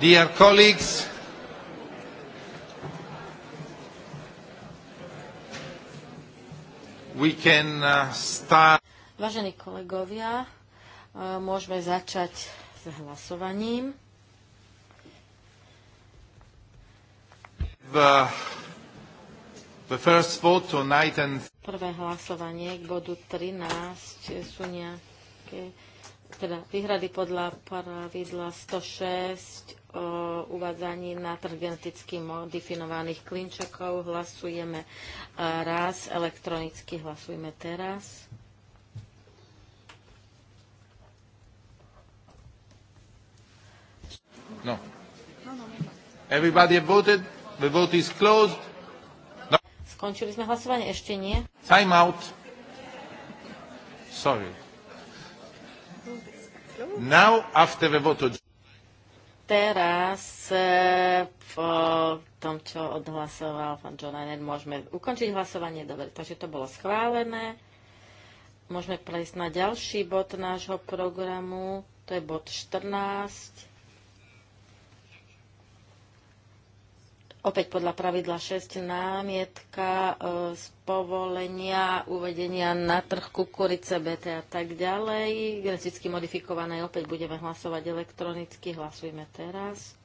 Dear colleagues, we can uh, start... Vážení kolegovia, uh, môžeme začať s hlasovaním. The, first vote tonight and... Prvé hlasovanie k bodu 13 sú nejaké teda výhrady podľa pravidla 106 o uvádzaní na trh geneticky modifinovaných klinčekov. Hlasujeme raz, elektronicky hlasujeme teraz. No. Everybody voted. The vote is closed. No. Skončili sme hlasovanie? Ešte nie. Time out. Sorry. Now, after the vote... Teraz e, po tom, čo odhlasoval pán John Lennon, môžeme ukončiť hlasovanie. Dobre, takže to bolo schválené. Môžeme prejsť na ďalší bod nášho programu. To je bod 14. opäť podľa pravidla 6 námietka e, z povolenia uvedenia na trh kukurice, BT a tak ďalej. Geneticky modifikované opäť budeme hlasovať elektronicky. Hlasujme teraz.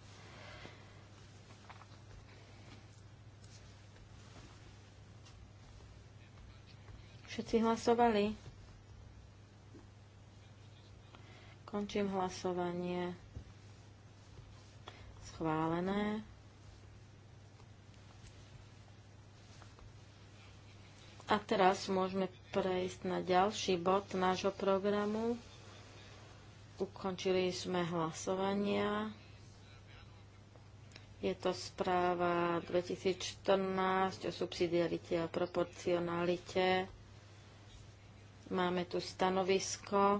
Všetci hlasovali? Končím hlasovanie. Schválené. A teraz môžeme prejsť na ďalší bod nášho programu. Ukončili sme hlasovania. Je to správa 2014 o subsidiarite a proporcionalite. Máme tu stanovisko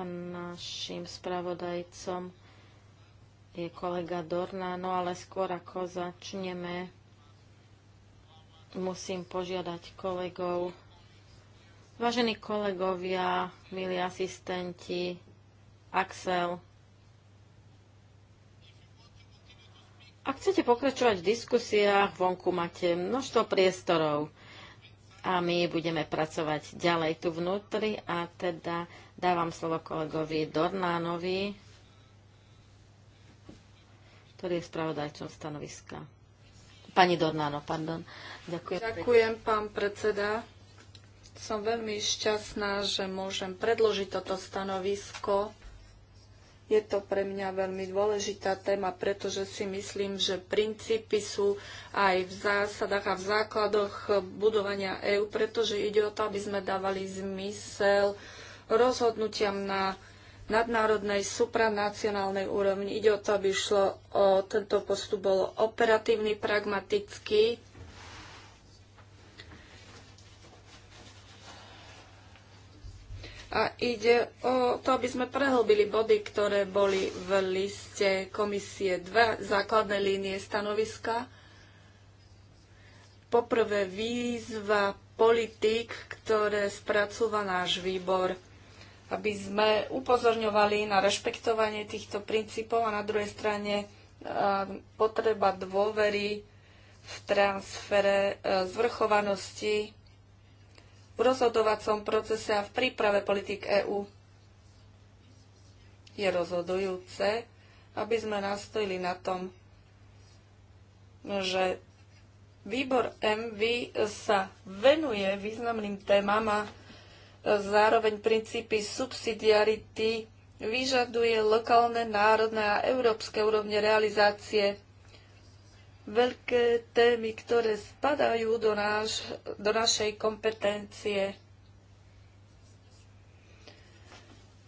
a našim spravodajcom je kolega Dorná. No ale skôr ako začneme, musím požiadať kolegov. Vážení kolegovia, milí asistenti, Axel, ak chcete pokračovať v diskusiách, vonku máte množstvo priestorov a my budeme pracovať ďalej tu vnútri a teda dávam slovo kolegovi Dornánovi, ktorý je spravodajcom stanoviska. Pani Dornáno, pardon. Ďakujem. Ďakujem, pán predseda. Som veľmi šťastná, že môžem predložiť toto stanovisko. Je to pre mňa veľmi dôležitá téma, pretože si myslím, že princípy sú aj v zásadách a v základoch budovania EÚ, pretože ide o to, aby sme dávali zmysel rozhodnutiam na nadnárodnej, supranacionálnej úrovni. Ide o to, aby šlo o tento postup bol operatívny, pragmatický, a ide o to, aby sme prehlbili body, ktoré boli v liste komisie. Dve základné línie stanoviska. Poprvé výzva politik, ktoré spracúva náš výbor aby sme upozorňovali na rešpektovanie týchto princípov a na druhej strane e, potreba dôvery v transfere e, zvrchovanosti v rozhodovacom procese a v príprave politik EÚ. Je rozhodujúce, aby sme nastojili na tom, že výbor MV sa venuje významným témam a Zároveň princípy subsidiarity vyžaduje lokálne, národné a európske úrovne realizácie. Veľké témy, ktoré spadajú do, náš, do našej kompetencie,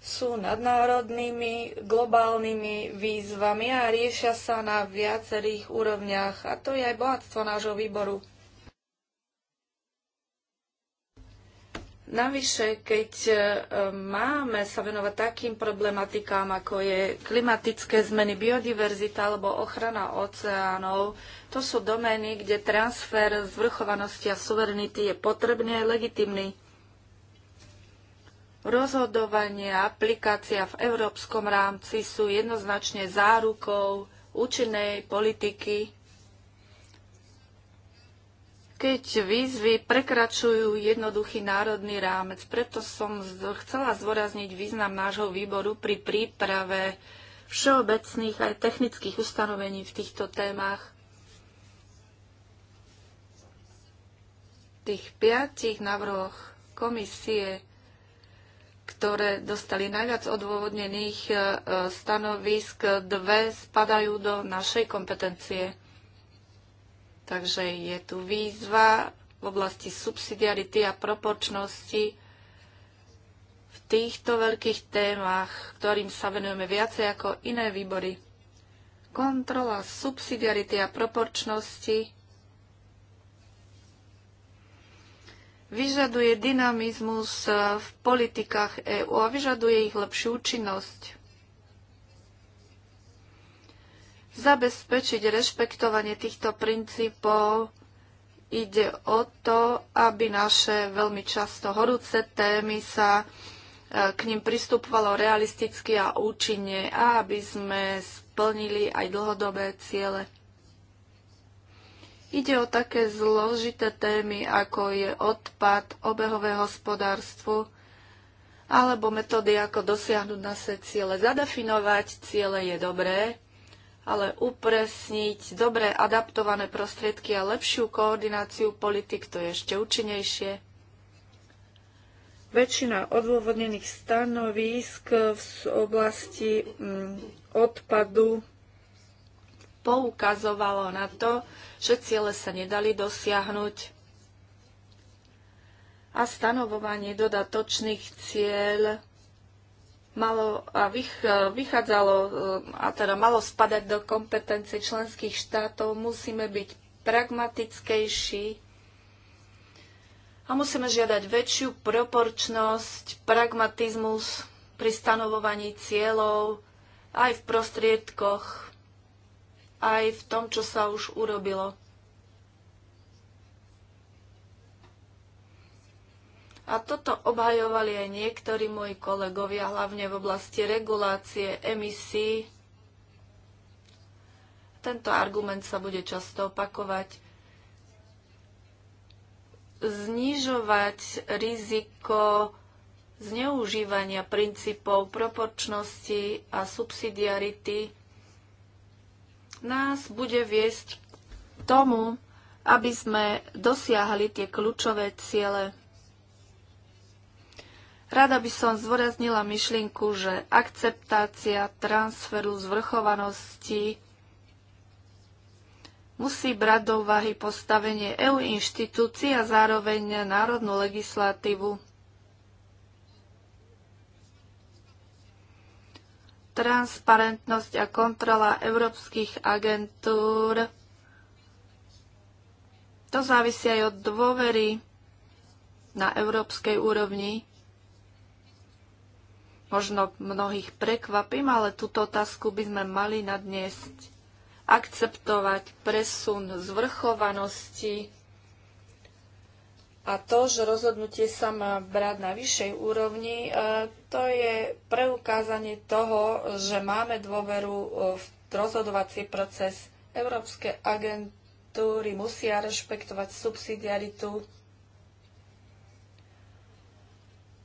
sú nadnárodnými, globálnymi výzvami a riešia sa na viacerých úrovniach. A to je aj bohatstvo nášho výboru. Navyše, keď e, máme sa venovať takým problematikám, ako je klimatické zmeny, biodiverzita alebo ochrana oceánov, to sú domény, kde transfer zvrchovanosti a suverenity je potrebný a legitimný. Rozhodovanie a aplikácia v európskom rámci sú jednoznačne zárukou účinnej politiky keď výzvy prekračujú jednoduchý národný rámec. Preto som chcela zdôrazniť význam nášho výboru pri príprave všeobecných aj technických ustanovení v týchto témach. Tých piatich návrhoch komisie, ktoré dostali najviac odôvodnených e, stanovisk, dve spadajú do našej kompetencie. Takže je tu výzva v oblasti subsidiarity a proporčnosti v týchto veľkých témach, ktorým sa venujeme viacej ako iné výbory. Kontrola subsidiarity a proporčnosti vyžaduje dynamizmus v politikách EÚ a vyžaduje ich lepšiu účinnosť. zabezpečiť rešpektovanie týchto princípov. Ide o to, aby naše veľmi často horúce témy sa e, k ním pristupovalo realisticky a účinne a aby sme splnili aj dlhodobé ciele. Ide o také zložité témy, ako je odpad, obehové hospodárstvo, alebo metódy, ako dosiahnuť naše ciele. Zadefinovať ciele je dobré, ale upresniť dobre adaptované prostriedky a lepšiu koordináciu politik, to je ešte účinnejšie. Väčšina odôvodnených stanovísk v oblasti mm, odpadu poukazovalo na to, že ciele sa nedali dosiahnuť a stanovovanie dodatočných cieľ malo a vych, e, vychádzalo e, a teda malo spadať do kompetencie členských štátov, musíme byť pragmatickejší a musíme žiadať väčšiu proporčnosť, pragmatizmus pri stanovovaní cieľov, aj v prostriedkoch, aj v tom, čo sa už urobilo. A toto obhajovali aj niektorí moji kolegovia, hlavne v oblasti regulácie emisí. Tento argument sa bude často opakovať. Znižovať riziko zneužívania princípov proporčnosti a subsidiarity nás bude viesť k tomu, aby sme dosiahli tie kľúčové ciele Rada by som zvoraznila myšlienku, že akceptácia transferu zvrchovanosti musí brať do úvahy postavenie EU inštitúcií a zároveň národnú legislatívu. Transparentnosť a kontrola európskych agentúr to závisí aj od dôvery na európskej úrovni Možno mnohých prekvapím, ale túto otázku by sme mali nadniesť. Akceptovať presun zvrchovanosti a to, že rozhodnutie sa má brať na vyššej úrovni, e, to je preukázanie toho, že máme dôveru e, v rozhodovací proces. Európske agentúry musia rešpektovať subsidiaritu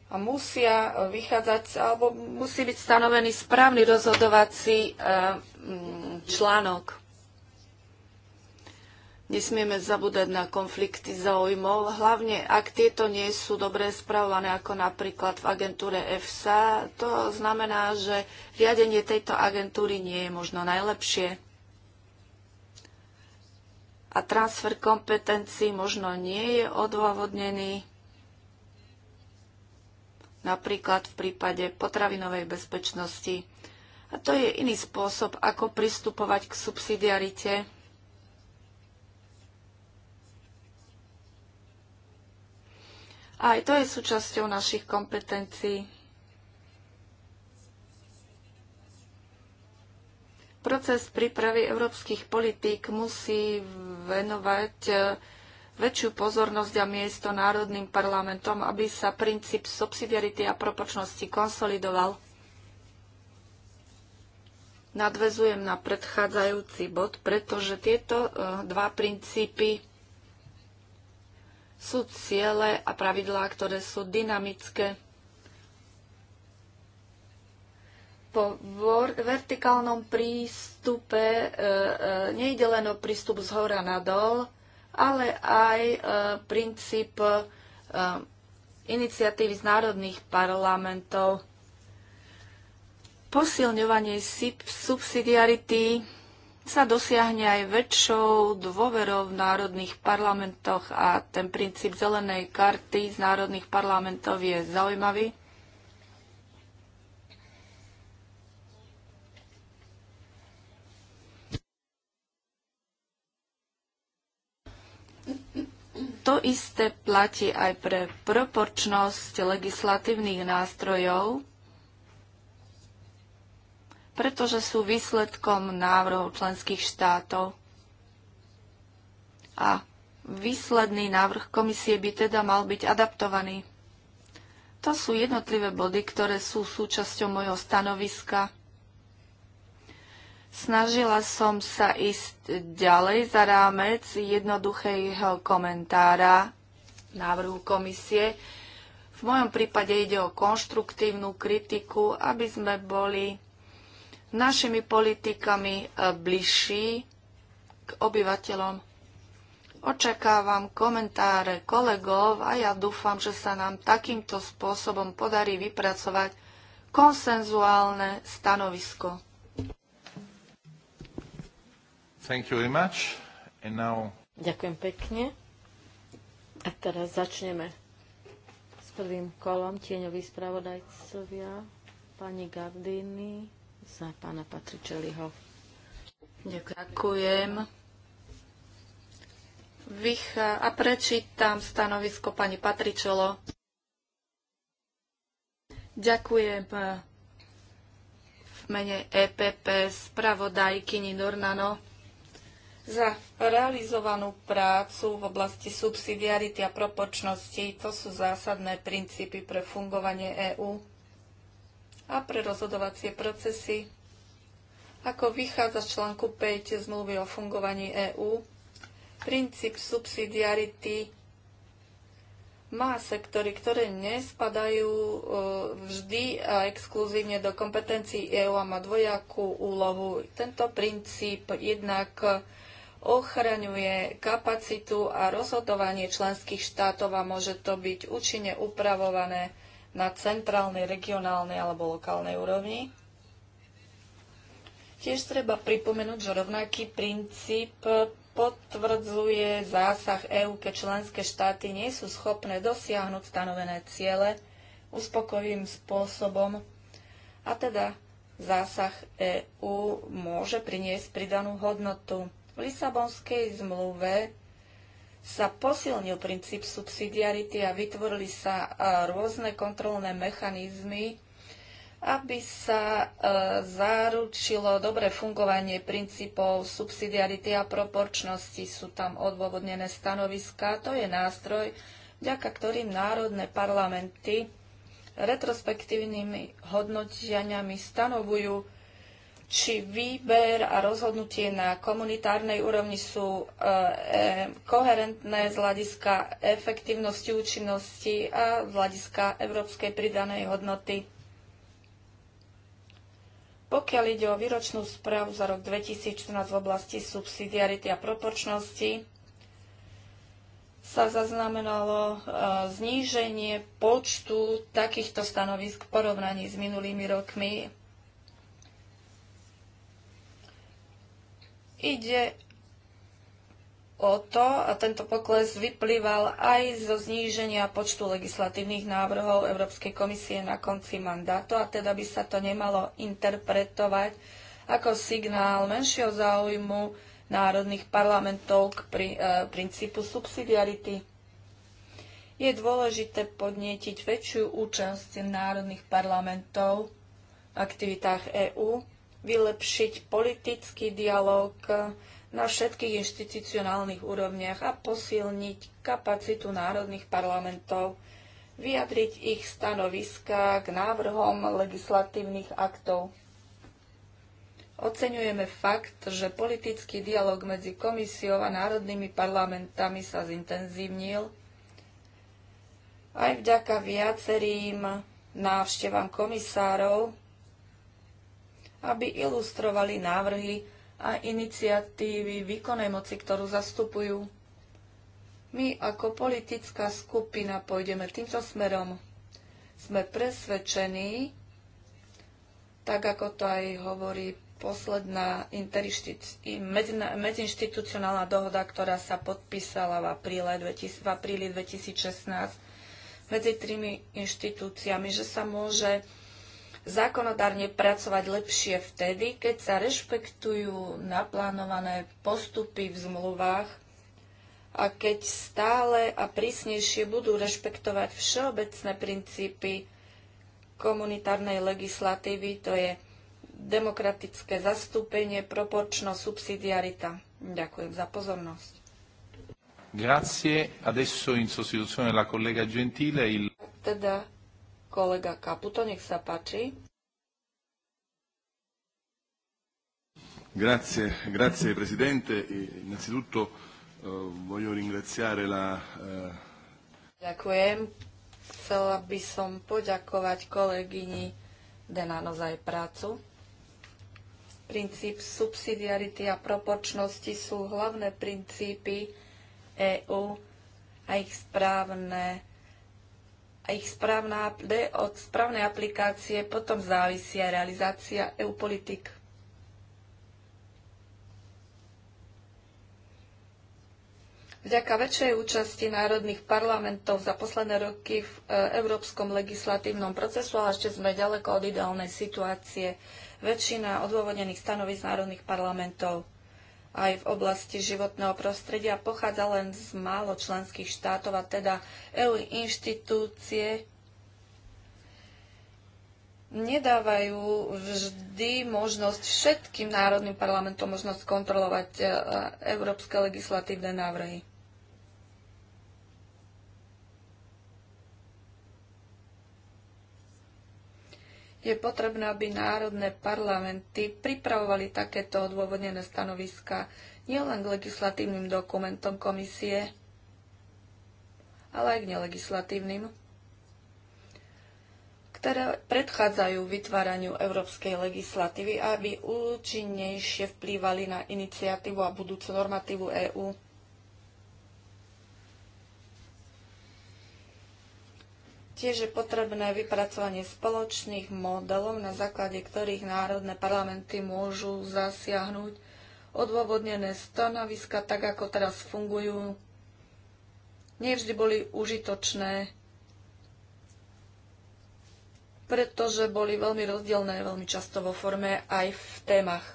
a musia eh, vychádzať, alebo musí byť stanovený správny rozhodovací eh, mm, článok. Nesmieme zabúdať na konflikty záujmov, hlavne ak tieto nie sú dobre spravované, ako napríklad v agentúre EFSA. To znamená, že riadenie tejto agentúry nie je možno najlepšie. A transfer kompetencií možno nie je odôvodnený napríklad v prípade potravinovej bezpečnosti. A to je iný spôsob, ako pristupovať k subsidiarite. A aj to je súčasťou našich kompetencií. Proces prípravy európskych politík musí venovať eh, väčšiu pozornosť a miesto národným parlamentom, aby sa princíp subsidiarity a propočnosti konsolidoval. Nadvezujem na predchádzajúci bod, pretože tieto e, dva princípy sú ciele a pravidlá, ktoré sú dynamické. po vertikálnom prístupe e, e, nejde len o prístup z hora na dol, ale aj e, princíp e, iniciatívy z národných parlamentov, posilňovanie subsidiarity sa dosiahne aj väčšou dôverou v národných parlamentoch a ten princíp zelenej karty z národných parlamentov je zaujímavý. to isté platí aj pre proporčnosť legislatívnych nástrojov, pretože sú výsledkom návrhov členských štátov. A výsledný návrh komisie by teda mal byť adaptovaný. To sú jednotlivé body, ktoré sú súčasťou mojho stanoviska. Snažila som sa ísť ďalej za rámec jednoduchého komentára návrhu komisie. V mojom prípade ide o konštruktívnu kritiku, aby sme boli našimi politikami e, bližší k obyvateľom. Očakávam komentáre kolegov a ja dúfam, že sa nám takýmto spôsobom podarí vypracovať konsenzuálne stanovisko. Thank you very much. And now... Ďakujem pekne. A teraz začneme s prvým kolom tieňový spravodajcovia pani Gardini za pána Patričeliho. Ďakujem. a prečítam stanovisko pani Patričelo. Ďakujem eh, v mene EPP spravodajkyni Dornano za realizovanú prácu v oblasti subsidiarity a propočnosti, To sú zásadné princípy pre fungovanie EÚ a pre rozhodovacie procesy. Ako vychádza z článku 5 zmluvy o fungovaní EÚ, princíp subsidiarity má sektory, ktoré nespadajú e, vždy a exkluzívne do kompetencií EÚ a má dvojakú úlohu. Tento princíp jednak ochraňuje kapacitu a rozhodovanie členských štátov a môže to byť účinne upravované na centrálnej, regionálnej alebo lokálnej úrovni. Tiež treba pripomenúť, že rovnaký princíp potvrdzuje zásah EÚ, keď členské štáty nie sú schopné dosiahnuť stanovené ciele uspokojivým spôsobom. A teda zásah EÚ môže priniesť pridanú hodnotu v Lisabonskej zmluve sa posilnil princíp subsidiarity a vytvorili sa e, rôzne kontrolné mechanizmy, aby sa e, zaručilo dobre fungovanie princípov subsidiarity a proporčnosti. Sú tam odôvodnené stanoviská. To je nástroj, vďaka ktorým národné parlamenty retrospektívnymi hodnoteniami stanovujú či výber a rozhodnutie na komunitárnej úrovni sú e, koherentné z hľadiska efektívnosti, účinnosti a z hľadiska európskej pridanej hodnoty. Pokiaľ ide o výročnú správu za rok 2014 v oblasti subsidiarity a proporčnosti, sa zaznamenalo e, zníženie počtu takýchto stanovisk v porovnaní s minulými rokmi Ide o to, a tento pokles vyplýval aj zo zníženia počtu legislatívnych návrhov Európskej komisie na konci mandátu, a teda by sa to nemalo interpretovať ako signál menšieho záujmu národných parlamentov k pri, e, princípu subsidiarity. Je dôležité podnietiť väčšiu účasť národných parlamentov v aktivitách EÚ vylepšiť politický dialog na všetkých inštitucionálnych úrovniach a posilniť kapacitu národných parlamentov, vyjadriť ich stanoviska k návrhom legislatívnych aktov. Oceňujeme fakt, že politický dialog medzi komisiou a národnými parlamentami sa zintenzívnil aj vďaka viacerým návštevám komisárov aby ilustrovali návrhy a iniciatívy výkonnej moci, ktorú zastupujú. My ako politická skupina pôjdeme týmto smerom. Sme presvedčení, tak ako to aj hovorí posledná medziinstitucionálna dohoda, ktorá sa podpísala v apríli 2016 medzi trimi inštitúciami, že sa môže zákonodárne pracovať lepšie vtedy, keď sa rešpektujú naplánované postupy v zmluvách a keď stále a prísnejšie budú rešpektovať všeobecné princípy komunitárnej legislatívy, to je demokratické zastúpenie, proporčno, subsidiarita. Ďakujem za pozornosť. Grazie. Adesso in sostituzione la collega Gentile il... Teda kolega Kaputo, nech sa páči. Grazie, grazie Presidente. E innanzitutto eh, voglio ringraziare la... Eh, Ďakujem. Chcela by som poďakovať kolegyni Denano za jej prácu. Princíp subsidiarity a proporčnosti sú hlavné princípy EÚ a ich správne a ich správna, od správnej aplikácie potom závisí aj realizácia EU politik. Vďaka väčšej účasti národných parlamentov za posledné roky v e, európskom legislatívnom procesu, ale ešte sme ďaleko od ideálnej situácie, väčšina odôvodnených stanovisk národných parlamentov aj v oblasti životného prostredia pochádza len z málo členských štátov a teda EU inštitúcie nedávajú vždy možnosť všetkým národným parlamentom možnosť kontrolovať e, európske legislatívne návrhy. je potrebné, aby národné parlamenty pripravovali takéto odôvodnené stanoviska nielen k legislatívnym dokumentom komisie, ale aj k nelegislatívnym, ktoré predchádzajú vytváraniu európskej legislatívy, aby účinnejšie vplývali na iniciatívu a budúcu normatívu EÚ. Tiež je potrebné vypracovanie spoločných modelov, na základe ktorých národné parlamenty môžu zasiahnuť odôvodnené stanoviska, tak ako teraz fungujú. Nevždy boli užitočné, pretože boli veľmi rozdielne, veľmi často vo forme aj v témach.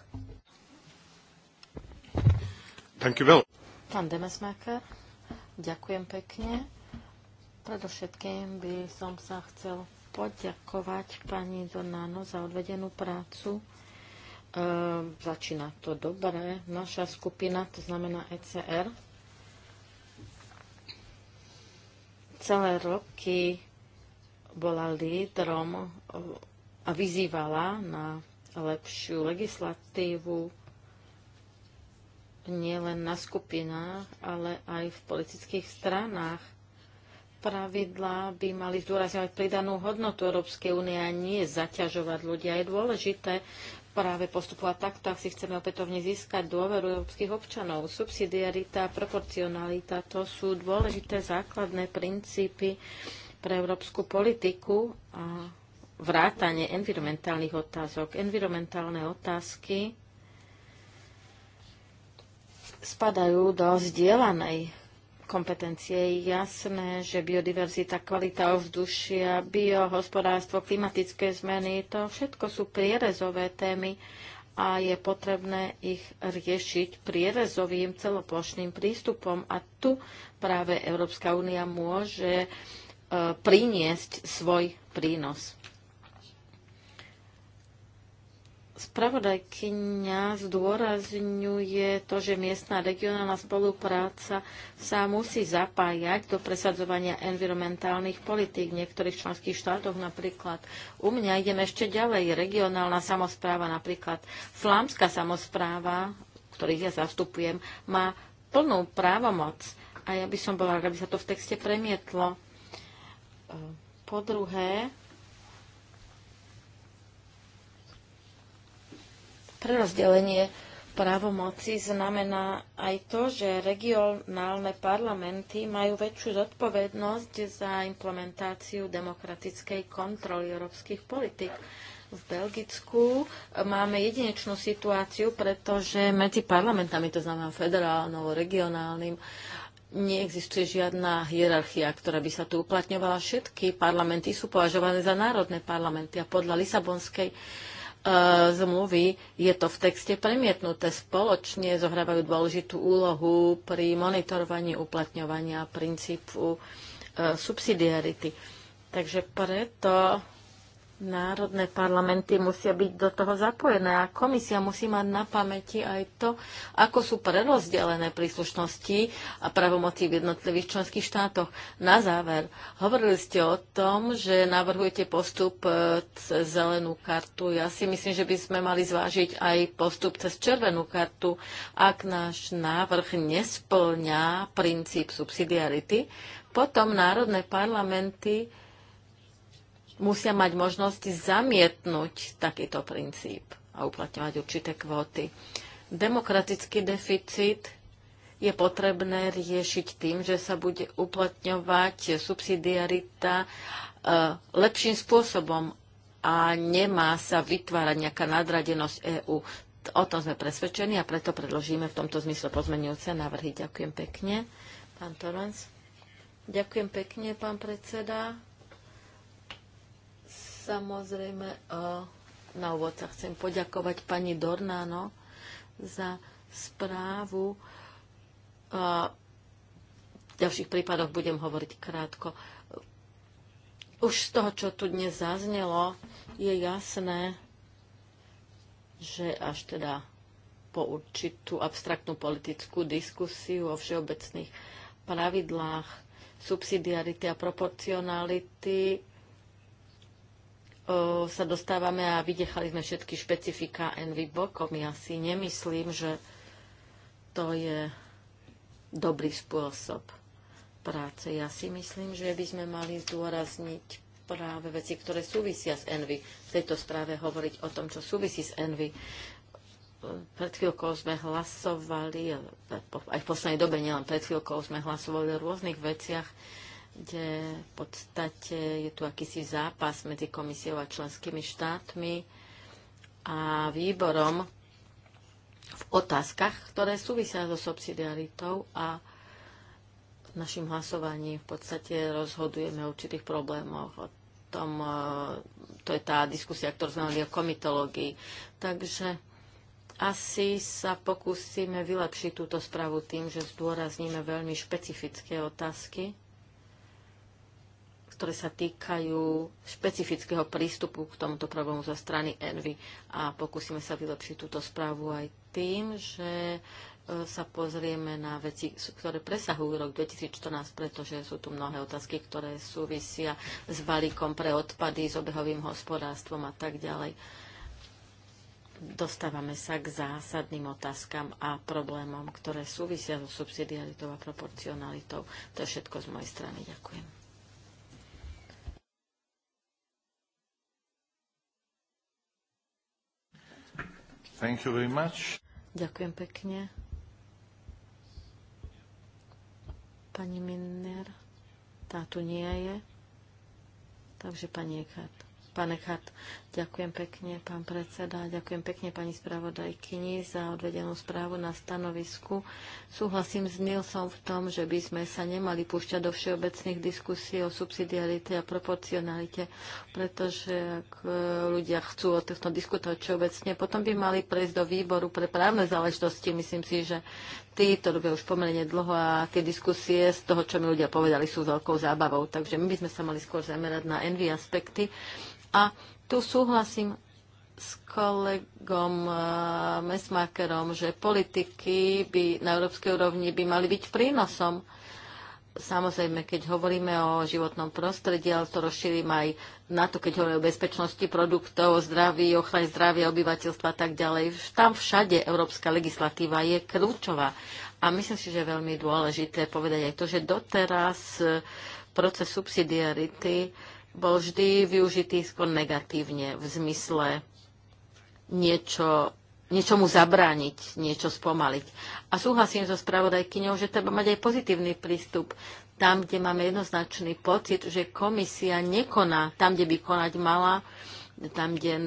Pán Demesmaker, ďakujem pekne. Predovšetkým by som sa chcel poďakovať pani Donáno za odvedenú prácu. E, začína to dobre. Naša skupina, to znamená ECR, celé roky bola lídrom a vyzývala na lepšiu legislatívu nielen na skupinách, ale aj v politických stranách pravidlá by mali zdôrazňovať pridanú hodnotu Európskej únie a nie zaťažovať ľudia. Je dôležité práve postupovať takto, ak si chceme opätovne získať dôveru európskych občanov. Subsidiarita a proporcionalita to sú dôležité základné princípy pre európsku politiku a vrátanie environmentálnych otázok. Environmentálne otázky spadajú do zdieľanej kompetencie. Je jasné, že biodiverzita, kvalita ovzdušia, biohospodárstvo, klimatické zmeny, to všetko sú prierezové témy a je potrebné ich riešiť prierezovým celoplošným prístupom. A tu práve Európska únia môže e, priniesť svoj prínos. Spravodajkyňa zdôrazňuje to, že miestna regionálna spolupráca sa musí zapájať do presadzovania environmentálnych politík v niektorých členských štátoch. Napríklad u mňa ideme ešte ďalej. Regionálna samozpráva, napríklad flámska samozpráva, ktorých ja zastupujem, má plnú právomoc. A ja by som bola, aby sa to v texte premietlo. Po druhé, prerozdelenie právomoci znamená aj to, že regionálne parlamenty majú väčšiu zodpovednosť za implementáciu demokratickej kontroly európskych politik. V Belgicku máme jedinečnú situáciu, pretože medzi parlamentami, to znamená federálnou, regionálnym, neexistuje žiadna hierarchia, ktorá by sa tu uplatňovala. Všetky parlamenty sú považované za národné parlamenty a podľa Lisabonskej Eh, zmluvy je to v texte premietnuté. Spoločne zohrávajú dôležitú úlohu pri monitorovaní uplatňovania princípu eh, subsidiarity. Takže preto národné parlamenty musia byť do toho zapojené a komisia musí mať na pamäti aj to, ako sú prerozdelené príslušnosti a pravomoci v jednotlivých členských štátoch. Na záver, hovorili ste o tom, že navrhujete postup e, cez zelenú kartu. Ja si myslím, že by sme mali zvážiť aj postup cez červenú kartu, ak náš návrh nesplňa princíp subsidiarity. Potom národné parlamenty musia mať možnosť zamietnúť takýto princíp a uplatňovať určité kvóty. Demokratický deficit je potrebné riešiť tým, že sa bude uplatňovať subsidiarita e, lepším spôsobom a nemá sa vytvárať nejaká nadradenosť EÚ. O tom sme presvedčení a preto predložíme v tomto zmysle pozmenujúce návrhy. Ďakujem pekne. Pán Torens. Ďakujem pekne, pán predseda. Samozrejme, e, na úvod sa chcem poďakovať pani Dornáno za správu. E, v ďalších prípadoch budem hovoriť krátko. Už z toho, čo tu dnes zaznelo, je jasné, že až teda po určitú abstraktnú politickú diskusiu o všeobecných pravidlách subsidiarity a proporcionality sa dostávame a vydechali sme všetky špecifika Envy bokom. Ja si nemyslím, že to je dobrý spôsob práce. Ja si myslím, že by sme mali zdôrazniť práve veci, ktoré súvisia s Envy. V tejto správe hovoriť o tom, čo súvisí s Envy. Pred chvíľkou sme hlasovali, aj v poslednej dobe, nielen pred chvíľkou sme hlasovali o rôznych veciach, kde v podstate je tu akýsi zápas medzi komisiou a členskými štátmi a výborom v otázkach, ktoré súvisia so subsidiaritou a našim hlasovaním v podstate rozhodujeme o určitých problémoch, o tom, e, to je tá diskusia, ktorú sme mali o komitológii. Takže asi sa pokúsime vylepšiť túto spravu tým, že zdôrazníme veľmi špecifické otázky, ktoré sa týkajú špecifického prístupu k tomuto problému zo strany Envy. A pokúsime sa vylepšiť túto správu aj tým, že e, sa pozrieme na veci, ktoré presahujú rok 2014, pretože sú tu mnohé otázky, ktoré súvisia s balíkom pre odpady, s obehovým hospodárstvom a tak ďalej. Dostávame sa k zásadným otázkam a problémom, ktoré súvisia so subsidiaritou a proporcionalitou. To je všetko z mojej strany. Ďakujem. Thank you very much. Ďakujem pekne. Pani Minner, tá tu nie je. Takže pani Eckhardt. Pane Chat, ďakujem pekne, pán predseda, ďakujem pekne pani spravodajkyni za odvedenú správu na stanovisku. Súhlasím s Nilsom v tom, že by sme sa nemali púšťať do všeobecných diskusí o subsidiarite a proporcionalite, pretože ak e, ľudia chcú o tomto diskutovať všeobecne, potom by mali prejsť do výboru pre právne záležitosti. Myslím si, že debaty, to robia už pomerne dlho a tie diskusie z toho, čo mi ľudia povedali, sú veľkou zábavou. Takže my by sme sa mali skôr zamerať na envy aspekty. A tu súhlasím s kolegom eh, Mesmakerom, že politiky by na európskej úrovni by mali byť prínosom Samozrejme, keď hovoríme o životnom prostredí, ale to rozšírim aj na to, keď hovoríme o bezpečnosti produktov, zdraví, ochrane zdravia obyvateľstva a tak ďalej. Tam všade európska legislatíva je kľúčová. A myslím si, že je veľmi dôležité povedať aj to, že doteraz e, proces subsidiarity bol vždy využitý skôr negatívne v zmysle niečo niečomu zabrániť, niečo spomaliť. A súhlasím so spravodajkyňou, že treba mať aj pozitívny prístup tam, kde máme jednoznačný pocit, že komisia nekoná tam, kde by konať mala, tam, kde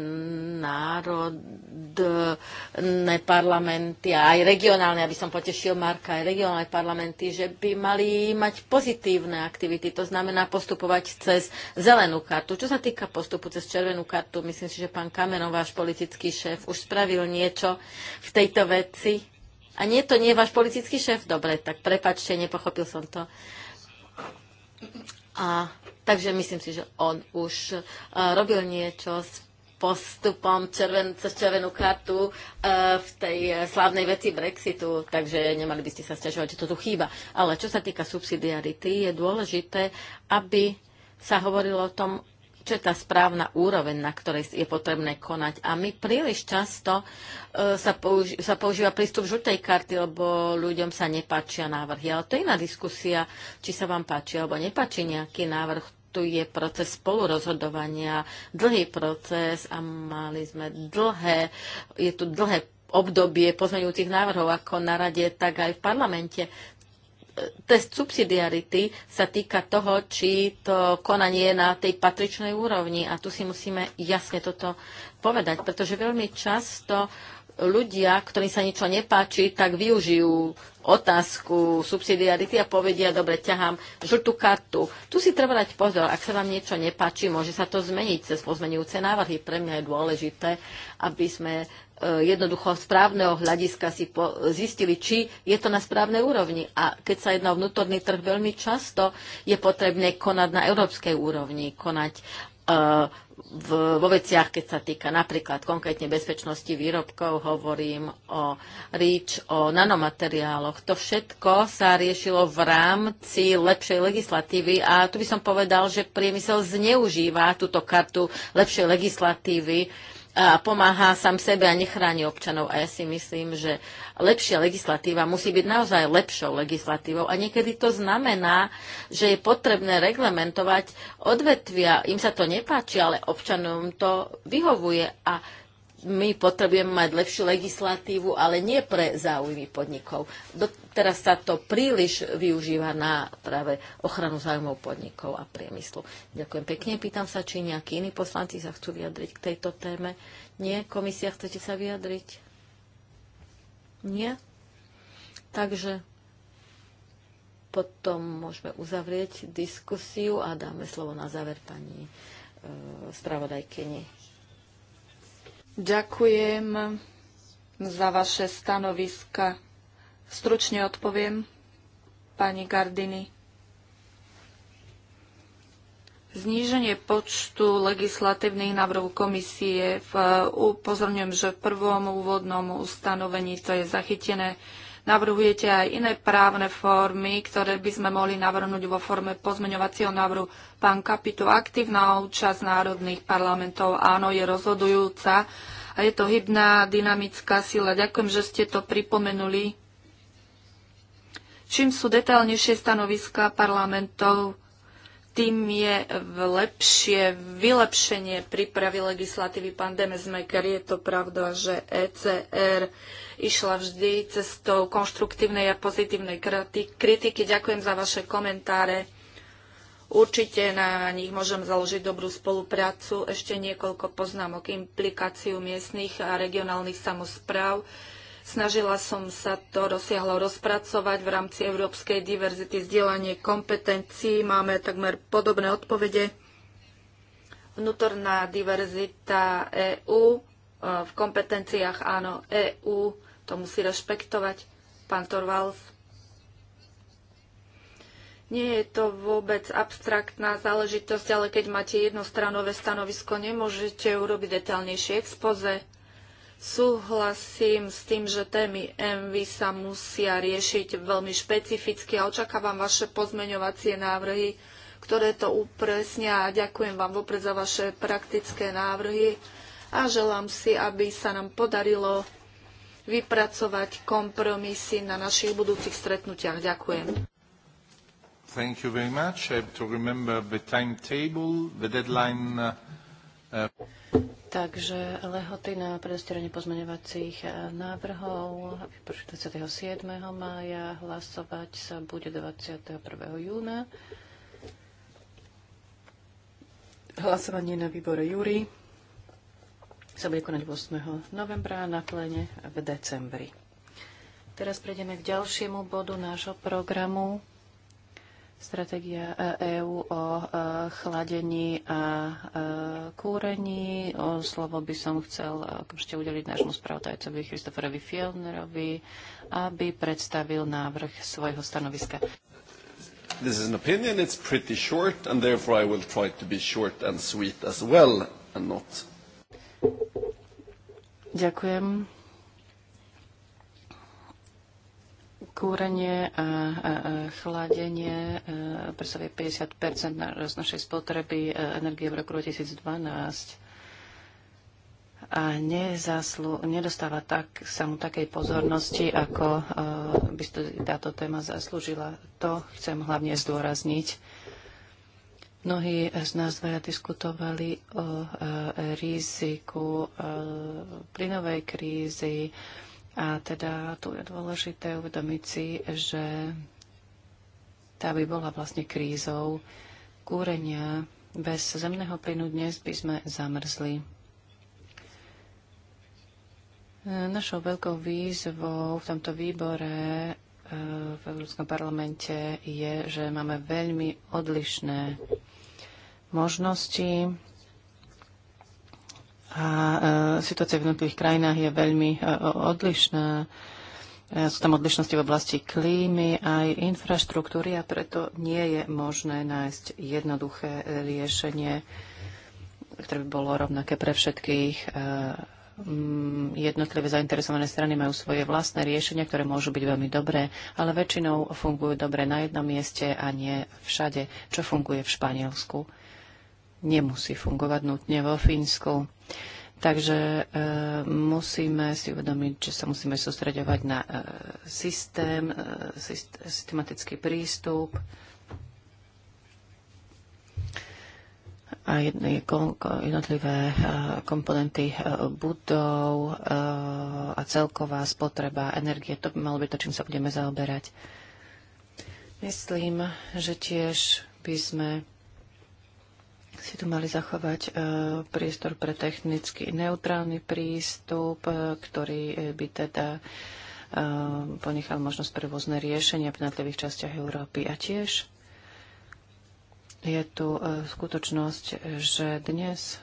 národné parlamenty a aj regionálne, aby som potešil Marka, aj regionálne parlamenty, že by mali mať pozitívne aktivity, to znamená postupovať cez zelenú kartu. Čo sa týka postupu cez červenú kartu, myslím si, že pán kamenov, váš politický šéf, už spravil niečo v tejto veci. A nie, to nie je váš politický šéf? Dobre, tak prepačte, nepochopil som to. A Takže myslím si, že on už e, robil niečo s postupom červen, cez červenú kartu e, v tej slávnej veci Brexitu, takže nemali by ste sa stiažovať, že to tu chýba. Ale čo sa týka subsidiarity, je dôležité, aby sa hovorilo o tom, čo je tá správna úroveň, na ktorej je potrebné konať. A my príliš často e, sa, použi- sa používa prístup žltej karty, lebo ľuďom sa nepáčia návrhy. Ale to je iná diskusia, či sa vám páči alebo nepáči nejaký návrh tu je proces spolurozhodovania, dlhý proces a mali sme dlhé, je tu dlhé obdobie pozmeňujúcich návrhov ako na rade, tak aj v parlamente test subsidiarity sa týka toho, či to konanie je na tej patričnej úrovni. A tu si musíme jasne toto povedať, pretože veľmi často ľudia, ktorým sa niečo nepáči, tak využijú otázku subsidiarity a povedia, dobre, ťahám žltú kartu. Tu si treba dať pozor, ak sa vám niečo nepáči, môže sa to zmeniť cez pozmenujúce návrhy. Pre mňa je dôležité, aby sme e, jednoducho správneho hľadiska si po, zistili, či je to na správnej úrovni. A keď sa jedná o vnútorný trh, veľmi často je potrebné konať na európskej úrovni, konať v, vo veciach, keď sa týka napríklad konkrétne bezpečnosti výrobkov, hovorím o REACH, o nanomateriáloch. To všetko sa riešilo v rámci lepšej legislatívy a tu by som povedal, že priemysel zneužíva túto kartu lepšej legislatívy a pomáha sám sebe a nechráni občanov. A ja si myslím, že lepšia legislatíva musí byť naozaj lepšou legislatívou. A niekedy to znamená, že je potrebné reglementovať odvetvia. Im sa to nepáči, ale občanom to vyhovuje. A my potrebujeme mať lepšiu legislatívu, ale nie pre záujmy podnikov. Do, teraz sa to príliš využíva na práve ochranu záujmov podnikov a priemyslu. Ďakujem pekne. Pýtam sa, či nejakí iní poslanci sa chcú vyjadriť k tejto téme. Nie? Komisia, chcete sa vyjadriť? Nie? Takže potom môžeme uzavrieť diskusiu a dáme slovo na záver pani e, spravodajkyni. Ďakujem za vaše stanoviska. Stručne odpoviem pani Gardini. Zníženie počtu legislatívnych návrhov komisie, v, upozorňujem, že v prvom úvodnom ustanovení to je zachytené, Navrhujete aj iné právne formy, ktoré by sme mohli navrhnúť vo forme pozmeňovacieho návrhu. Pán Kapitu, aktívna účasť národných parlamentov, áno, je rozhodujúca a je to hybná dynamická sila. Ďakujem, že ste to pripomenuli. Čím sú detailnejšie stanoviská parlamentov, tým je lepšie vylepšenie prípravy legislatívy. pandémie Demesmaker, je to pravda, že ECR išla vždy cestou konštruktívnej a pozitívnej kritiky. Ďakujem za vaše komentáre. Určite na nich môžem založiť dobrú spoluprácu. Ešte niekoľko poznámok. Implikáciu miestnych a regionálnych samozpráv. Snažila som sa to rozsiahlo rozpracovať v rámci európskej diverzity, zdieľanie kompetencií. Máme takmer podobné odpovede. Vnútorná diverzita EÚ v kompetenciách áno EÚ to musí rešpektovať. Pán Torvalds. Nie je to vôbec abstraktná záležitosť, ale keď máte jednostranové stanovisko, nemôžete urobiť detaľnejšie expoze. Súhlasím s tým, že témy MV sa musia riešiť veľmi špecificky a očakávam vaše pozmeňovacie návrhy, ktoré to upresnia a ďakujem vám vopred za vaše praktické návrhy a želám si, aby sa nám podarilo vypracovať kompromisy na našich budúcich stretnutiach. Ďakujem. Thank you very much. I have to remember the timetable, the deadline. Uh... uh Takže lehoty na predostieranie pozmeňovacích uh, návrhov vyprší 27. mája, hlasovať sa bude 21. júna. Hlasovanie na výbore Júri sa bude konať 8. novembra na plene v decembri. Teraz prejdeme k ďalšiemu bodu nášho programu. Stratégia EÚ e o e, chladení a e, kúrení. O slovo by som chcel ešte udeliť nášmu spravodajcovi Christoferovi Fielnerovi, aby predstavil návrh svojho stanoviska. This is an opinion, it's pretty short, and therefore I will try to be short and sweet as well, and not Ďakujem. Kúrenie a, chladenie e, predstavuje 50 na, z našej spotreby e, energie v roku 2012 a nezaslu, nedostáva tak, sa mu takej pozornosti, ako e, by táto téma zaslúžila. To chcem hlavne zdôrazniť. Mnohí z nás dvaja diskutovali o e, riziku e, plynovej krízy a teda tu je dôležité uvedomiť si, že tá by bola vlastne krízou kúrenia. Bez zemného plynu dnes by sme zamrzli. Našou veľkou výzvou v tomto výbore e, v Európskom parlamente je, že máme veľmi odlišné možnosti. a e, situácia v jednotlivých krajinách je veľmi e, odlišná. E, sú tam odlišnosti v oblasti klímy aj infraštruktúry a preto nie je možné nájsť jednoduché riešenie, ktoré by bolo rovnaké pre všetkých. Jednotlivé zainteresované strany majú svoje vlastné riešenia, ktoré môžu byť veľmi dobré, ale väčšinou fungujú dobre na jednom mieste a nie všade, čo funguje v Španielsku nemusí fungovať nutne vo Fínsku. Takže e, musíme si uvedomiť, že sa musíme sústreďovať na e, systém, e, systematický prístup a jednotlivé e, komponenty e, budov e, a celková spotreba energie. To by malo byť to, čím sa budeme zaoberať. Myslím, že tiež by sme si tu mali zachovať e, priestor pre technicky neutrálny prístup, e, ktorý e, by teda ponechal možnosť pre rôzne riešenia v jednotlivých častiach Európy. A tiež je tu skutočnosť, že dnes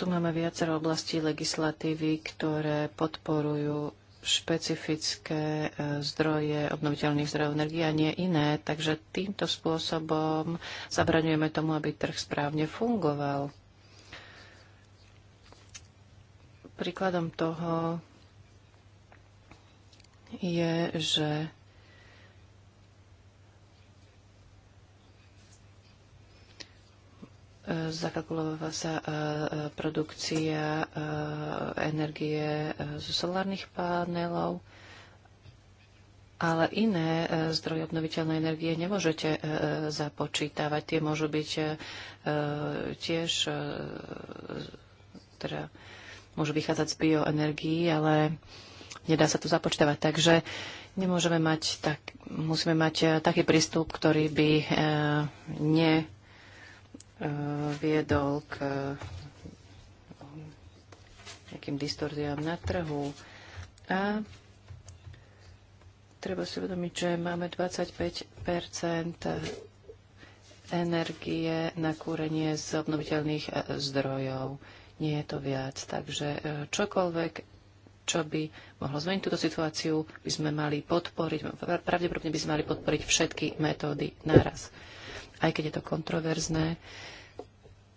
tu máme viacero oblastí legislatívy, ktoré podporujú špecifické e, zdroje obnoviteľných zdrojov energie a nie iné. Takže týmto spôsobom zabraňujeme tomu, aby trh správne fungoval. Príkladom toho je, že E, zakalkulováva sa e, e, produkcia energie zo solárnych panelov, ale iné zdroje obnoviteľnej energie nemôžete započítavať. Tie môžu byť tiež teda môžu vychádzať z bioenergií, ale nedá sa to započítavať. Takže nemôžeme mať tak, musíme mať taký prístup, ktorý by ne E, viedol k e, nejakým distorziám na trhu. A treba si uvedomiť, že máme 25 energie na kúrenie z obnoviteľných e, zdrojov. Nie je to viac. Takže čokoľvek čo by mohlo zmeniť túto situáciu, by sme mali podporiť, pravdepodobne by sme mali podporiť všetky metódy naraz aj keď je to kontroverzné,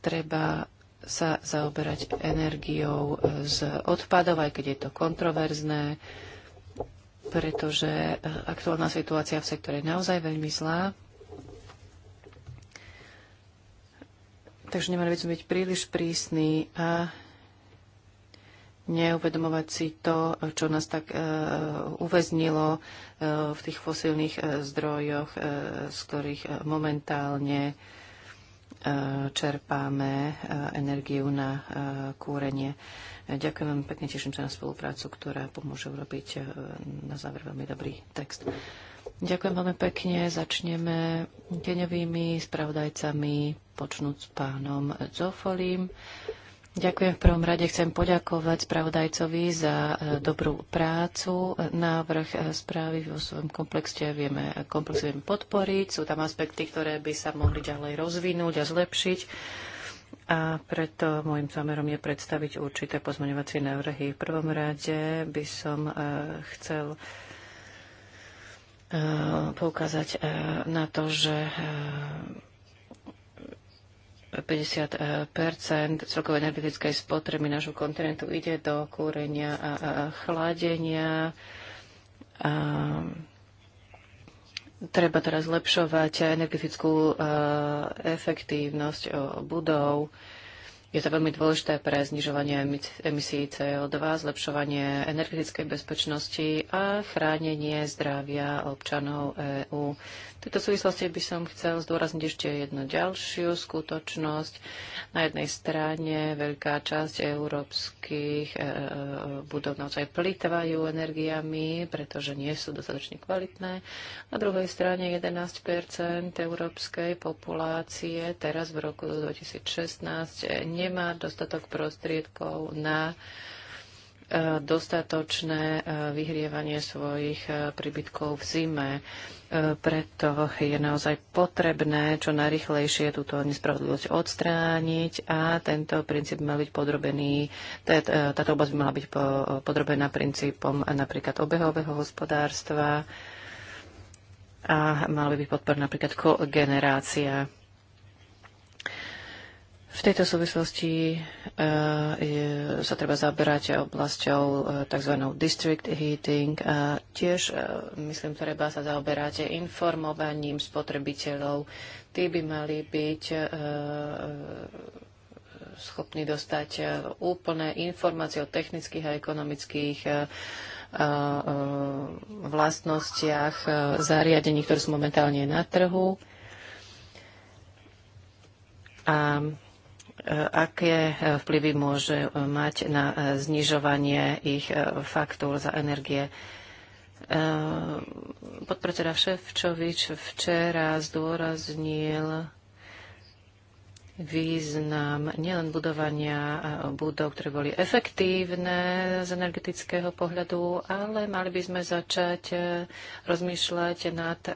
treba sa zaoberať energiou e, z odpadov, aj keď je to kontroverzné, pretože e, aktuálna situácia v sektore je naozaj veľmi zlá. Takže nemali by sme byť príliš prísni a neuvedomovať si to, čo nás tak e, uväznilo e, v tých fosílnych e, zdrojoch, e, z ktorých e, momentálne e, čerpáme e, energiu na e, kúrenie. E, ďakujem veľmi pekne, teším sa na spoluprácu, ktorá pomôže urobiť e, na záver veľmi dobrý text. Ďakujem veľmi pekne. Začneme deňovými spravodajcami, počnúc s pánom Zofolím. Ďakujem. V prvom rade chcem poďakovať spravodajcovi za e, dobrú prácu. Návrh e, správy vo svojom komplexe vieme, komplex vieme podporiť. Sú tam aspekty, ktoré by sa mohli ďalej rozvinúť a zlepšiť. A preto môjim zámerom je predstaviť určité pozmeňovacie návrhy. V prvom rade by som e, chcel poukázať na to, že 50 celkovej energetickej spotreby nášho kontinentu ide do kúrenia a chladenia. A treba teraz zlepšovať energetickú e, efektívnosť budov. Je to veľmi dôležité pre znižovanie emisí CO2, zlepšovanie energetickej bezpečnosti a chránenie zdravia občanov EÚ. V tejto súvislosti by som chcel zdôrazniť ešte jednu ďalšiu skutočnosť. Na jednej strane veľká časť európskych e, e, budov naozaj plýtvajú energiami, pretože nie sú dostatočne kvalitné. Na druhej strane 11 európskej populácie teraz v roku 2016 ne nemá dostatok prostriedkov na e, dostatočné e, vyhrievanie svojich e, príbytkov v zime. Preto je naozaj potrebné čo najrychlejšie túto nespravodlivosť odstrániť a tento princíp mal byť podrobený, táto oblasť by mala byť podrobená princípom napríklad obehového hospodárstva a mala by byť podporná napríklad kogenerácia v tejto súvislosti eh, sa treba zaberať oblasťou eh, tzv. district heating a tiež, eh, myslím, treba sa zaoberať informovaním spotrebiteľov. Tí by mali byť schopní dostať úplné informácie o technických a ekonomických vlastnostiach zariadení, ktoré sú momentálne na trhu. A aké eh, vplyvy môže eh, mať na eh, znižovanie ich faktúr za energie. Podpredseda Ševčovič včera zdôraznil význam nielen budovania budov, ktoré boli efektívne z energetického pohľadu, ale mali by sme začať e, rozmýšľať nad e, e,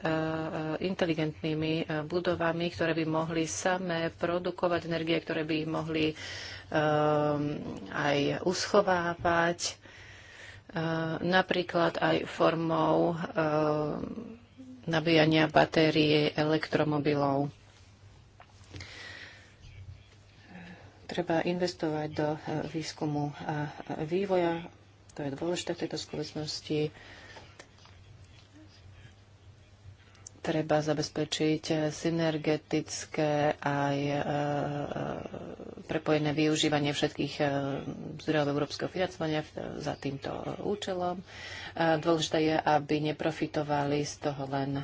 inteligentnými budovami, ktoré by mohli samé produkovať energie, ktoré by ich mohli aj uschovávať, napríklad aj formou nabíjania batérie elektromobilov. Treba investovať do eh, výskumu a eh, vývoja. To je dôležité v tejto skutočnosti. treba zabezpečiť synergetické aj e, e, prepojené využívanie všetkých e, zdrojov európskeho financovania za týmto účelom. Dôležité je, aby neprofitovali z toho len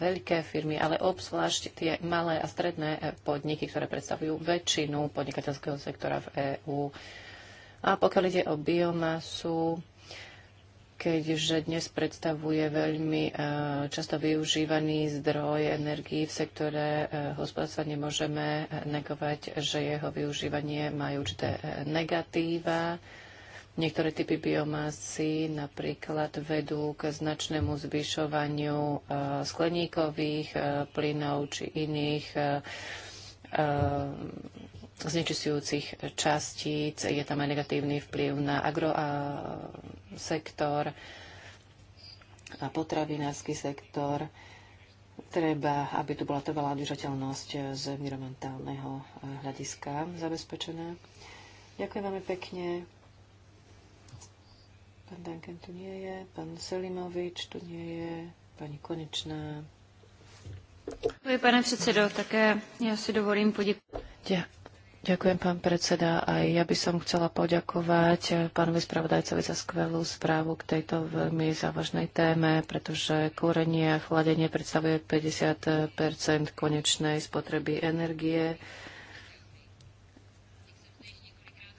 veľké firmy, ale obzvlášť tie malé a stredné podniky, ktoré predstavujú väčšinu podnikateľského sektora v EÚ. A pokiaľ ide o biomasu, keďže dnes predstavuje veľmi e, často využívaný zdroj energií v sektore e, hospodárstva, nemôžeme negovať, že jeho využívanie má určité e, negatíva. Niektoré typy biomasy napríklad vedú k značnému zvyšovaniu skleníkových plynov či iných znečistujúcich častíc, je tam aj negatívny vplyv na agrosektor, na potravinársky sektor. Treba, aby tu bola trvalá udržateľnosť z environmentálneho eh, hľadiska zabezpečená. Ďakujem veľmi pekne. Pán Duncan tu nie je, pán Selimovič tu nie je, pani Konečná. Ďakujem, pane předsedo, také já si dovolím poděkovat. Ďakujem, pán predseda. Aj ja by som chcela poďakovať eh, pánovi spravodajcovi za skvelú správu k tejto veľmi závažnej téme, pretože kúrenie a chladenie predstavuje 50 konečnej spotreby energie.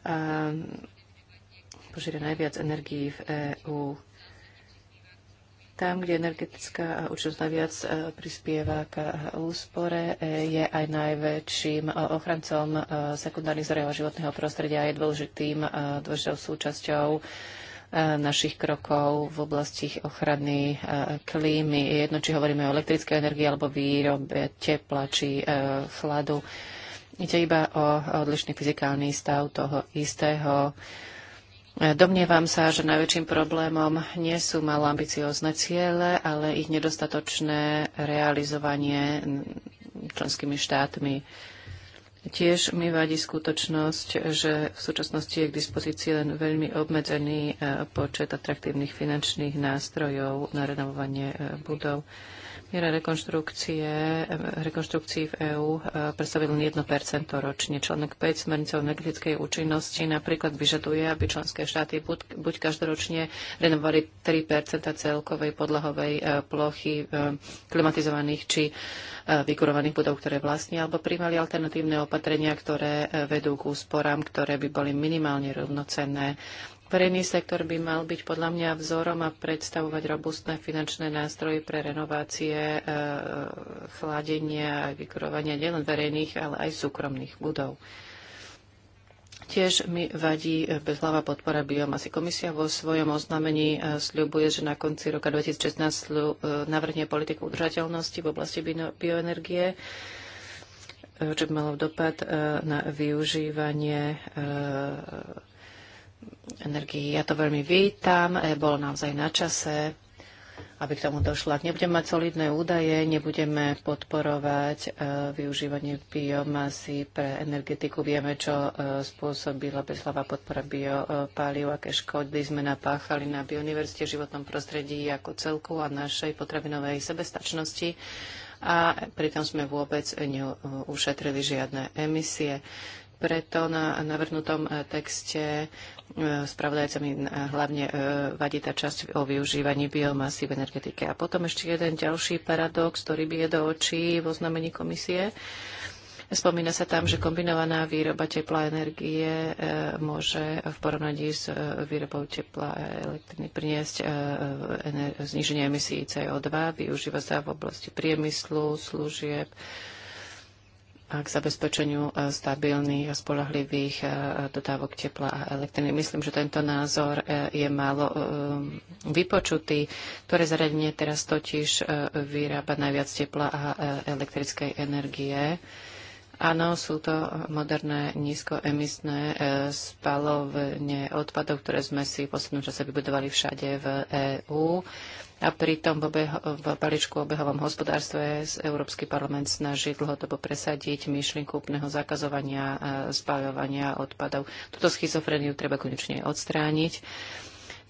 A požíra najviac energií v EÚ. Tam, kde energetická účasť najviac e, prispieva k e, úspore, e, je aj najväčším ochrancom sekundárnych zdrojov životného prostredia a je dôležitým, dôležitou súčasťou našich krokov v oblasti ochrany klímy. Jedno, či hovoríme o elektrickej energii alebo výrobe tepla či chladu. Ide iba o odlišný fyzikálny stav toho istého Domnievam sa, že najväčším problémom nie sú malo ambiciózne ciele, ale ich nedostatočné realizovanie členskými štátmi. Tiež mi vadí skutočnosť, že v súčasnosti je k dispozícii len veľmi obmedzený eh, počet atraktívnych finančných nástrojov na renovovanie eh, budov. Miera rekonštrukcie, eh, rekonštrukcií v EÚ eh, predstavil len 1% ročne. Článok 5 smernice o energetickej účinnosti napríklad vyžaduje, aby členské štáty buď, buď každoročne renovali 3% celkovej podlahovej eh, plochy klimatizovaných či vykurovaných budov, ktoré vlastní, alebo príjmali alternatívne opatrenia, ktoré vedú k úsporám, ktoré by boli minimálne rovnocenné Verejný sektor by mal byť podľa mňa vzorom a predstavovať robustné finančné nástroje pre renovácie, e, chladenia a vykurovania nielen verejných, ale aj súkromných budov. Tiež mi vadí e, bezhlava podpora biomasy. Komisia vo svojom oznámení e, sľubuje, že na konci roka 2016 navrhne politiku udržateľnosti v oblasti bioenergie čo by malo dopad na využívanie energii. Ja to veľmi vítam, bolo naozaj na čase, aby k tomu došlo. Ak nebudeme mať solidné údaje, nebudeme podporovať e, využívanie biomasy pre energetiku. Vieme, čo e, spôsobila bezhlava podpora biopáliv, aké škody sme napáchali na biodiverzite, životnom prostredí ako celku a našej potravinovej sebestačnosti a pritom sme vôbec neušetrili žiadne emisie. Preto na navrhnutom eh, texte eh, spravodajcami eh, hlavne vadí tá časť o využívaní biomasy v energetike. A potom ešte jeden ďalší paradox, ktorý bije do očí vo znamení komisie. Spomína sa tam, že kombinovaná výroba tepla energie môže v porovnaní s výrobou tepla elektriny priniesť zníženie emisí CO2. Využíva sa v oblasti priemyslu, služieb, a k zabezpečeniu e, stabilných a spolahlivých e, dodávok tepla a elektriny. Myslím, že tento názor e, je málo vypočutý. Ktoré zariadenie teraz totiž vyrába najviac tepla a elektrickej energie? Áno, sú to moderné nízkoemisné e, spalovne odpadov, ktoré sme si v poslednom čase vybudovali všade v EÚ. A pritom v, obeho, v paličku obehovom hospodárstve Európsky parlament snaží dlhodobo presadiť myšlienku úplného zakazovania e, spáľovania odpadov. Tuto schizofreniu treba konečne odstrániť.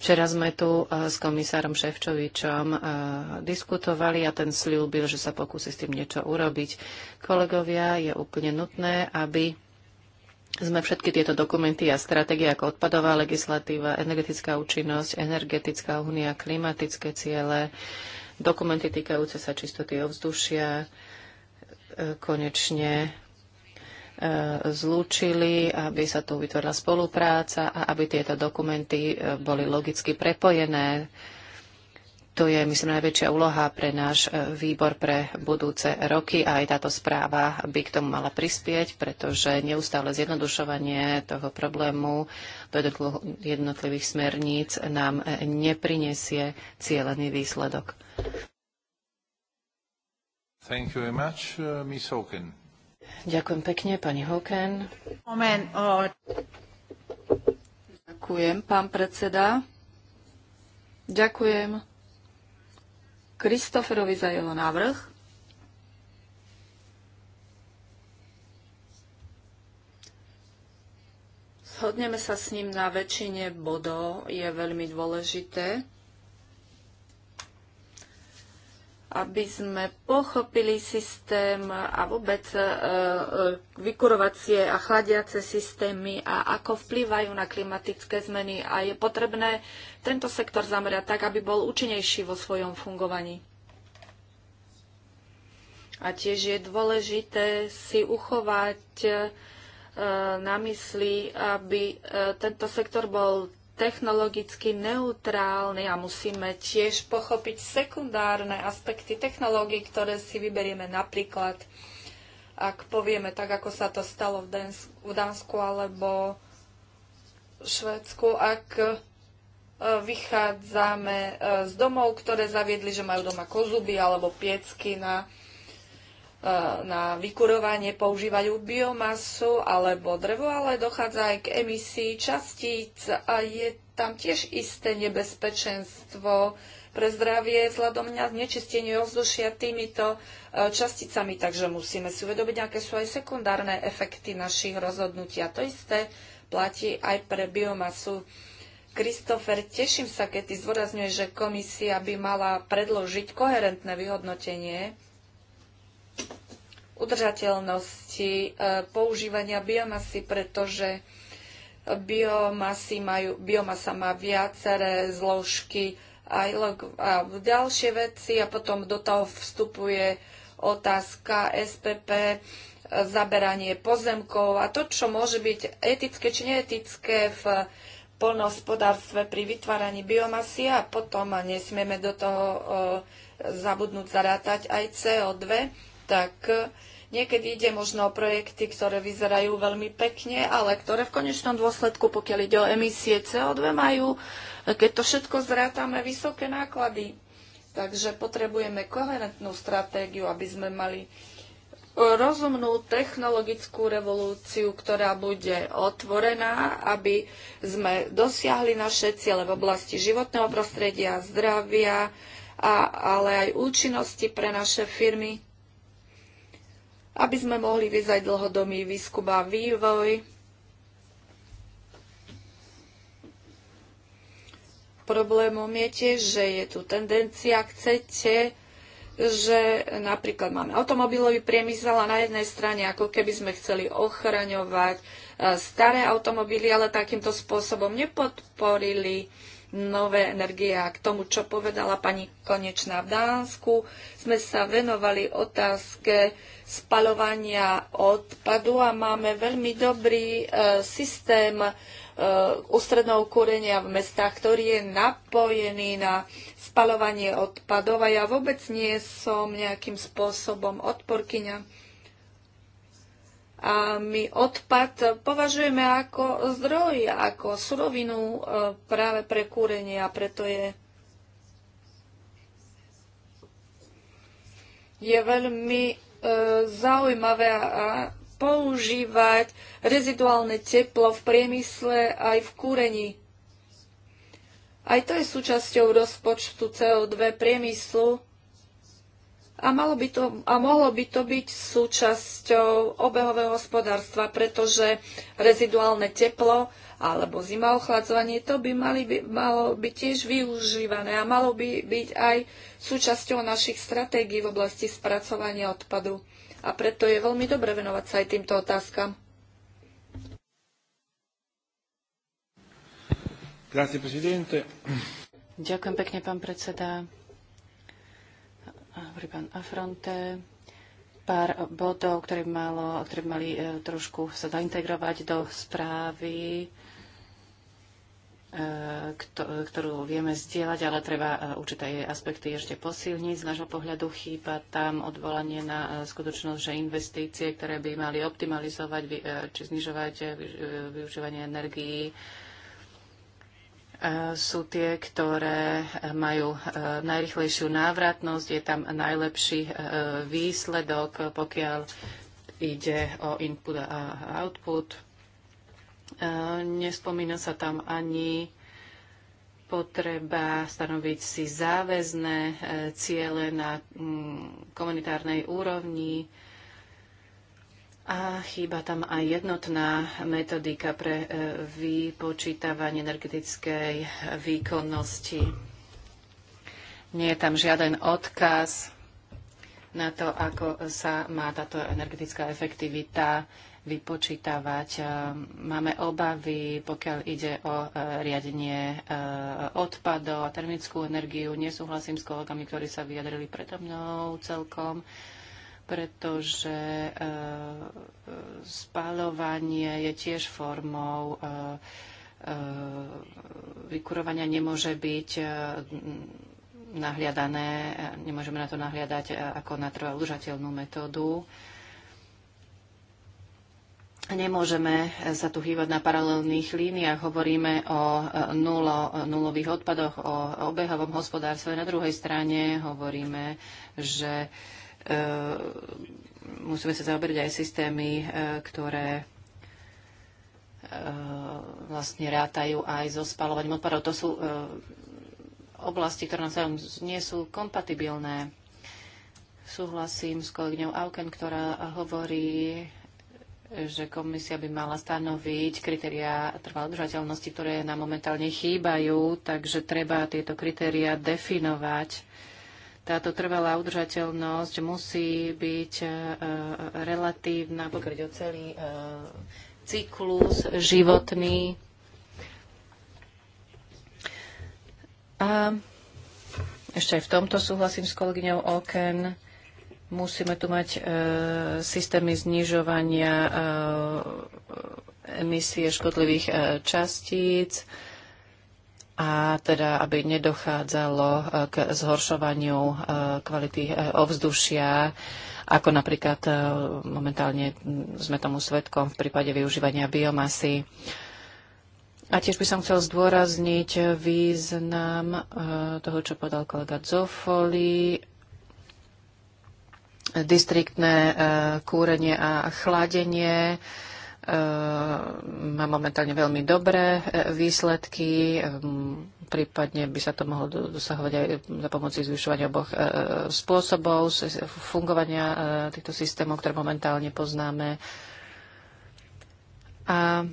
Včera sme tu e, s komisárom Ševčovičom e, diskutovali a ten slúbil, že sa pokúsi s tým niečo urobiť. Kolegovia, je úplne nutné, aby sme všetky tieto dokumenty a stratégie ako odpadová legislatíva, energetická účinnosť, energetická únia, klimatické ciele, dokumenty týkajúce sa čistoty ovzdušia, e, konečne zlúčili, aby sa tu vytvorila spolupráca a aby tieto dokumenty e, boli logicky prepojené. To je, myslím, najväčšia úloha pre náš e, výbor pre budúce roky a aj táto správa by k tomu mala prispieť, pretože neustále zjednodušovanie toho problému do jednotlivých smerníc nám e, neprinesie cieľený výsledok. Thank you very much, uh, Ms. Hawken. Ďakujem pekne, pani Hoken. Moment. O... Ďakujem, pán predseda. Ďakujem Kristoferovi za jeho návrh. Shodneme sa s ním na väčšine bodov. Je veľmi dôležité, aby sme pochopili systém a vôbec e, e, vykurovacie a chladiace systémy a ako vplývajú na klimatické zmeny a je potrebné tento sektor zamerať tak, aby bol účinnejší vo svojom fungovaní. A tiež je dôležité si uchovať e, na mysli, aby tento sektor bol technologicky neutrálny a musíme tiež pochopiť sekundárne aspekty technológií, ktoré si vyberieme napríklad, ak povieme tak, ako sa to stalo v Dánsku, v Dánsku alebo Švédsku, ak e, vychádzame e, z domov, ktoré zaviedli, že majú doma kozuby alebo piecky na Eh, na vykurovanie používajú biomasu alebo drevo, ale dochádza aj k emisii častíc a je tam tiež isté nebezpečenstvo pre zdravie vzhľadom na znečistenie ovzdušia týmito eh, časticami. Takže musíme si uvedomiť, aké sú aj sekundárne efekty našich rozhodnutí. A to isté platí aj pre biomasu. Kristofer, teším sa, keď ty zdôrazňuješ, že komisia by mala predložiť koherentné vyhodnotenie udržateľnosti e, používania biomasy, pretože biomasy majú, biomasa má viaceré zložky aj a ďalšie veci a potom do toho vstupuje otázka SPP, e, zaberanie pozemkov a to, čo môže byť etické či neetické v polnohospodárstve pri vytváraní biomasy a potom nesmieme do toho e, zabudnúť zarátať aj CO2 tak e, niekedy ide možno o projekty, ktoré vyzerajú veľmi pekne, ale ktoré v konečnom dôsledku, pokiaľ ide o emisie CO2, majú, e, keď to všetko zrátame, vysoké náklady. Takže potrebujeme koherentnú stratégiu, aby sme mali e, rozumnú technologickú revolúciu, ktorá bude otvorená, aby sme dosiahli naše ciele v oblasti životného prostredia, zdravia, a, ale aj účinnosti pre naše firmy aby sme mohli vyzať dlhodomý výskum a vývoj. Problémom je tiež, že je tu tendencia, chcete, že napríklad máme automobilový priemysel a na jednej strane ako keby sme chceli ochraňovať e, staré automobily, ale takýmto spôsobom nepodporili nové energie. A k tomu, čo povedala pani Konečná v Dánsku, sme sa venovali otázke spalovania odpadu a máme veľmi dobrý e, systém e, ústredného kúrenia v mestách, ktorý je napojený na spalovanie odpadov a ja vôbec nie som nejakým spôsobom odporkyňa. A my odpad považujeme ako zdroj, ako surovinu e, práve pre kúrenie a preto je je veľmi zaujímavé a používať reziduálne teplo v priemysle aj v kúrení. Aj to je súčasťou rozpočtu CO2 priemyslu a, malo by to, a mohlo by to byť súčasťou obehového hospodárstva, pretože reziduálne teplo alebo zima ochladzovanie, to by mali by, malo byť tiež využívané a malo by byť aj súčasťou našich stratégií v oblasti spracovania odpadu. A preto je veľmi dobre venovať sa aj týmto otázkam. Ďakujem pekne, pán predseda. Hovorí pán Afronte pár bodov, ktoré, malo, ktoré mali e, trošku sa zaintegrovať do správy. E, ktorú vieme zdieľať, ale treba e, určité jej aspekty ešte posilniť. Z nášho pohľadu chýba tam odvolanie na e, skutočnosť, že investície, ktoré by mali optimalizovať či znižovať využívanie energií, sú tie, ktoré majú najrychlejšiu návratnosť, je tam najlepší výsledok, pokiaľ ide o input a output E, nespomína sa tam ani potreba stanoviť si záväzné e, ciele na mm, komunitárnej úrovni a chýba tam aj jednotná metodika pre e, vypočítavanie energetickej výkonnosti. Nie je tam žiaden odkaz na to, ako sa má táto energetická efektivita vypočítavať. E, máme obavy, pokiaľ ide o e, riadenie e, odpadov a termickú energiu. Nesúhlasím s kolegami, ktorí sa vyjadrili predo mnou celkom pretože e, spáľovanie je tiež formou vykurovania nemôže byť nahliadané, nemôžeme na to nahliadať ako na trvalúžateľnú metódu. Nemôžeme sa tu hývať na paralelných líniách. Hovoríme o e, nulo, e, nulových odpadoch, o obehovom hospodárstve. Na druhej strane hovoríme, že e, musíme sa zaoberať aj systémy, e, ktoré e, vlastne rátajú aj so spalovaním odpadov. To sú e, oblasti, ktoré nám nie sú kompatibilné. Súhlasím s kolegyňou Auken, ktorá hovorí že komisia by mala stanoviť kritériá trvalej udržateľnosti, ktoré nám momentálne chýbajú, takže treba tieto kritériá definovať. Táto trvalá udržateľnosť musí byť e, e relatívna, pokiaľ o celý e, cyklus životný. A ešte aj v tomto súhlasím s kolegyňou Oken. Okay. Musíme tu mať e, systémy znižovania e, emisie škodlivých e, častíc a teda, aby nedochádzalo e, k zhoršovaniu e, kvality e, ovzdušia, ako napríklad momentálne sme tomu svetkom v prípade využívania biomasy. A tiež by som chcel zdôrazniť význam toho, čo podal kolega Zofoli distriktné e, kúrenie a chladenie e, má momentálne veľmi dobré e, výsledky, prípadne by sa to mohlo dosahovať aj za pomoci zvyšovania oboch spôsobov fungovania týchto systémov, ktoré momentálne poznáme. A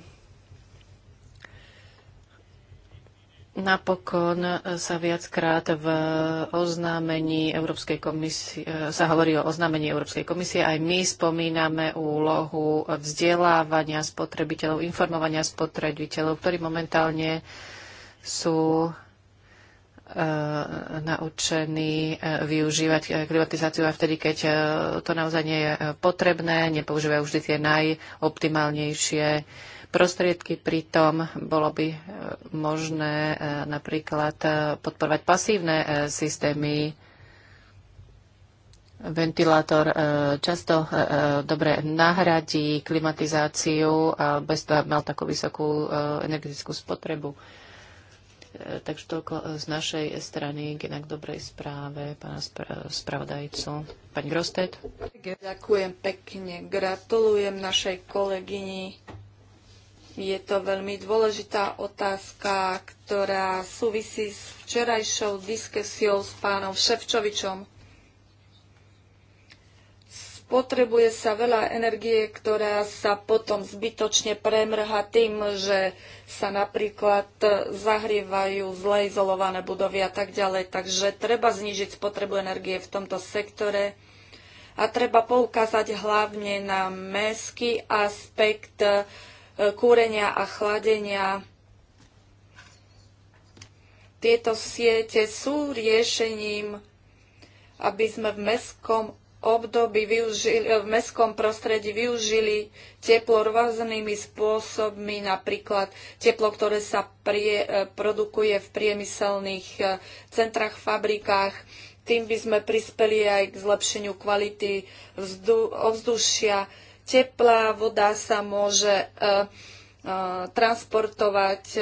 Napokon sa viackrát v oznámení Európskej komisie, sa hovorí o oznámení Európskej komisie, aj my spomíname úlohu vzdelávania spotrebiteľov, informovania spotrebiteľov, ktorí momentálne sú e, naučení e, využívať klimatizáciu e, a vtedy, keď to naozaj nie je potrebné, nepoužívajú vždy tie najoptimálnejšie prostriedky. Pritom bolo by e, možné e, napríklad e, podporovať pasívne systémy. Ventilátor často dobre nahradí klimatizáciu a bez toho mal takú vysokú energetickú spotrebu. Takže toľko z našej strany k inak dobrej správe pána spra- spravodajcu. Pani Grostet. Ďakujem pekne. Gratulujem našej kolegyni je to veľmi dôležitá otázka, ktorá súvisí s včerajšou diskusiou s pánom Ševčovičom. Potrebuje sa veľa energie, ktorá sa potom zbytočne premrha tým, že sa napríklad zahrievajú zle izolované budovy a tak ďalej. Takže treba znižiť spotrebu energie v tomto sektore a treba poukázať hlavne na mestský aspekt kúrenia a chladenia. Tieto siete sú riešením, aby sme v mestskom období využili, v mestskom prostredí využili teplo rôznymi spôsobmi, napríklad teplo, ktoré sa prie, e, produkuje v priemyselných e, centrách, fabrikách. Tým by sme prispeli aj k zlepšeniu kvality vzdu, ovzdušia, Teplá voda sa môže e, e, transportovať e,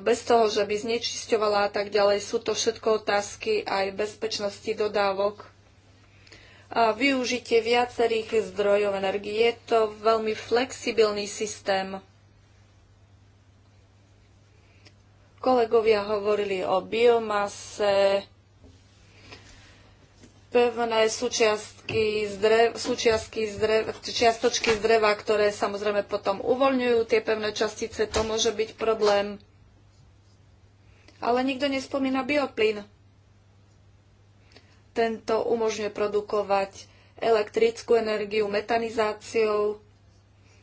bez toho, že by znečisťovala a tak ďalej. Sú to všetko otázky aj bezpečnosti dodávok. A využitie viacerých zdrojov energie. Je to veľmi flexibilný systém. Kolegovia hovorili o biomase, pevné súčiastky z, drev, súčiastky z drev, čiastočky z dreva, ktoré samozrejme potom uvoľňujú tie pevné častice, to môže byť problém. Ale nikto nespomína bioplyn. Tento umožňuje produkovať elektrickú energiu metanizáciou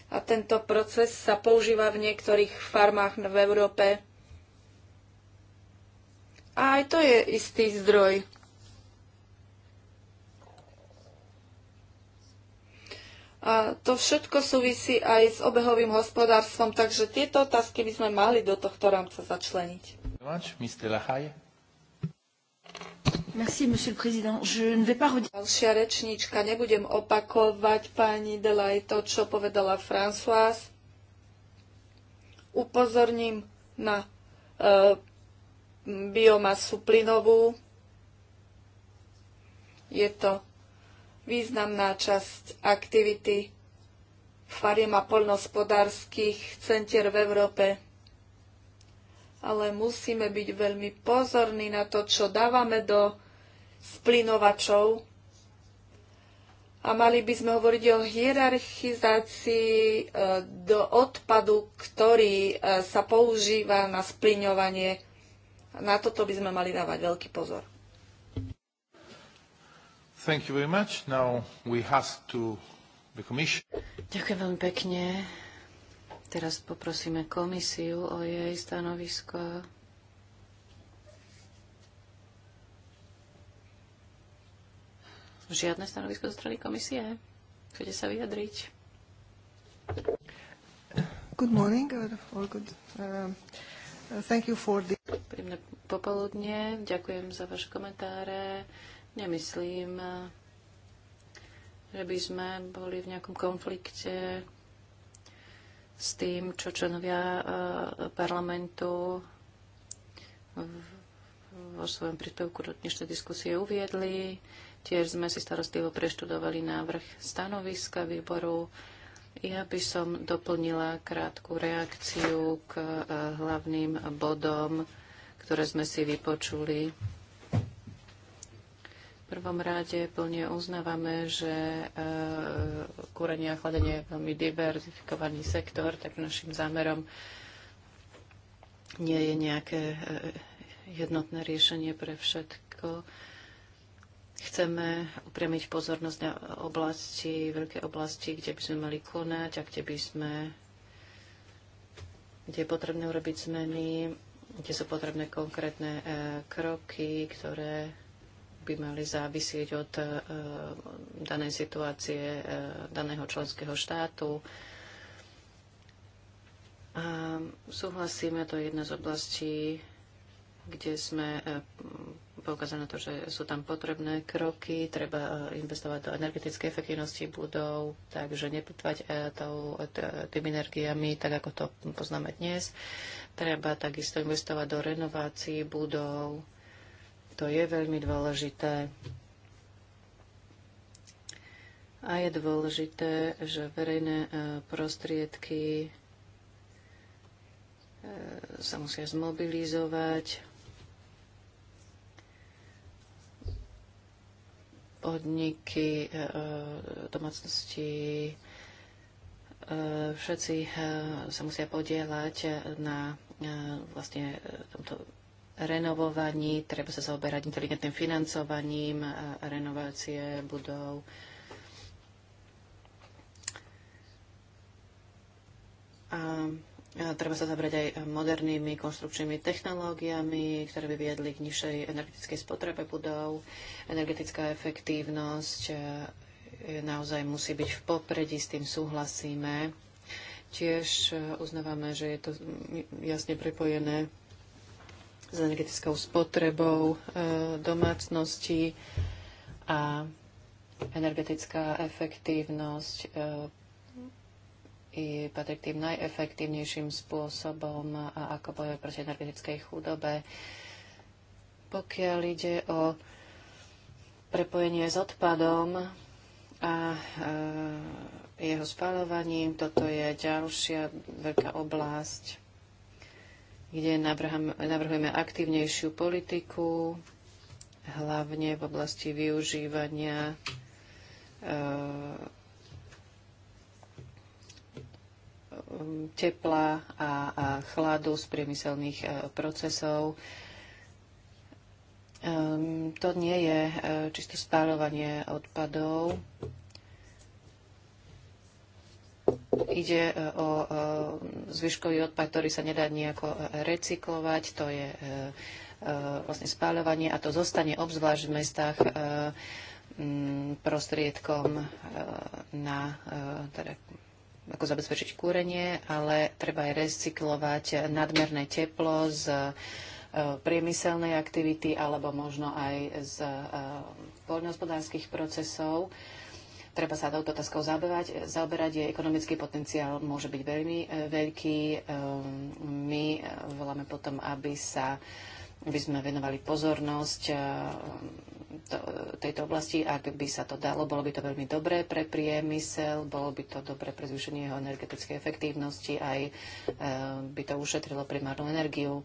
a tento proces sa používa v niektorých farmách v Európe. A aj to je istý zdroj A to všetko súvisí aj s obehovým hospodárstvom, takže tieto otázky by sme mali do tohto rámca začleniť. Merci, monsieur le président. Je ne vais pas Ďalšia rečníčka, nebudem opakovať pani Delaj to, čo povedala Françoise. Upozorním na e, biomasu plynovú. Je to Významná časť aktivity fariem a poľnohospodárskych centier v Európe. Ale musíme byť veľmi pozorní na to, čo dávame do splinovačov. A mali by sme hovoriť o hierarchizácii e, do odpadu, ktorý e, sa používa na splyňovanie. Na toto by sme mali dávať veľký pozor. Thank you very much. Now we ask to the commission. Ďakujem veľmi pekne. Teraz poprosíme komisiu o jej stanovisko. Žiadne stanovisko zo strany komisie? Chcete sa vyjadriť? Good morning, good. Uh, thank you for the... Príjemné popoludne. Ďakujem za vaše komentáre. Nemyslím, eh, že by sme boli v nejakom konflikte s tým, čo členovia eh, parlamentu vo svojom príspevku do dnešnej diskusie uviedli. Tiež sme si starostlivo preštudovali návrh stanoviska výboru. Ja by som doplnila krátku reakciu k eh, hlavným bodom, ktoré sme si vypočuli prvom rade plne uznávame, že e, kúrenie a chladenie je veľmi diverzifikovaný sektor, tak našim zámerom nie je nejaké e, jednotné riešenie pre všetko. Chceme upriamiť pozornosť na oblasti, veľké oblasti, kde by sme mali konať a kde by sme kde je potrebné urobiť zmeny, kde sú potrebné konkrétne e, kroky, ktoré by mali závisieť od e, danej situácie e, daného členského štátu. A súhlasíme, to je jedna z oblastí, kde sme e, poukázali na to, že sú tam potrebné kroky, treba investovať do energetickej efektivnosti budov, takže nepitvať tými energiami, tak ako to poznáme dnes. Treba takisto investovať do renovácií budov, to je veľmi dôležité. A je dôležité, že verejné e, prostriedky e, sa musia zmobilizovať. Podniky, e, domácnosti, všetci sa musia podielať na vlastne tomto renovovaní, treba sa zaoberať inteligentným financovaním renovácie budov. A Treba sa zabrať aj modernými konštrukčnými technológiami, ktoré by viedli k nižšej energetickej spotrebe budov. Energetická efektívnosť e, naozaj musí byť v popredí, s tým súhlasíme. Tiež uznávame, že je to jasne prepojené s energetickou spotrebou e, domácnosti a energetická efektívnosť e, i patrí k tým najefektívnejším spôsobom, a ako bojovať proti energetickej chudobe. Pokiaľ ide o prepojenie s odpadom a e, jeho spalovaním, toto je ďalšia veľká oblasť, kde navrhujeme aktívnejšiu politiku, hlavne v oblasti využívania eh, tepla a, a chladu z priemyselných eh, procesov. Ehm, to nie je eh, čisto spáľovanie odpadov. Ide e, o e, zvyškový odpad, ktorý sa nedá nejako e, recyklovať. To je vlastne spáľovanie a to zostane obzvlášť v mestách prostriedkom na teda, ako zabezpečiť kúrenie, ale treba aj recyklovať nadmerné teplo z priemyselnej aktivity alebo možno aj z poľnohospodárskych procesov Treba sa touto otázkou zaoberať. zaoberať. Jej ekonomický potenciál môže byť veľmi e, veľký. E, my e, voláme potom, aby sa by sme venovali pozornosť to, tejto oblasti. Ak by sa to dalo, bolo by to veľmi dobré pre priemysel, bolo by to dobré pre zvýšenie jeho energetickej efektívnosti, aj by to ušetrilo primárnu energiu.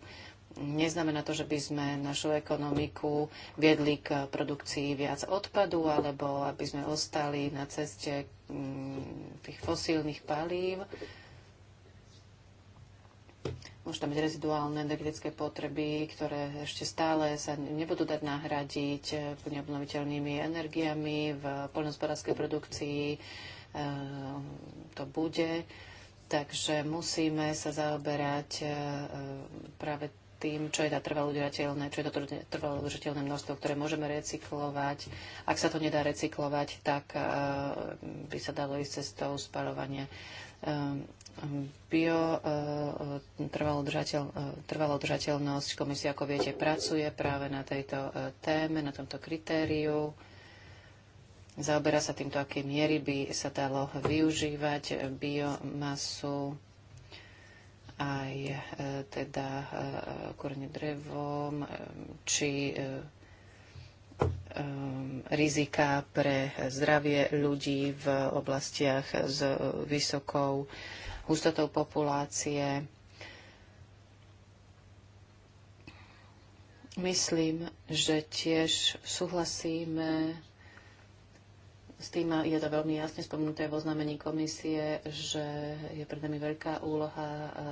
Neznamená to, že by sme našu ekonomiku viedli k produkcii viac odpadu, alebo aby sme ostali na ceste mm, tých fosílnych palív. Môžu tam byť reziduálne energetické potreby, ktoré ešte stále sa nebudú dať nahradiť eh, neobnoviteľnými energiami v poľnohospodárskej produkcii. Eh, to bude. Takže musíme sa zaoberať eh, práve tým, čo je tá trvalo udržateľné, čo je to trvalo udržateľné množstvo, ktoré môžeme recyklovať. Ak sa to nedá recyklovať, tak e, by sa dalo ísť cestou spalovania e, bio e, trvalo udržateľnosť. Komisia, ako viete, pracuje práve na tejto téme, na tomto kritériu. Zaoberá sa týmto, aké miery by sa dalo využívať biomasu aj e, teda e, korene drevom, e, či rizika pre zdravie ľudí v oblastiach s vysokou hustotou populácie. Myslím, že tiež súhlasíme s tým je to veľmi jasne spomenuté vo znamení komisie, že je pred nami veľká úloha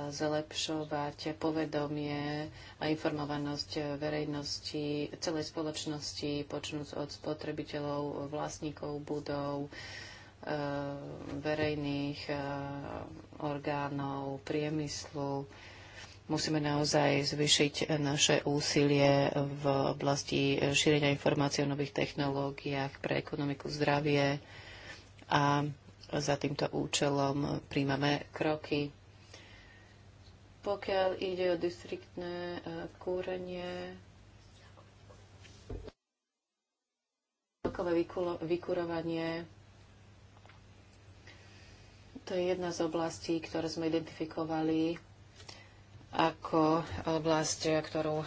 zlepšovať povedomie a informovanosť verejnosti, celej spoločnosti, počnúc od spotrebiteľov, vlastníkov budov, e, verejných e, orgánov, priemyslu, musíme naozaj zvyšiť naše úsilie v oblasti šírenia informácií o nových technológiách pre ekonomiku zdravie a za týmto účelom príjmame kroky. Pokiaľ ide o distriktné e, kúrenie, celkové vykurovanie, to je jedna z oblastí, ktoré sme identifikovali ako oblasť, e, e, ktorú,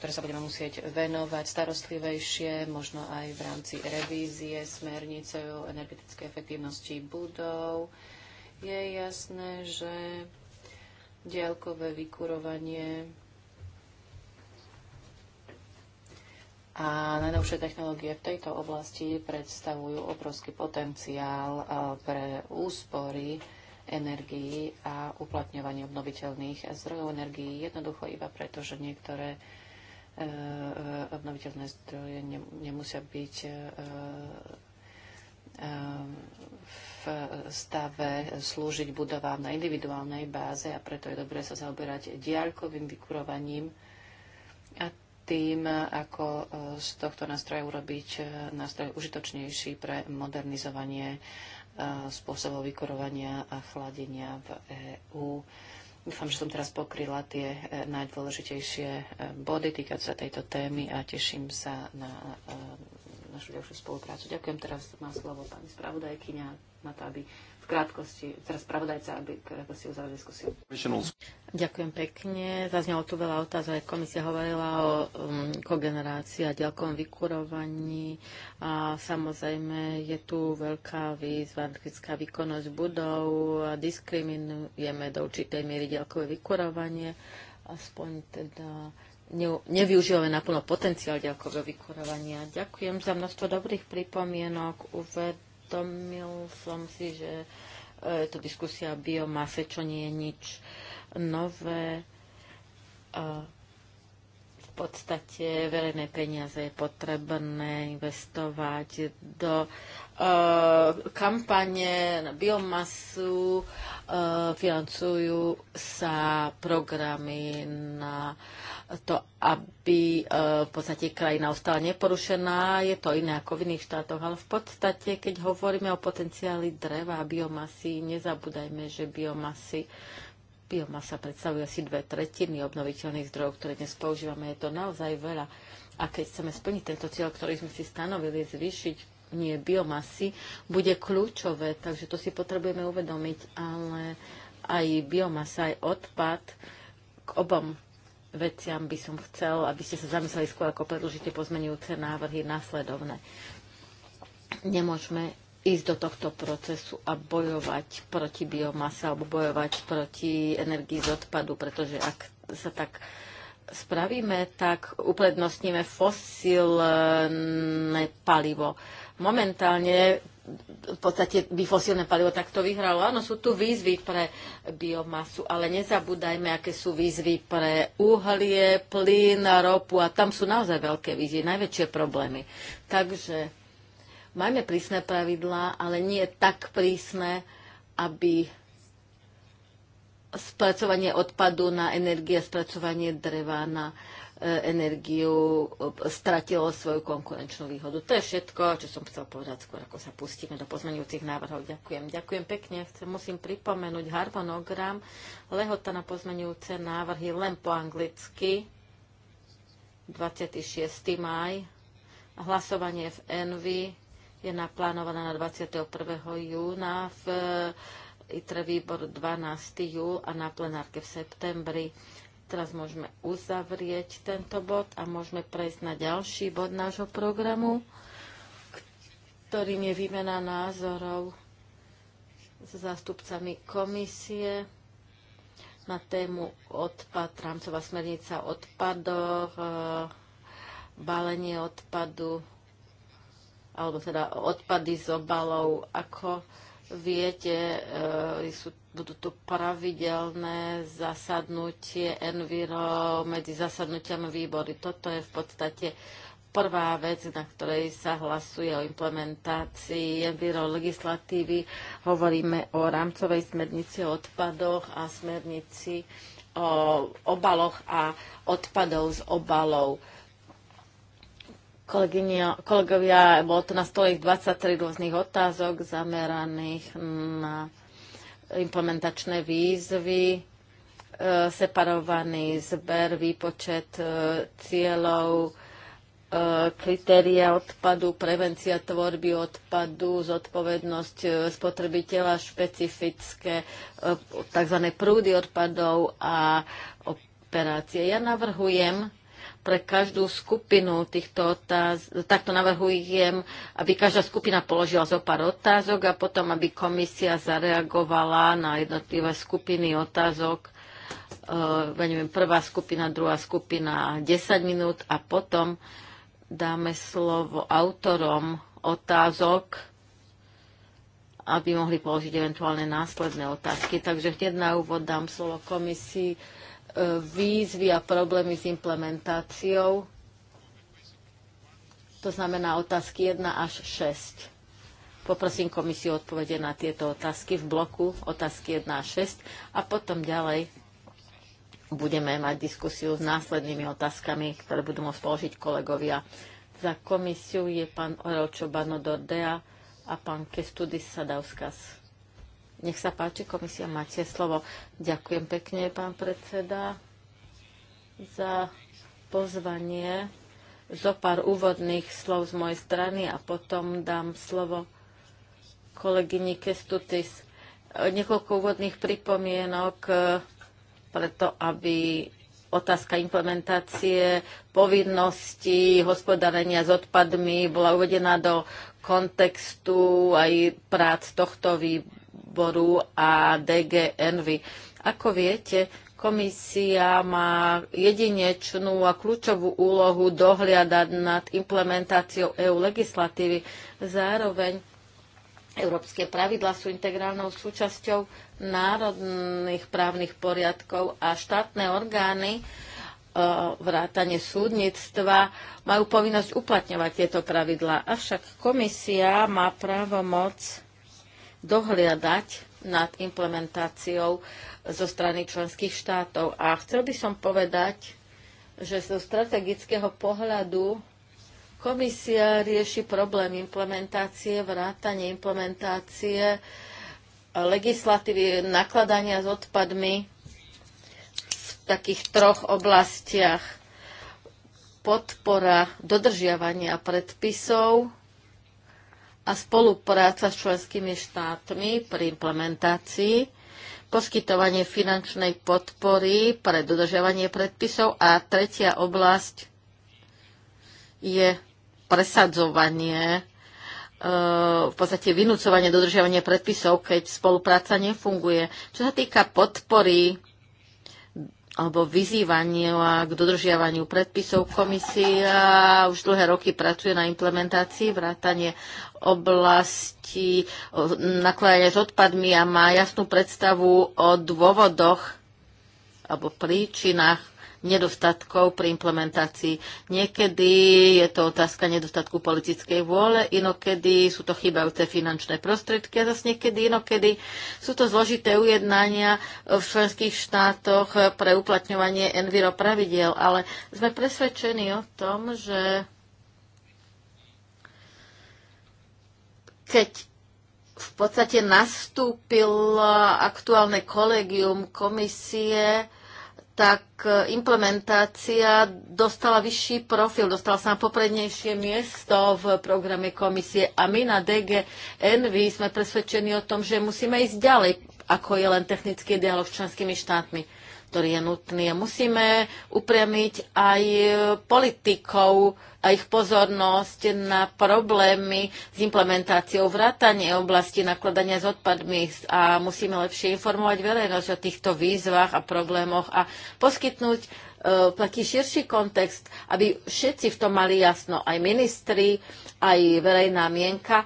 e, sa budeme musieť venovať starostlivejšie, možno aj v rámci revízie smernice o energetickej efektívnosti budov. Je jasné, že diaľkové vykurovanie a najnovšie technológie v tejto oblasti predstavujú obrovský potenciál pre úspory energií a uplatňovanie obnoviteľných zdrojov energií. Jednoducho iba preto, že niektoré e, e, obnoviteľné zdroje nemusia byť e, v stave slúžiť budovám na individuálnej báze a preto je dobré sa zaoberať diaľkovým vykurovaním a tým, ako z tohto nástroja urobiť nástroj užitočnejší pre modernizovanie spôsobov vykurovania a chladenia v EÚ. Dúfam, že som teraz pokryla tie e, najdôležitejšie e, body týkať sa tejto témy a teším sa na e, našu ďalšiu spoluprácu. Ďakujem, teraz má slovo pani spravodajkyňa na to, aby krátkosti, teraz spravodajca, aby krátkosti uzavrel diskusiu. Ďakujem pekne. Zaznelo tu veľa otázok. Komisia hovorila o um, kogenerácii a ďalkom vykurovaní. A samozrejme je tu veľká výzva, kritická výkonnosť budov a diskriminujeme do určitej miery ďalkové vykurovanie. Aspoň teda ne, nevyužívame naplno potenciál ďalkového vykurovania. Ďakujem za množstvo dobrých pripomienok. Uved, uvedomil som si, že je to diskusia o biomase, čo nie je nič nové. V podstate verejné peniaze je potrebné investovať do Eh, kampane na biomasu, eh, financujú sa programy na to, aby eh, v podstate krajina ostala neporušená. Je to iné ako v iných štátoch, ale v podstate, keď hovoríme o potenciáli dreva a biomasy, nezabúdajme, že biomasy Biomasa predstavuje asi dve tretiny obnoviteľných zdrojov, ktoré dnes používame. Je to naozaj veľa. A keď chceme splniť tento cieľ, ktorý sme si stanovili, zvýšiť nie biomasy, bude kľúčové, takže to si potrebujeme uvedomiť, ale aj biomasa, aj odpad k obom veciam by som chcel, aby ste sa zamysleli skôr, ako predložíte pozmenujúce návrhy následovné. Nemôžeme ísť do tohto procesu a bojovať proti biomase alebo bojovať proti energii z odpadu, pretože ak sa tak spravíme, tak uprednostníme fosílne palivo momentálne v podstate by fosílne palivo takto vyhralo. Áno, sú tu výzvy pre biomasu, ale nezabúdajme, aké sú výzvy pre uhlie, plyn, ropu a tam sú naozaj veľké výzvy, najväčšie problémy. Takže majme prísne pravidlá, ale nie tak prísne, aby spracovanie odpadu na energie, spracovanie dreva na energiu stratilo svoju konkurenčnú výhodu. To je všetko, čo som chcel povedať skôr, ako sa pustíme do pozmenujúcich návrhov. Ďakujem. Ďakujem pekne. Chcem, musím pripomenúť harmonogram. Lehota na pozmenujúce návrhy len po anglicky. 26. maj. Hlasovanie v Envy je naplánované na 21. júna v eh, ITRE výbor 12. júl a na plenárke v septembri. Teraz môžeme uzavrieť tento bod a môžeme prejsť na ďalší bod nášho programu, ktorým je výmena názorov s zástupcami komisie na tému odpad, rámcová smernica odpadov, e, balenie odpadu, alebo teda odpady z obalov, ako Viete, e, sú, budú tu pravidelné zasadnutie Enviro medzi zasadnutiam výbory. Toto je v podstate prvá vec, na ktorej sa hlasuje o implementácii Enviro legislatívy. Hovoríme o rámcovej smernici o odpadoch a smernici o obaloch a odpadov z obalov Kolegyňa, kolegovia, bolo to na stole 23 rôznych otázok zameraných na implementačné výzvy, e, separovaný zber, výpočet e, cieľov, e, kritéria odpadu, prevencia tvorby odpadu, zodpovednosť spotrebiteľa, špecifické tzv. prúdy odpadov a operácie. Ja navrhujem pre každú skupinu týchto otázok, takto navrhujem, aby každá skupina položila zo pár otázok a potom, aby komisia zareagovala na jednotlivé skupiny otázok. E, neviem, prvá skupina, druhá skupina 10 minút a potom dáme slovo autorom otázok, aby mohli položiť eventuálne následné otázky. Takže hneď na úvod dám slovo komisii výzvy a problémy s implementáciou. To znamená otázky 1 až 6. Poprosím komisiu o odpovede na tieto otázky v bloku otázky 1 až 6 a potom ďalej budeme mať diskusiu s následnými otázkami, ktoré budú môcť položiť kolegovia. Za komisiu je pán Orelčo Banodordea a pán Kestudis Sadauskas. Nech sa páči, komisia, máte slovo. Ďakujem pekne, pán predseda, za pozvanie. Zo pár úvodných slov z mojej strany a potom dám slovo kolegyni Kestutis. Niekoľko úvodných pripomienok e, preto, aby otázka implementácie povinností hospodárenia s odpadmi bola uvedená do kontextu aj prác tohto výboru odboru a DG Envy. Ako viete, komisia má jedinečnú a kľúčovú úlohu dohliadať nad implementáciou EU legislatívy. Zároveň Európske pravidla sú integrálnou súčasťou národných právnych poriadkov a štátne orgány e, vrátane súdnictva majú povinnosť uplatňovať tieto pravidlá. Avšak komisia má právomoc dohliadať nad implementáciou zo strany členských štátov. A chcel by som povedať, že zo strategického pohľadu komisia rieši problém implementácie, vrátanie implementácie legislatívy nakladania s odpadmi v takých troch oblastiach. Podpora dodržiavania predpisov, a spolupráca s členskými štátmi pri implementácii, poskytovanie finančnej podpory pre dodržiavanie predpisov a tretia oblasť je presadzovanie, e, v podstate vynúcovanie dodržiavanie predpisov, keď spolupráca nefunguje. Čo sa týka podpory alebo vyzývaniu a k dodržiavaniu predpisov komisia už dlhé roky pracuje na implementácii vrátanie oblasti nakladania s odpadmi a má jasnú predstavu o dôvodoch alebo príčinách nedostatkov pri implementácii. Niekedy je to otázka nedostatku politickej vôle, inokedy sú to chýbajúce finančné prostriedky a zase niekedy, inokedy sú to zložité ujednania v členských štátoch pre uplatňovanie enviro pravidiel, ale sme presvedčení o tom, že keď v podstate nastúpil aktuálne kolegium komisie, tak e, implementácia dostala vyšší profil, dostala sa na poprednejšie miesto v programe komisie a my na DG Envy sme presvedčení o tom, že musíme ísť ďalej, ako je len technický dialog s členskými štátmi ktorý je nutný. Musíme upriamiť aj politikov a ich pozornosť na problémy s implementáciou vrátanie oblasti nakladania s odpadmi a musíme lepšie informovať verejnosť o týchto výzvach a problémoch a poskytnúť e, taký širší kontext, aby všetci v tom mali jasno, aj ministri, aj verejná mienka,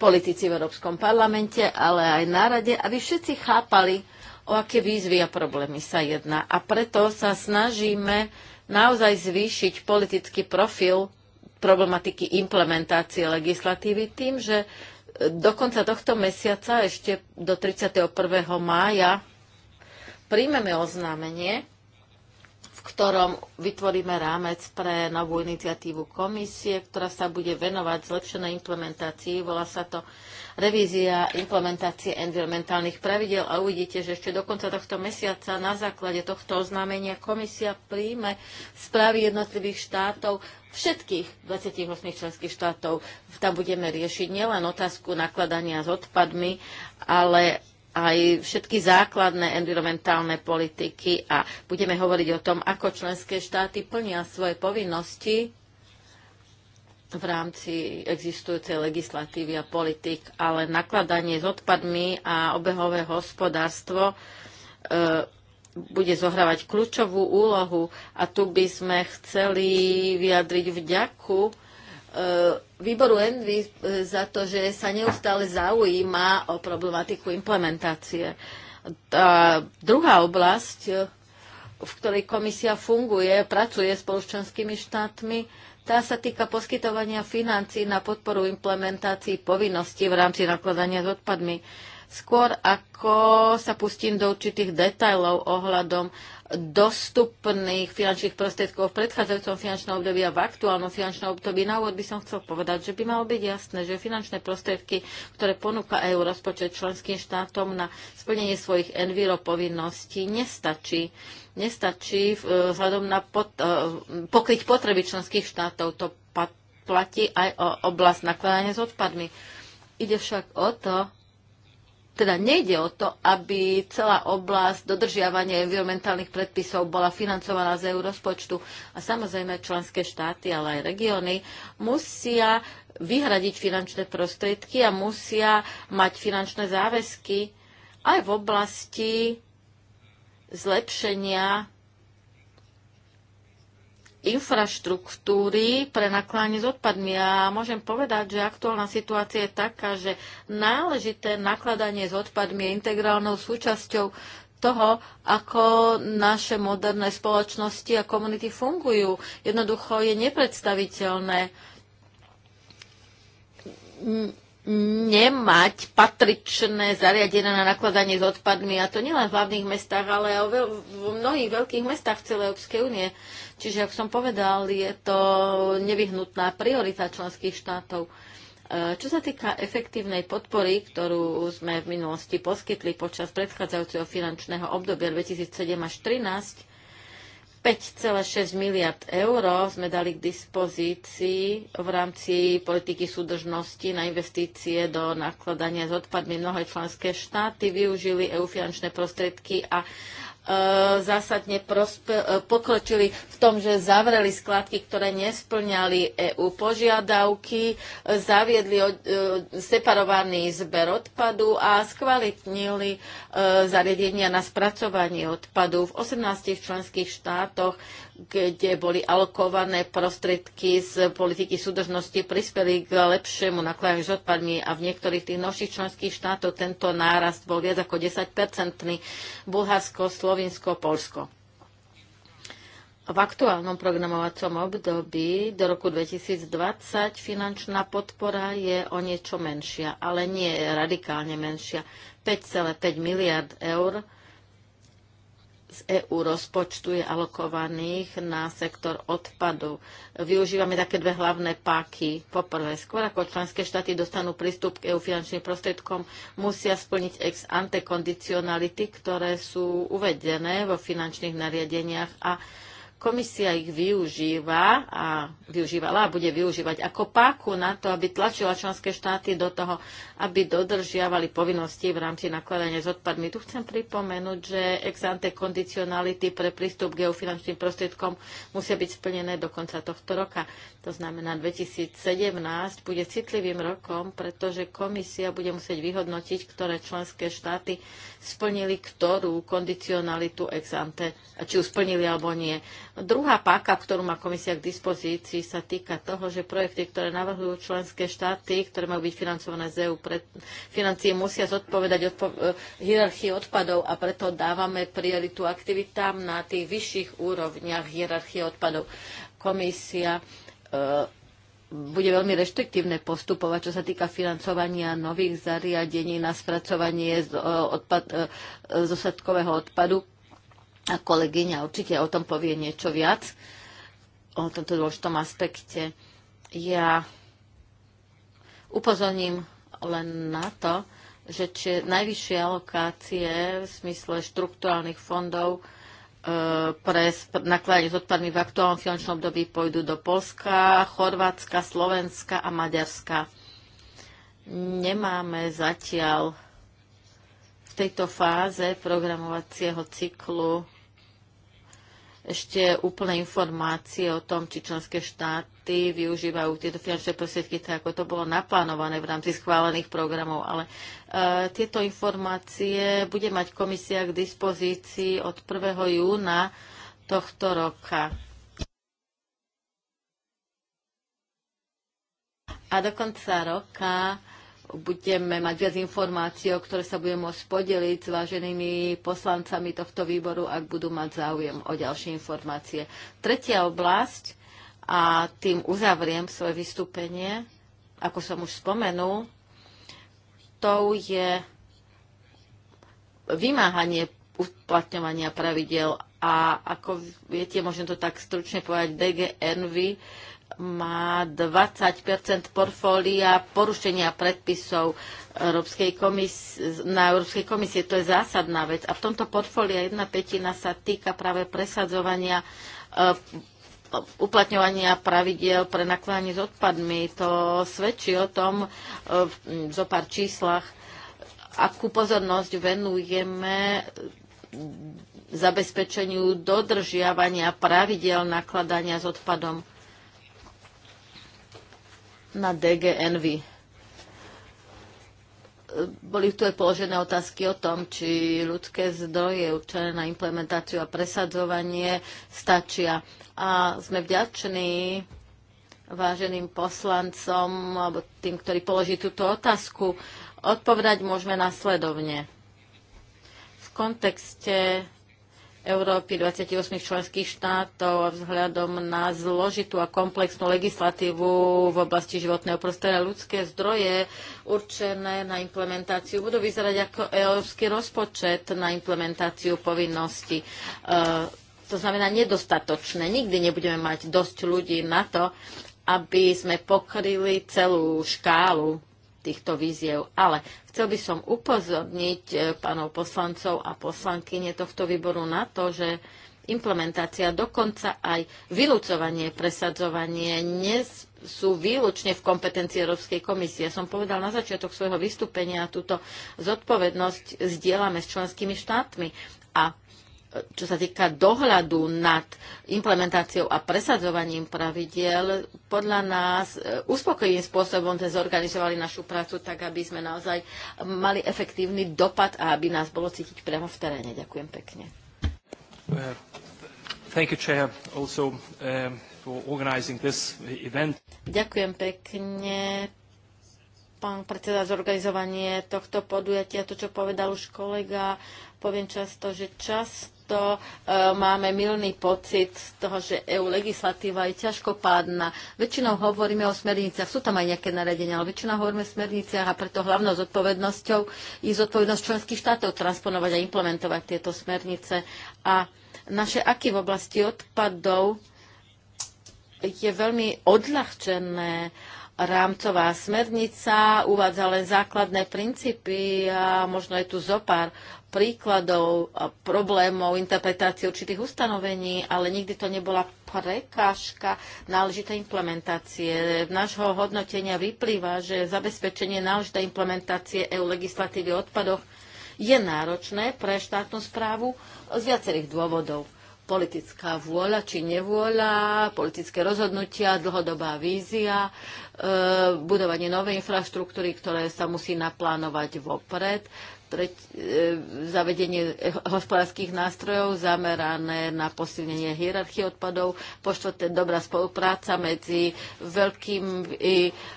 politici v Európskom parlamente, ale aj na rade, aby všetci chápali, o aké výzvy a problémy sa jedná. A preto sa snažíme naozaj zvýšiť politický profil problematiky implementácie legislatívy tým, že do konca tohto mesiaca, ešte do 31. mája, príjmeme oznámenie, ktorom vytvoríme rámec pre novú iniciatívu komisie, ktorá sa bude venovať zlepšenej implementácii. Volá sa to revízia implementácie environmentálnych pravidel a uvidíte, že ešte do konca tohto mesiaca na základe tohto oznámenia komisia príjme správy jednotlivých štátov všetkých 28 členských štátov. Tam budeme riešiť nielen otázku nakladania s odpadmi, ale aj všetky základné environmentálne politiky a budeme hovoriť o tom, ako členské štáty plnia svoje povinnosti v rámci existujúcej legislatívy a politik, ale nakladanie s odpadmi a obehové hospodárstvo e, bude zohrávať kľúčovú úlohu a tu by sme chceli vyjadriť vďaku E, výboru Envy e, za to, že sa neustále zaujíma o problematiku implementácie. Tá druhá oblasť, e, v ktorej komisia funguje, pracuje s spoločenskými štátmi, tá sa týka poskytovania financí na podporu implementácií povinností v rámci nakladania s odpadmi. Skôr ako sa pustím do určitých detajlov ohľadom dostupných finančných prostriedkov v predchádzajúcom finančnom období a v aktuálnom finančnom období. Na úvod by som chcel povedať, že by malo byť jasné, že finančné prostriedky, ktoré ponúka EU rozpočet členským štátom na splnenie svojich enviro povinností, nestačí nestačí e, vzhľadom na pot, e, pokryť potreby členských štátov. To platí aj o oblasť nakladania s odpadmi. Ide však o to, teda nejde o to, aby celá oblasť dodržiavania environmentálnych predpisov bola financovaná z eurozpočtu. A samozrejme členské štáty, ale aj regióny musia vyhradiť finančné prostriedky a musia mať finančné záväzky aj v oblasti zlepšenia infraštruktúry pre nakladanie s odpadmi. A môžem povedať, že aktuálna situácia je taká, že náležité nakladanie s odpadmi je integrálnou súčasťou toho, ako naše moderné spoločnosti a komunity fungujú. Jednoducho je nepredstaviteľné nemať patričné zariadenia na nakladanie s odpadmi, a to nielen v hlavných mestách, ale aj v mnohých veľkých mestách v celej Európskej únie. Čiže, ako som povedal, je to nevyhnutná priorita členských štátov. E, čo sa týka efektívnej podpory, ktorú sme v minulosti poskytli počas predchádzajúceho finančného obdobia 2007 až 2013, 5,6 miliard eur sme dali k dispozícii v rámci politiky súdržnosti na investície do nakladania s odpadmi. Mnohé členské štáty využili EU finančné prostriedky a Eh, zásadne eh, pokročili v tom, že zavreli skladky, ktoré nesplňali EU požiadavky, eh, zaviedli separovaný zber odpadu a skvalitnili zariadenia na spracovanie odpadu. V 18 členských štátoch kde boli alokované prostriedky z politiky súdržnosti, prispeli k lepšiemu nakladaniu s odpadmi a v niektorých tých novších členských štátoch tento nárast bol viac ako 10-percentný. Bulharsko, Slovinsko, Polsko. V aktuálnom programovacom období do roku 2020 finančná podpora je o niečo menšia, ale nie radikálne menšia. 5,5 miliard eur z EU rozpočtu je alokovaných na sektor odpadu. Využívame také dve hlavné páky. Poprvé, skôr ako členské štáty dostanú prístup k EU finančným prostriedkom, musia splniť ex ante kondicionality, ktoré sú uvedené vo finančných nariadeniach a Komisia ich využíva a využívala a bude využívať ako páku na to, aby tlačila členské štáty do toho, aby dodržiavali povinnosti v rámci nakladania s odpadmi. Tu chcem pripomenúť, že ex ante kondicionality pre prístup k geofinančným prostriedkom musia byť splnené do konca tohto roka. To znamená, 2017 bude citlivým rokom, pretože komisia bude musieť vyhodnotiť, ktoré členské štáty splnili ktorú kondicionalitu ex ante, či ju splnili alebo nie. Druhá páka, ktorú má komisia k dispozícii, sa týka toho, že projekty, ktoré navrhujú členské štáty, ktoré majú byť financované z EU, pred, financie musia zodpovedať odpo- e, hierarchii odpadov a preto dávame prioritu aktivitám na tých vyšších úrovniach hierarchie odpadov. Komisia e bude veľmi reštriktívne postupovať, čo sa týka financovania nových zariadení na spracovanie z e, odpad, e, zosadkového odpadu a kolegyňa určite o tom povie niečo viac, o tomto dôležitom aspekte. Ja upozorním len na to, že či najvyššie alokácie v smysle štruktúrálnych fondov e, pre nakladanie s odpadmi v aktuálnom finančnom období pôjdu do Polska, Chorvátska, Slovenska a Maďarska. Nemáme zatiaľ v tejto fáze programovacieho cyklu ešte úplné informácie o tom, či členské štáty využívajú tieto finančné prostriedky tak, ako to bolo naplánované v rámci schválených programov. Ale e, tieto informácie bude mať komisia k dispozícii od 1. júna tohto roka. A do konca roka budeme mať viac informácií, o ktoré sa budeme môcť podeliť s váženými poslancami tohto výboru, ak budú mať záujem o ďalšie informácie. Tretia oblasť, a tým uzavriem svoje vystúpenie, ako som už spomenul, to je vymáhanie uplatňovania pravidel a ako viete, môžem to tak stručne povedať, DGNV má 20 portfólia porušenia predpisov Európskej komisie, na Európskej komisie. To je zásadná vec. A v tomto portfólia jedna petina sa týka práve presadzovania e, uplatňovania pravidiel pre nakladanie s odpadmi. To svedčí o tom e, v zo pár číslach, akú pozornosť venujeme zabezpečeniu dodržiavania pravidel nakladania s odpadom na DGNV. Boli tu aj položené otázky o tom, či ľudské zdroje určené na implementáciu a presadzovanie stačia. A sme vďační váženým poslancom alebo tým, ktorí položí túto otázku. Odpovedať môžeme následovne. V kontexte Európy 28 členských štátov a vzhľadom na zložitú a komplexnú legislatívu v oblasti životného prostredia ľudské zdroje určené na implementáciu budú vyzerať ako európsky rozpočet na implementáciu povinností. E, to znamená nedostatočné. Nikdy nebudeme mať dosť ľudí na to, aby sme pokryli celú škálu týchto víziev. Ale chcel by som upozorniť eh, pánov poslancov a poslankyne tohto výboru na to, že implementácia, dokonca aj vylúcovanie, presadzovanie nes sú výlučne v kompetencii Európskej komisie. Som povedal na začiatok svojho vystúpenia, túto zodpovednosť zdieľame s členskými štátmi. A čo sa týka dohľadu nad implementáciou a presadzovaním pravidiel, podľa nás e, uspokojivým spôsobom sme zorganizovali našu prácu tak, aby sme naozaj mali efektívny dopad a aby nás bolo cítiť priamo v teréne. Ďakujem pekne. Uh, you, also, um, Ďakujem pekne pán predseda, zorganizovanie tohto podujatia, to, čo povedal už kolega, poviem často, že často e, máme milný pocit z toho, že EU legislatíva je ťažkopádna. Väčšinou hovoríme o smerniciach, sú tam aj nejaké naredenia, ale väčšinou hovoríme o smerniciach a preto hlavnou zodpovednosťou je zodpovednosť členských štátov transponovať a implementovať tieto smernice. A naše aky v oblasti odpadov je veľmi odľahčené rámcová smernica uvádza len základné princípy a možno je tu zopár príkladov a problémov interpretácie určitých ustanovení, ale nikdy to nebola prekážka náležitej implementácie. V nášho hodnotenia vyplýva, že zabezpečenie náležitej implementácie EU legislatívy o odpadoch je náročné pre štátnu správu z viacerých dôvodov politická vôľa či nevôľa, politické rozhodnutia, dlhodobá vízia, e, budovanie novej infraštruktúry, ktoré sa musí naplánovať vopred, treť, e, zavedenie hospodárskych nástrojov zamerané na posilnenie hierarchie odpadov, poštvrté dobrá spolupráca medzi veľkými.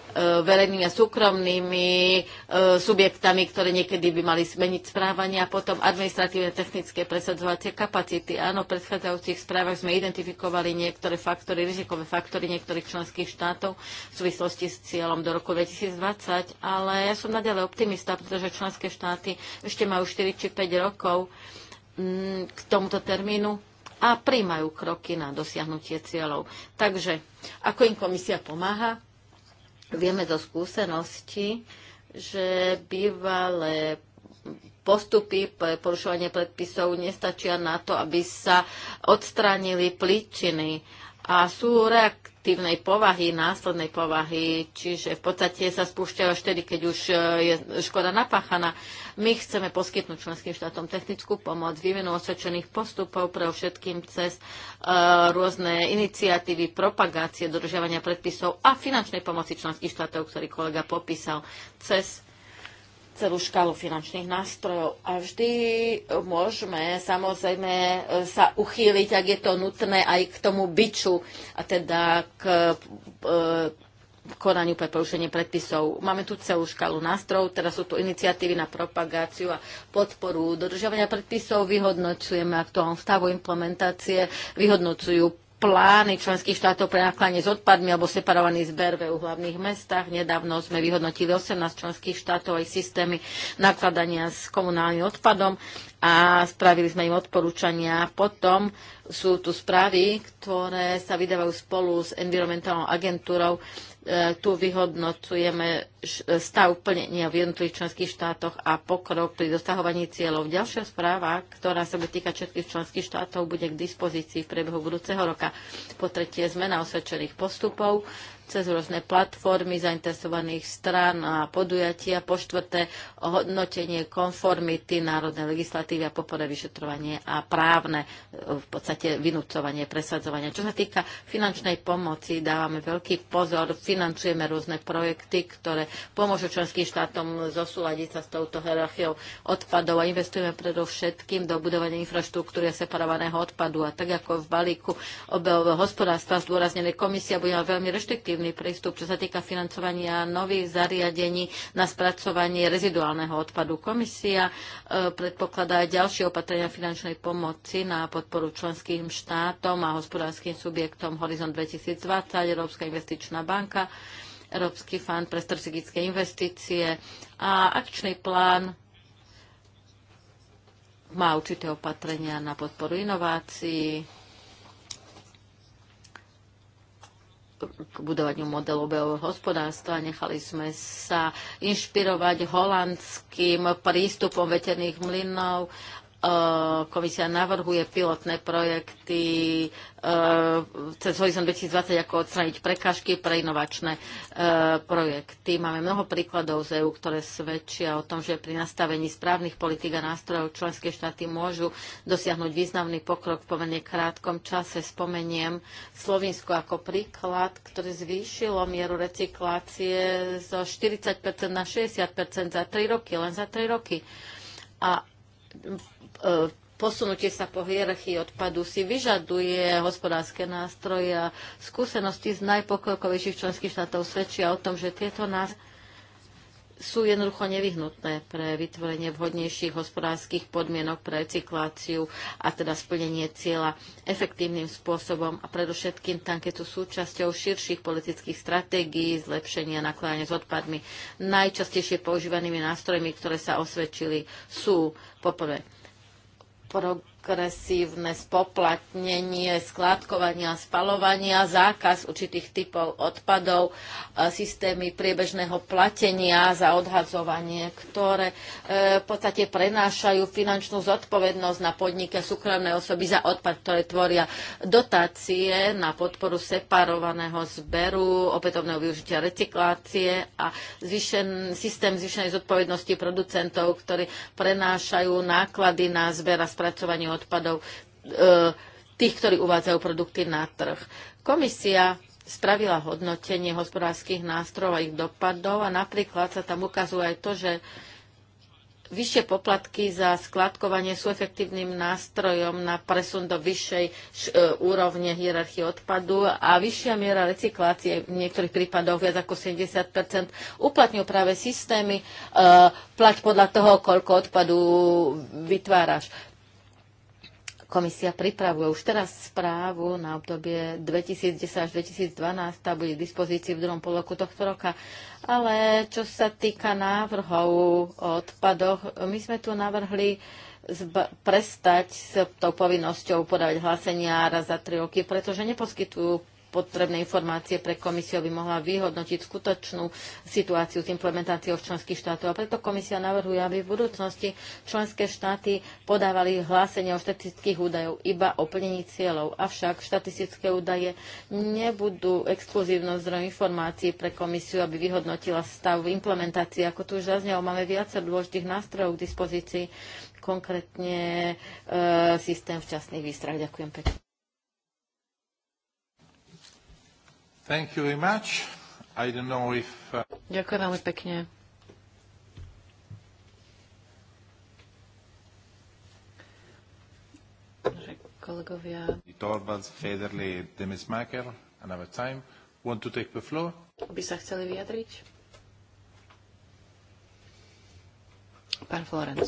E, verejnými a súkromnými e, subjektami, ktoré niekedy by mali zmeniť správanie a potom administratívne technické presadzovacie kapacity. Áno, v predchádzajúcich správach sme identifikovali niektoré faktory, rizikové faktory niektorých členských štátov v súvislosti s cieľom do roku 2020, ale ja som nadalej optimista, pretože členské štáty ešte majú 4 či 5 rokov mm, k tomuto termínu a príjmajú kroky na dosiahnutie cieľov. Takže ako im komisia pomáha, Vieme do skúsenosti, že bývalé postupy pre porušovanie predpisov nestačia na to, aby sa odstránili príčiny a sú reaktívnej povahy, následnej povahy, čiže v podstate sa spúšťajú až vtedy, keď už e, je škoda napáchaná. My chceme poskytnúť členským štátom technickú pomoc, výmenu osvedčených postupov pre všetkým cez e, rôzne iniciatívy, propagácie, dodržiavania predpisov a finančnej pomoci členských štátov, ktorý kolega popísal, cez celú škálu finančných nástrojov. A vždy môžeme samozrejme e, sa uchýliť, ak je to nutné, aj k tomu byču, a teda e, k konaniu pre porušenie predpisov. Máme tu celú škálu nástrojov, teraz sú tu iniciatívy na propagáciu a podporu dodržiavania predpisov, vyhodnocujeme aktuálnu stavu implementácie, vyhodnocujú plány členských štátov pre nakladanie s odpadmi alebo separovaný zber v e hlavných mestách. Nedávno sme vyhodnotili 18 členských štátov aj systémy nakladania s komunálnym odpadom a spravili sme im odporúčania. Potom sú tu správy, ktoré sa vydávajú spolu s environmentálnou agentúrou E, tu vyhodnocujeme e, stav plnenia v jednotlivých členských štátoch a pokrok pri dosahovaní cieľov. Ďalšia správa, ktorá sa bude týkať všetkých členských štátov, bude k dispozícii v priebehu budúceho roka. Po tretie, zmena osvedčených postupov cez rôzne platformy zainteresovaných strán a podujatia, po štvrté hodnotenie konformity národnej legislatívy a popore vyšetrovanie a právne e, v podstate vynúcovanie, presadzovanie. Čo sa týka finančnej pomoci, dávame veľký pozor, financujeme rôzne projekty, ktoré pomôžu členským štátom zosúľadiť sa s touto hierarchiou odpadov a investujeme predovšetkým do budovania infraštruktúry a separovaného odpadu. A tak ako v balíku obehového hospodárstva zdôraznené komisia bude veľmi reštriktívne inovatívny prístup, čo sa týka financovania nových zariadení na spracovanie reziduálneho odpadu. Komisia e, predpokladá aj ďalšie opatrenia finančnej pomoci na podporu členským štátom a hospodárskym subjektom Horizon 2020, Európska investičná banka, Európsky fond pre strategické investície a akčný plán má určité opatrenia na podporu inovácií, k budovaniu modelu behového hospodárstva. Nechali sme sa inšpirovať holandským prístupom veterných mlynov Uh, komisia navrhuje pilotné projekty uh, cez Horizon 2020, ako odstraniť prekážky pre inovačné uh, projekty. Máme mnoho príkladov z EU, ktoré svedčia o tom, že pri nastavení správnych politik a nástrojov členské štáty môžu dosiahnuť významný pokrok v pomerne krátkom čase. Spomeniem Slovinsko ako príklad, ktoré zvýšilo mieru recyklácie zo 40% na 60% za 3 roky, len za 3 roky. A posunutie sa po hierarchii odpadu si vyžaduje hospodárske nástroje a skúsenosti z najpokrokovejších členských štátov svedčia o tom, že tieto nástroje sú jednoducho nevyhnutné pre vytvorenie vhodnejších hospodárskych podmienok pre recykláciu a teda splnenie cieľa efektívnym spôsobom a predovšetkým tam, keď sú súčasťou širších politických stratégií zlepšenia nakladania s odpadmi. Najčastejšie používanými nástrojmi, ktoré sa osvedčili, sú poprvé pro progresívne spoplatnenie skládkovania a spalovania, zákaz určitých typov odpadov, e, systémy priebežného platenia za odhadzovanie, ktoré e, v podstate prenášajú finančnú zodpovednosť na podniky a súkromné osoby za odpad, ktoré tvoria dotácie na podporu separovaného zberu, opätovného využitia recyklácie a systém zvyšenej zodpovednosti producentov, ktorí prenášajú náklady na zber a spracovanie odpadov e, tých, ktorí uvádzajú produkty na trh. Komisia spravila hodnotenie hospodárskych nástrojov a ich dopadov a napríklad sa tam ukazuje aj to, že vyššie poplatky za skladkovanie sú efektívnym nástrojom na presun do vyššej e, úrovne hierarchie odpadu a vyššia miera recyklácie v niektorých prípadoch viac ako 70 uplatňujú práve systémy e, plať podľa toho, koľko odpadu vytváraš. Komisia pripravuje už teraz správu na obdobie 2010 až 2012, tá bude k dispozícii v druhom poloku tohto roka. Ale čo sa týka návrhov o odpadoch, my sme tu navrhli prestať s tou povinnosťou podávať hlásenia raz za tri roky, pretože neposkytujú potrebné informácie pre komisiu, aby mohla vyhodnotiť skutočnú situáciu s implementáciou v členských štátoch. A preto komisia navrhuje, aby v budúcnosti členské štáty podávali hlásenie o štatistických údajov iba o plnení cieľov. Avšak štatistické údaje nebudú exkluzívnou zdrojom informácií pre komisiu, aby vyhodnotila stav implementácie. Ako tu už zaznelo, máme viacero dôležitých nástrojov k dispozícii, konkrétne e, systém včasných výstrah. Ďakujem pekne. Thank you very much. I don't know if... Uh, Ďakujem veľmi pekne. kolegovia. Torvalds, Federley, Demesmaker, another time. Want to take the floor? By sa chceli vyjadriť? Pán Florenc.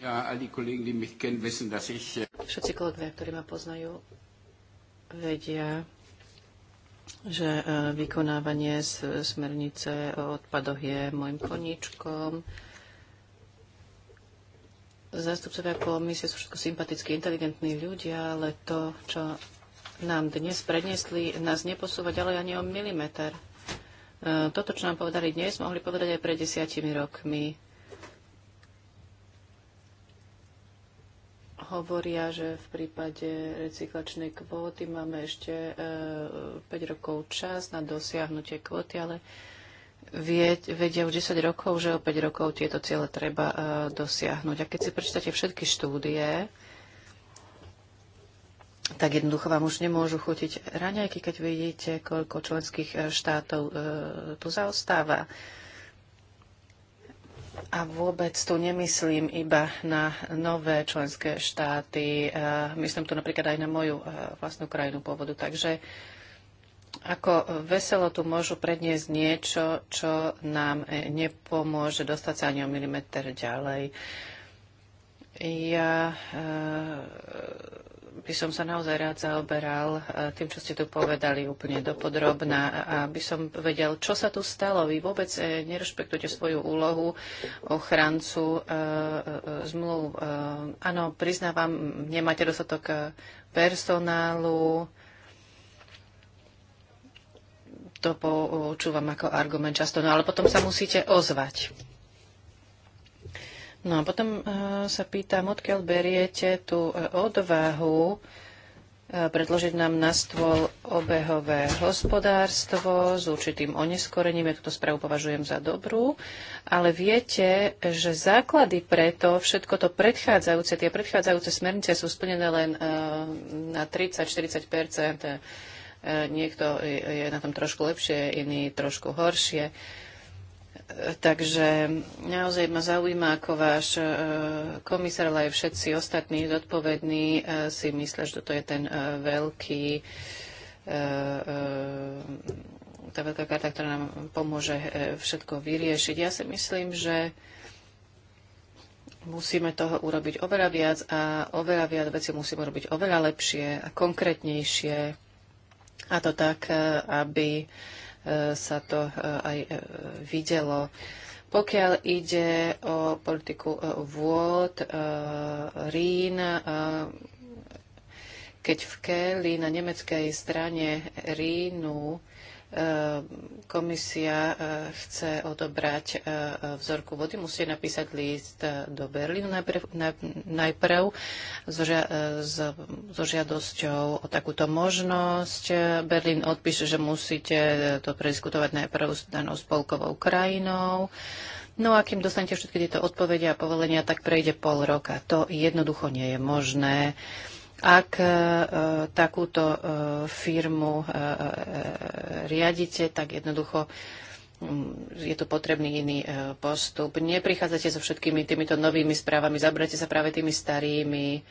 Ja, all Kollegen, die mich kennen, wissen, dass ich... Äh, Všetci kolegovia, ktorí ma poznajú, vedia, že e, vykonávanie smernice o odpadoch je môjim koníčkom. Zástupcovia komisie sú všetko sympatickí, inteligentní ľudia, ale to, čo nám dnes predniesli, nás neposúva ďalej ani o milimeter. E, toto, čo nám povedali dnes, mohli povedať aj pred desiatimi rokmi. hovoria, že v prípade recyklačnej kvóty máme ešte 5 e, rokov čas na dosiahnutie kvóty, ale vedia už 10 rokov, že o 5 rokov tieto ciele treba e, dosiahnuť. A keď si prečítate všetky štúdie, tak jednoducho vám už nemôžu chutiť raňajky, keď vidíte, koľko členských e, štátov tu zaostáva. A vôbec tu nemyslím iba na nové členské štáty, eh, myslím tu napríklad aj na moju eh, vlastnú krajinu pôvodu. Takže ako veselo tu môžu predniesť niečo, čo nám eh, nepomôže dostať sa ani o milimeter ďalej. Ja by som sa naozaj rád zaoberal e, tým, čo ste tu povedali úplne dopodrobná, aby som vedel, čo sa tu stalo. Vy vôbec e, nerešpektujete svoju úlohu ochrancu e, zmluv. Áno, priznávam, nemáte dostatok personálu, to počúvam ako argument často, no ale potom sa musíte ozvať. No a potom eh, sa pýtam, odkiaľ beriete tú eh, odvahu eh, predložiť nám na stôl obehové hospodárstvo s určitým oneskorením. Ja túto správu považujem za dobrú, ale viete, že základy preto, všetko to predchádzajúce, tie predchádzajúce smernice sú splnené len na 30-40 Niekto je na tom trošku lepšie, iný trošku horšie. Takže naozaj ma zaujíma, ako váš e, komisár, ale aj všetci ostatní zodpovední e, si myslia, že toto je ten e, veľký tá veľká karta, ktorá nám pomôže všetko vyriešiť. Ja si myslím, že musíme toho urobiť oveľa viac a oveľa viac veci musíme urobiť oveľa lepšie a konkrétnejšie. A to tak, aby sa to e, aj e, videlo. Pokiaľ ide o politiku e, vôd, Rín, keď v Keli na nemeckej strane Rínu Ehm, komisia eh, chce odobrať eh, vzorku vody, musí napísať list eh, do Berlínu najprv, najprv so žiadosťou o takúto možnosť. Berlín odpíše, že musíte to prediskutovať najprv s danou spolkovou krajinou. No a kým dostanete všetky tieto odpovede a povolenia, tak prejde pol roka. To jednoducho nie je možné. Ak e, e, takúto e, firmu riadite, tak jednoducho mm, je tu potrebný iný postup. Neprichádzate so všetkými týmito novými správami, zabrate sa práve tými starými.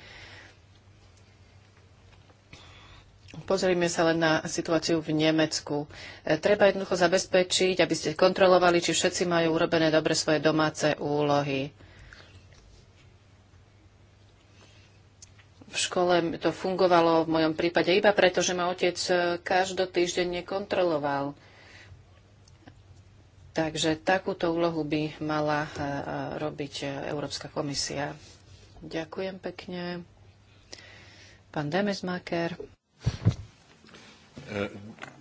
Pozrime sa len na situáciu v Nemecku. Treba jednoducho zabezpečiť, aby ste kontrolovali, či všetci majú urobené dobre svoje domáce úlohy. v škole to fungovalo v mojom prípade iba preto, že ma otec e, každotýždenne kontroloval. Takže takúto úlohu by mala e, e, robiť Európska komisia. Ďakujem pekne. Pán Demesmaker.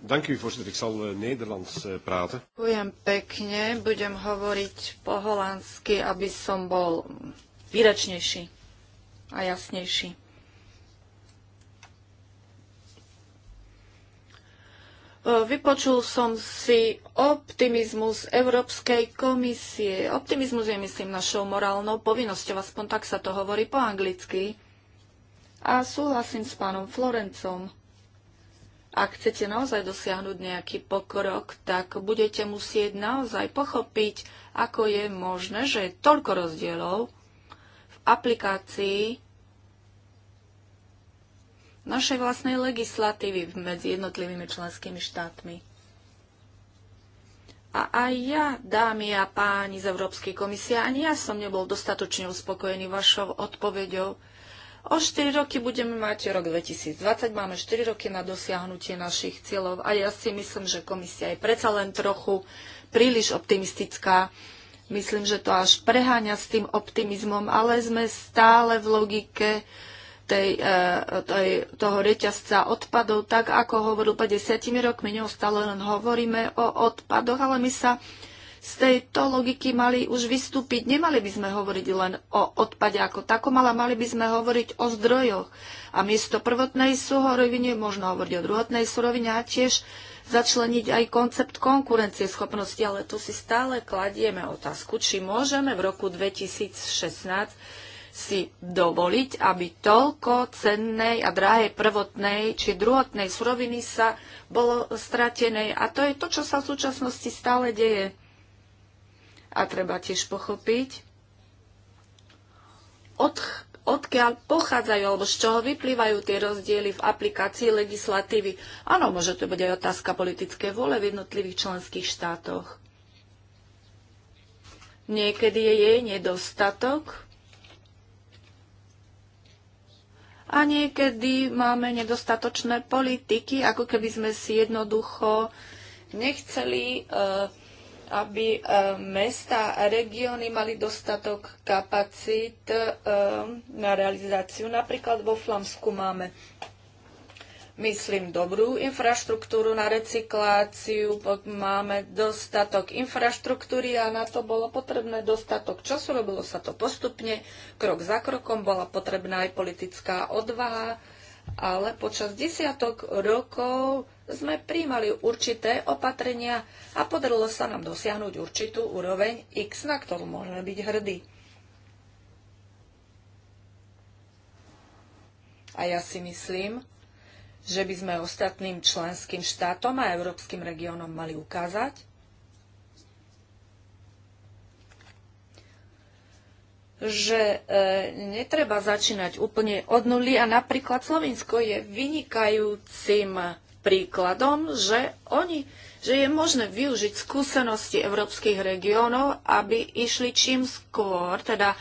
Dank u, voorzitter. Ik zal Nederlands praten. Ďakujem pekne. Budem hovoriť po holandsky, aby som bol výračnejší a jasnejší. Eh, vypočul som si optimizmus Európskej komisie. Optimizmus je, myslím, našou morálnou povinnosťou, aspoň tak sa to hovorí po anglicky. A súhlasím s pánom Florencom. Ak chcete naozaj dosiahnuť nejaký pokrok, tak budete musieť naozaj pochopiť, ako je možné, že je toľko rozdielov v aplikácii našej vlastnej legislatívy medzi jednotlivými členskými štátmi. A aj ja, dámy a páni z Európskej komisie, ani ja som nebol dostatočne uspokojený vašou odpoveďou. O 4 roky budeme mať rok 2020, máme 4 roky na dosiahnutie našich cieľov a ja si myslím, že komisia je predsa len trochu príliš optimistická. Myslím, že to až preháňa s tým optimizmom, ale sme stále v logike tej, e, tej, toho reťazca odpadov, tak ako hovoril 50 rokmi, neustále len hovoríme o odpadoch, ale my sa z tejto logiky mali už vystúpiť. Nemali by sme hovoriť len o odpade ako takom, ale mali by sme hovoriť o zdrojoch. A miesto prvotnej suroviny možno hovoriť o druhotnej súrovine a tiež začleniť aj koncept konkurencie schopnosti, ale tu si stále kladieme otázku, či môžeme v roku 2016 si dovoliť, aby toľko cennej a drahej prvotnej či druhotnej suroviny sa bolo stratenej. A to je to, čo sa v súčasnosti stále deje. A treba tiež pochopiť, od, odkiaľ pochádzajú alebo z čoho vyplývajú tie rozdiely v aplikácii legislatívy. Áno, môže to byť aj otázka politické vôle v jednotlivých členských štátoch. Niekedy je jej nedostatok a niekedy máme nedostatočné politiky, ako keby sme si jednoducho nechceli, eh, aby eh, mesta a regióny mali dostatok kapacít eh, na realizáciu. Napríklad vo Flamsku máme myslím, dobrú infraštruktúru na recykláciu, máme dostatok infraštruktúry a na to bolo potrebné dostatok času, robilo sa to postupne, krok za krokom, bola potrebná aj politická odvaha, ale počas desiatok rokov sme príjmali určité opatrenia a podarilo sa nám dosiahnuť určitú úroveň X, na ktorú môžeme byť hrdí. A ja si myslím, že by sme ostatným členským štátom a európskym regiónom mali ukázať, že e, netreba začínať úplne od nuly a napríklad Slovinsko je vynikajúcim príkladom, že, oni, že je možné využiť skúsenosti európskych regiónov, aby išli čím skôr, teda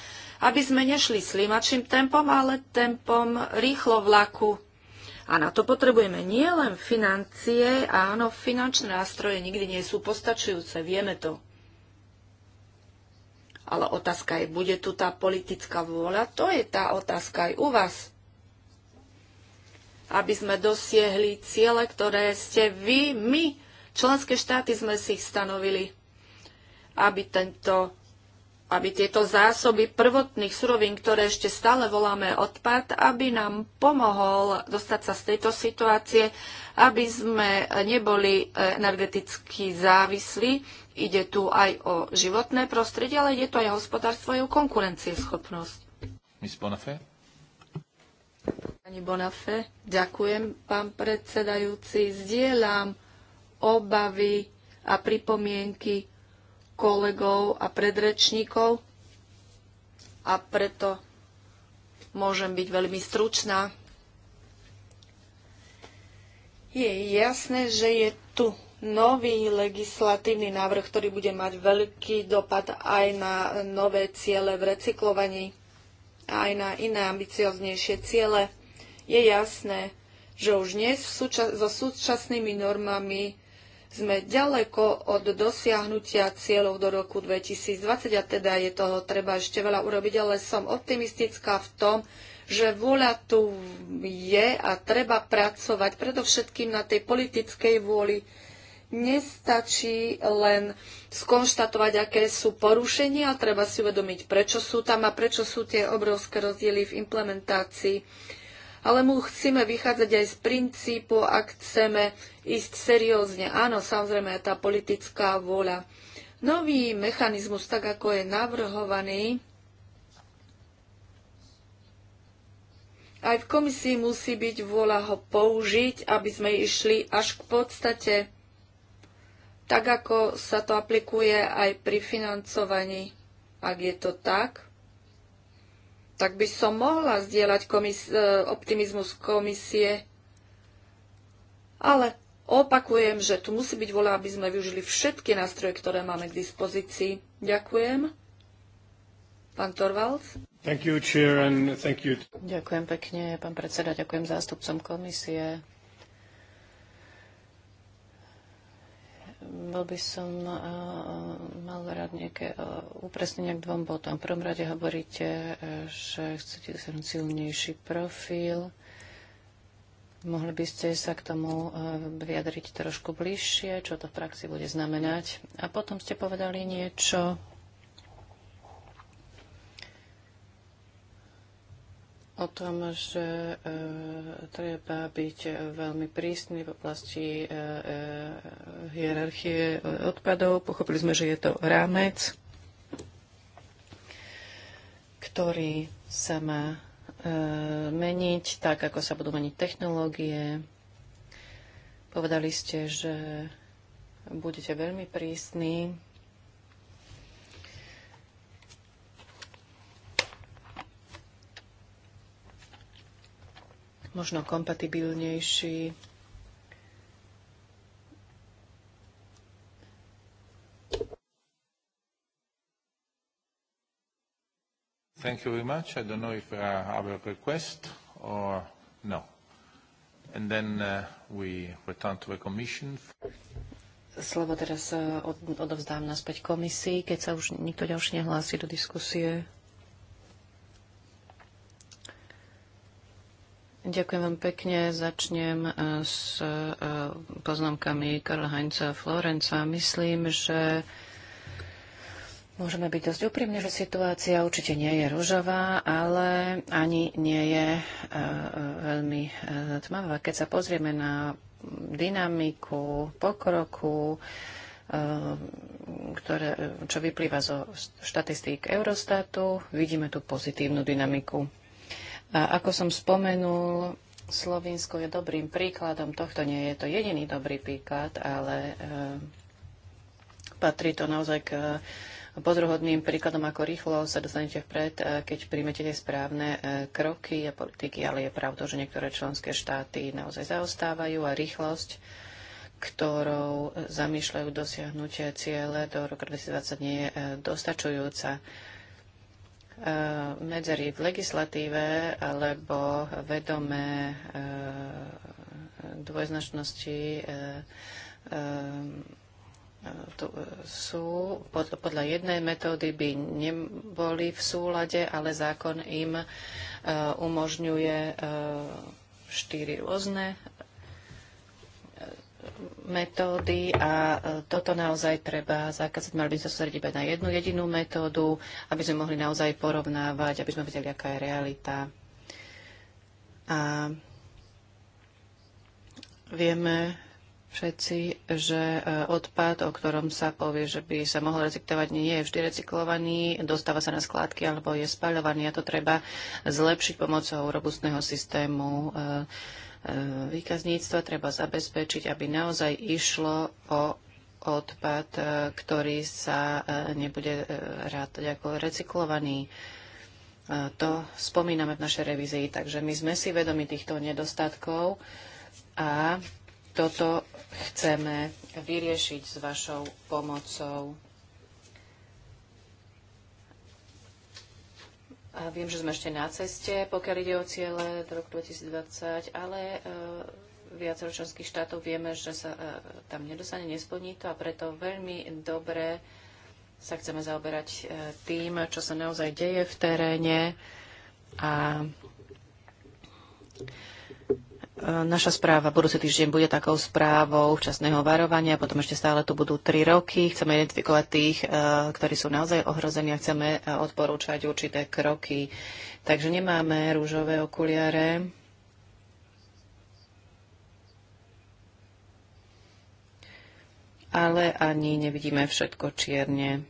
aby sme nešli slimačným tempom, ale tempom rýchlo vlaku. A na to potrebujeme nielen financie, áno, finančné nástroje nikdy nie sú postačujúce, vieme to. Ale otázka je, bude tu tá politická vôľa? To je tá otázka aj u vás. Aby sme dosiehli ciele, ktoré ste vy, my, členské štáty sme si ich stanovili. Aby tento aby tieto zásoby prvotných surovín, ktoré ešte stále voláme odpad, aby nám pomohol dostať sa z tejto situácie, aby sme neboli e, energeticky závislí. Ide tu aj o životné prostredie, ale ide tu aj o hospodárstvo, aj o konkurencieschopnosť. Miss Bonafé? Pani Bonafé, ďakujem, pán predsedajúci. Zdieľam obavy a pripomienky kolegov a predrečníkov a preto môžem byť veľmi stručná. Je jasné, že je tu nový legislatívny návrh, ktorý bude mať veľký dopad aj na nové ciele v recyklovaní a aj na iné ambicioznejšie ciele. Je jasné, že už dnes súča- so súčasnými normami sme ďaleko od dosiahnutia cieľov do roku 2020 a teda je toho treba ešte veľa urobiť, ale som optimistická v tom, že vôľa tu je a treba pracovať predovšetkým na tej politickej vôli. Nestačí len skonštatovať, aké sú porušenia, treba si uvedomiť, prečo sú tam a prečo sú tie obrovské rozdiely v implementácii ale mu chceme vychádzať aj z princípu, ak chceme ísť seriózne. Áno, samozrejme, tá politická vôľa. Nový mechanizmus, tak ako je navrhovaný, aj v komisii musí byť vôľa ho použiť, aby sme išli až k podstate tak ako sa to aplikuje aj pri financovaní, ak je to tak tak by som mohla zdieľať komis- e, optimizmus komisie. Ale opakujem, že tu musí byť vola, aby sme využili všetky nástroje, ktoré máme k dispozícii. Ďakujem. Pán Torvalds. Thank you, chair, and thank you. Ďakujem pekne, pán predseda, ďakujem zástupcom komisie. bol by som e, e, mal rád nejaké e, upresnenia k dvom bodom. V prvom rade hovoríte, že chcete dosiahnuť silnejší profil. Mohli by ste sa k tomu vyjadriť trošku bližšie, čo to v praxi bude znamenať. A potom ste povedali niečo o tom, že e, treba byť veľmi prísny v oblasti e, e, hierarchie odpadov. Pochopili sme, že je to rámec, ktorý sa má e, meniť tak, ako sa budú meniť technológie. Povedali ste, že budete veľmi prísni možno kompatibilnejší. Thank you very much. I don't know if there are other requests or no. And then uh, we return to the commission. Slovo teraz uh, odovzdám naspäť komisii, keď sa už nikto ďalší nehlási do diskusie. Ďakujem vám pekne. Začnem eh, s eh, poznámkami Karla Heinza Florenca. Myslím, že môžeme byť dosť úprimne, že situácia určite nie je ružová, ale ani nie je eh, veľmi tmavá. Keď sa pozrieme na dynamiku, pokroku, ktoré, čo vyplýva zo štatistík Eurostatu, vidíme tú pozitívnu dynamiku. A ako som spomenul, Slovinsko je dobrým príkladom tohto. Nie je to jediný dobrý príklad, ale e, patrí to naozaj k eh, podruhodným príkladom, ako rýchlo sa dostanete vpred, eh, keď príjmete tie správne kroky a politiky, ale je pravda, že niektoré členské štáty naozaj zaostávajú a rýchlosť, ktorou zamýšľajú dosiahnutie ciele do roku 2020 nie je dostačujúca. E, medzery v legislatíve alebo vedomé e, dvojznačnosti e, sú podľa jednej metódy by neboli v súlade, ale zákon im umožňuje štyri rôzne metódy a e, toto naozaj treba zakázať. Mali by sme sa sústrediť iba na jednu jedinú metódu, aby sme mohli naozaj porovnávať, aby sme vedeli, aká je realita. A vieme všetci, že e, odpad, o ktorom sa povie, že by sa mohol recyklovať, nie je vždy recyklovaný, dostáva sa na skládky alebo je spaľovaný a to treba zlepšiť pomocou robustného systému e, výkazníctva treba zabezpečiť, aby naozaj išlo o odpad, e, ktorý sa e, nebude e, rád, ako recyklovaný. To spomíname v našej revízii, takže my sme si vedomi týchto nedostatkov a toto chceme vyriešiť s vašou pomocou. A viem, že sme ešte na ceste, pokiaľ ide o ciele do roku 2020, ale e, viacero členských štátov vieme, že sa e, tam nedosane, nesplní to a preto veľmi dobre sa chceme zaoberať e, tým, čo sa naozaj deje v teréne a E, naša správa budúci týždeň bude takou správou včasného varovania, potom ešte stále tu budú tri roky. Chceme identifikovať tých, e, ktorí sú naozaj ohrození a chceme e, odporúčať určité kroky. Takže nemáme rúžové okuliare. Ale ani nevidíme všetko čierne.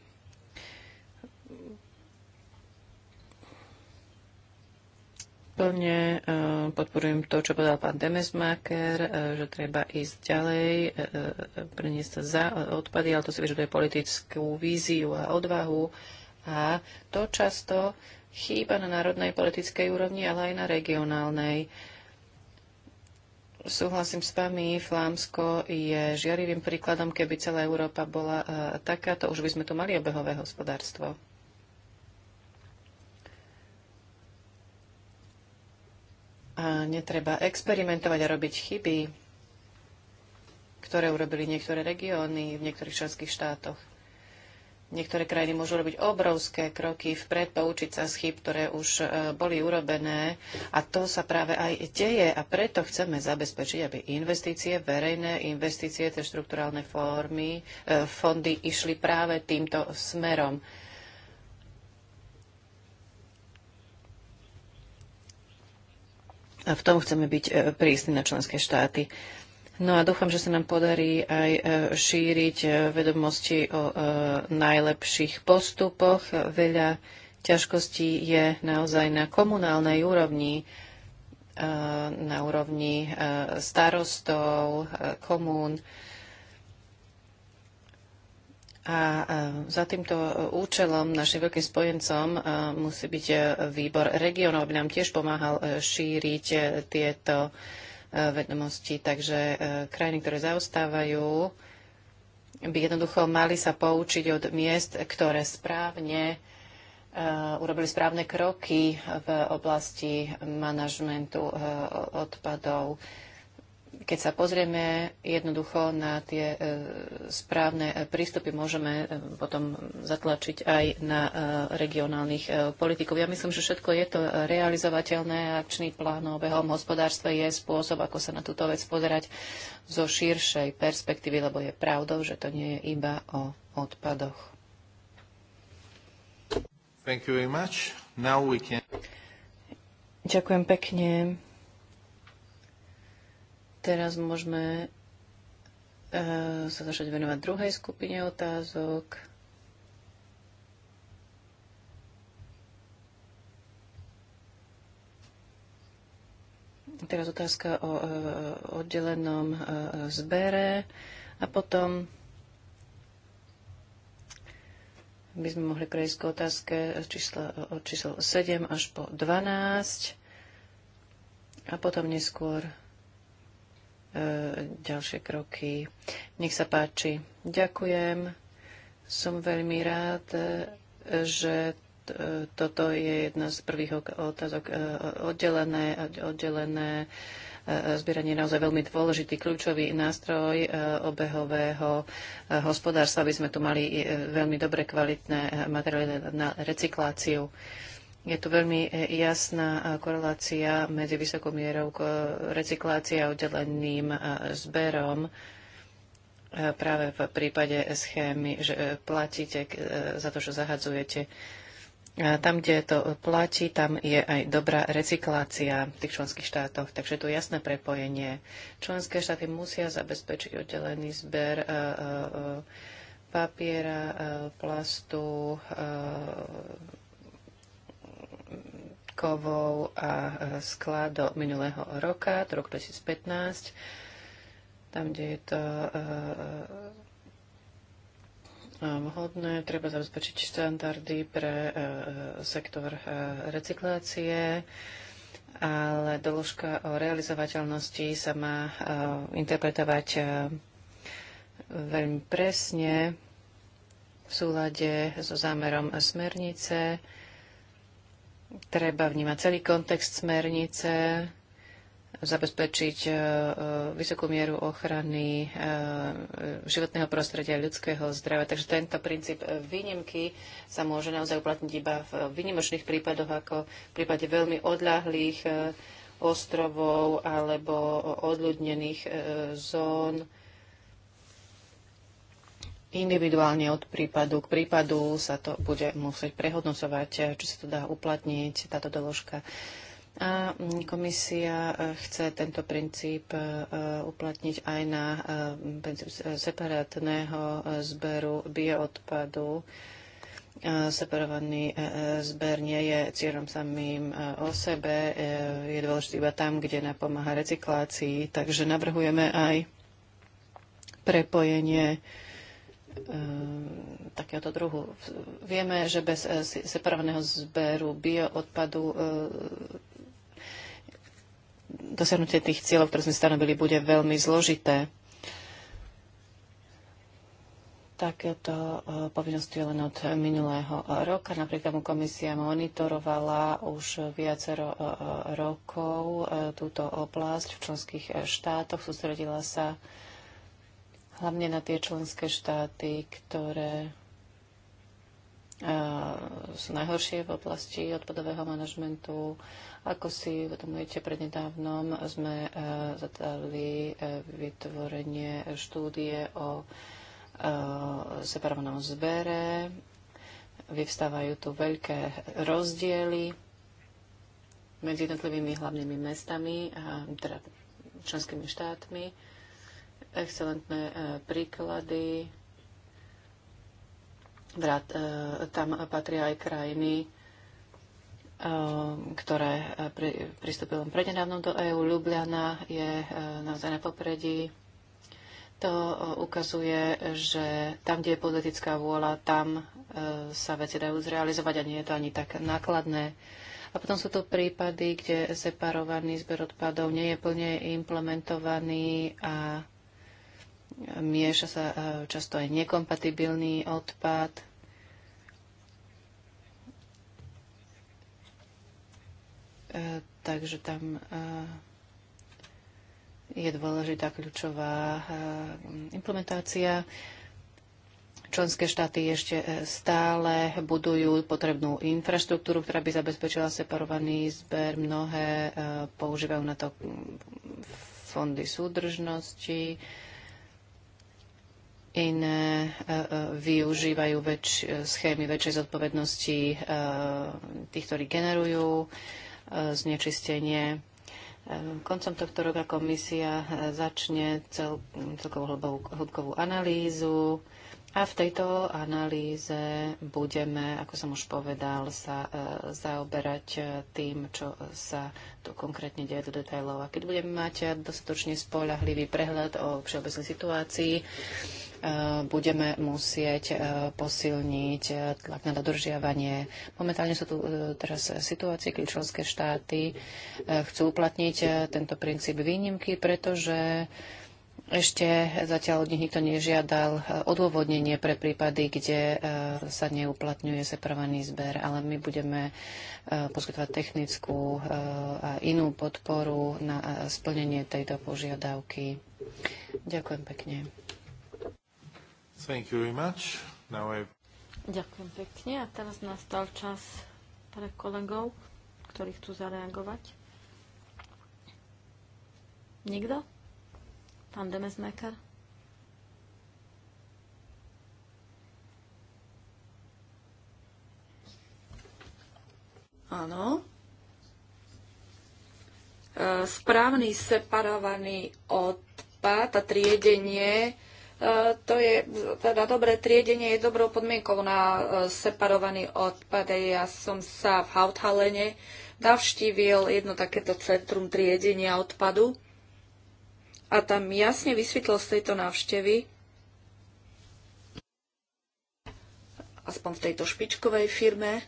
Plne e, podporujem to, čo povedal pán Demesmaker, e, že treba ísť ďalej, e, priniesť sa za odpady, ale to si vyžaduje politickú víziu a odvahu. A to často chýba na národnej politickej úrovni, ale aj na regionálnej. Súhlasím s vami, Flámsko je žiarivým príkladom, keby celá Európa bola takáto, už by sme tu mali obehové hospodárstvo. A netreba experimentovať a robiť chyby, ktoré urobili niektoré regióny v niektorých členských štátoch. Niektoré krajiny môžu robiť obrovské kroky vpred, poučiť sa z chyb, ktoré už e, boli urobené a to sa práve aj deje a preto chceme zabezpečiť, aby investície, verejné investície, tie štruktúrálne formy, e, fondy išli práve týmto smerom. A v tom chceme byť e, prísni na členské štáty. No a dúfam, že sa nám podarí aj e, šíriť e, vedomosti o najlepších postupoch. Veľa ťažkostí je naozaj na komunálnej úrovni, na úrovni starostov, komún. A za týmto e, účelom našim veľkým spojencom e, musí byť e, výbor regionov, aby nám tiež pomáhal šíriť tieto vedomosti. Takže krajiny, ktoré zaostávajú, by jednoducho mali sa poučiť od miest, ktoré správne urobili správne kroky v oblasti manažmentu odpadov keď sa pozrieme jednoducho na tie e, správne e, prístupy, môžeme e, potom zatlačiť aj na regionálnych politikov. Ja myslím, že všetko je to realizovateľné. Akčný plán o behom hospodárstve je spôsob, ako sa na túto vec pozerať zo širšej perspektívy, lebo je pravdou, že to nie je iba o odpadoch. Thank you very much. Now we can... Ďakujem pekne. Teraz môžeme e, sa začať venovať druhej skupine otázok. Teraz otázka o e, oddelenom e, zbere a potom by sme mohli prejsť k otázke čísla, od čísel 7 až po 12 a potom neskôr E, ďalšie kroky. Nech sa páči. Ďakujem. Som veľmi rád, e, že e, toto je jedna z prvých otázok oddelené, oddelené zbieranie je naozaj veľmi dôležitý kľúčový nástroj obehového hospodárstva, aby sme tu mali veľmi dobre kvalitné materiály na recikláciu. Je tu veľmi e, jasná e, korelácia medzi vysokou mierou recyklácie a oddeleným e, zberom práve v prípade schémy, že platíte za to, že zahadzujete. tam, kde to platí, tam je aj dobrá recyklácia v tých členských štátoch. Takže tu je jasné prepojenie. Členské štáty musia zabezpečiť oddelený zber papiera, plastu, Kovou a skla do minulého roka, do roku 2015, tam, kde je to vhodné, treba zabezpečiť štandardy pre sektor recyklácie, ale doložka o realizovateľnosti sa má interpretovať veľmi presne v súlade so zámerom smernice Treba vnímať celý kontext smernice, zabezpečiť e, e, vysokú mieru ochrany e, životného prostredia, ľudského zdravia. Takže tento princíp výnimky sa môže naozaj uplatniť iba v výnimočných prípadoch, ako v prípade veľmi odľahlých ostrovov alebo odľudnených zón individuálne od prípadu k prípadu sa to bude musieť prehodnocovať, či sa to dá uplatniť, táto doložka. A mm, komisia e, chce tento princíp e, e, uplatniť aj na separátneho zberu bioodpadu. Separovaný zber nie je cieľom samým o sebe, je dôležitý iba tam, kde napomáha recyklácii, takže navrhujeme aj prepojenie Ehm, takéhoto druhu. Vieme, že bez eh, separovaného zberu bioodpadu eh, dosiahnutie tých cieľov, ktoré sme stanovili, bude veľmi zložité. Takéto eh, povinnosti je len od minulého roka. Napriek tomu komisia monitorovala už viacero rokov túto oblasť v členských štátoch. Sústredila sa hlavne na tie členské štáty, ktoré eh, sú najhoršie v oblasti odpadového manažmentu. Ako si uvedomujete, prednedávnom sme eh, zadali eh, vytvorenie štúdie o separovanom zbere. Vyvstávajú tu veľké rozdiely medzi jednotlivými hlavnými mestami, a teda členskými štátmi excelentné e, príklady. E, tam patria aj krajiny, e, ktoré pristúpili prednedávno do EÚ. Ljubljana je naozaj na popredí. To ukazuje, že tam, kde je politická vôľa, tam sa veci dajú zrealizovať a nie je to ani tak nákladné. A potom sú to prípady, kde separovaný zber odpadov nie je plne implementovaný a Mieša sa e, často aj nekompatibilný odpad. E, takže tam e, je dôležitá kľúčová implementácia. Členské štáty ešte stále budujú potrebnú infraštruktúru, ktorá by zabezpečila separovaný zber. Mnohé používajú na to fondy súdržnosti iné e, e, využívajú väč- e, schémy väčšej zodpovednosti tých, ktorí generujú znečistenie. Koncom tohto roka komisia začne cel, celkovú hĺbkovú analýzu a v tejto analýze budeme, ako som už povedal, sa zaoberať tým, čo sa tu konkrétne deje do detailov. A keď budeme mať dostatočne spolahlivý prehľad o všeobecnej situácii, Eh, budeme musieť eh, posilniť eh, tlak na dodržiavanie. Momentálne sú tu teraz situácie, keď členské štáty chcú uplatniť tento princíp výnimky, pretože ešte zatiaľ od nich nikto nežiadal odôvodnenie pre prípady, kde sa neuplatňuje separovaný zber, ale my budeme poskytovať technickú a inú podporu na splnenie tejto požiadavky. Ďakujem pekne. Thank you very much. Now I... Ďakujem pekne. A teraz nastal čas pre kolegov, ktorí chcú zareagovať. Nikto? Pán Demesmaker? Áno. E, správny separovaný odpad a triedenie E, to je teda dobré triedenie, je dobrou podmienkou na e, separovaný odpad. Ja som sa v Hauthalene navštívil jedno takéto centrum triedenia odpadu a tam jasne vysvetlo z tejto návštevy, aspoň v tejto špičkovej firme,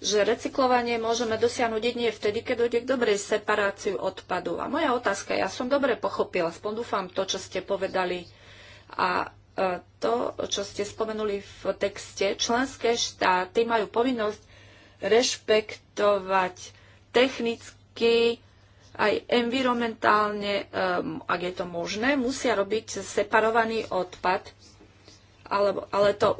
že recyklovanie môžeme dosiahnuť jedine vtedy, keď dojde k dobrej separáciu odpadu. A moja otázka, ja som dobre pochopila, aspoň dúfam to, čo ste povedali a e, to, čo ste spomenuli v texte, členské štáty majú povinnosť rešpektovať technicky aj environmentálne, e, ak je to možné, musia robiť separovaný odpad ale, ale to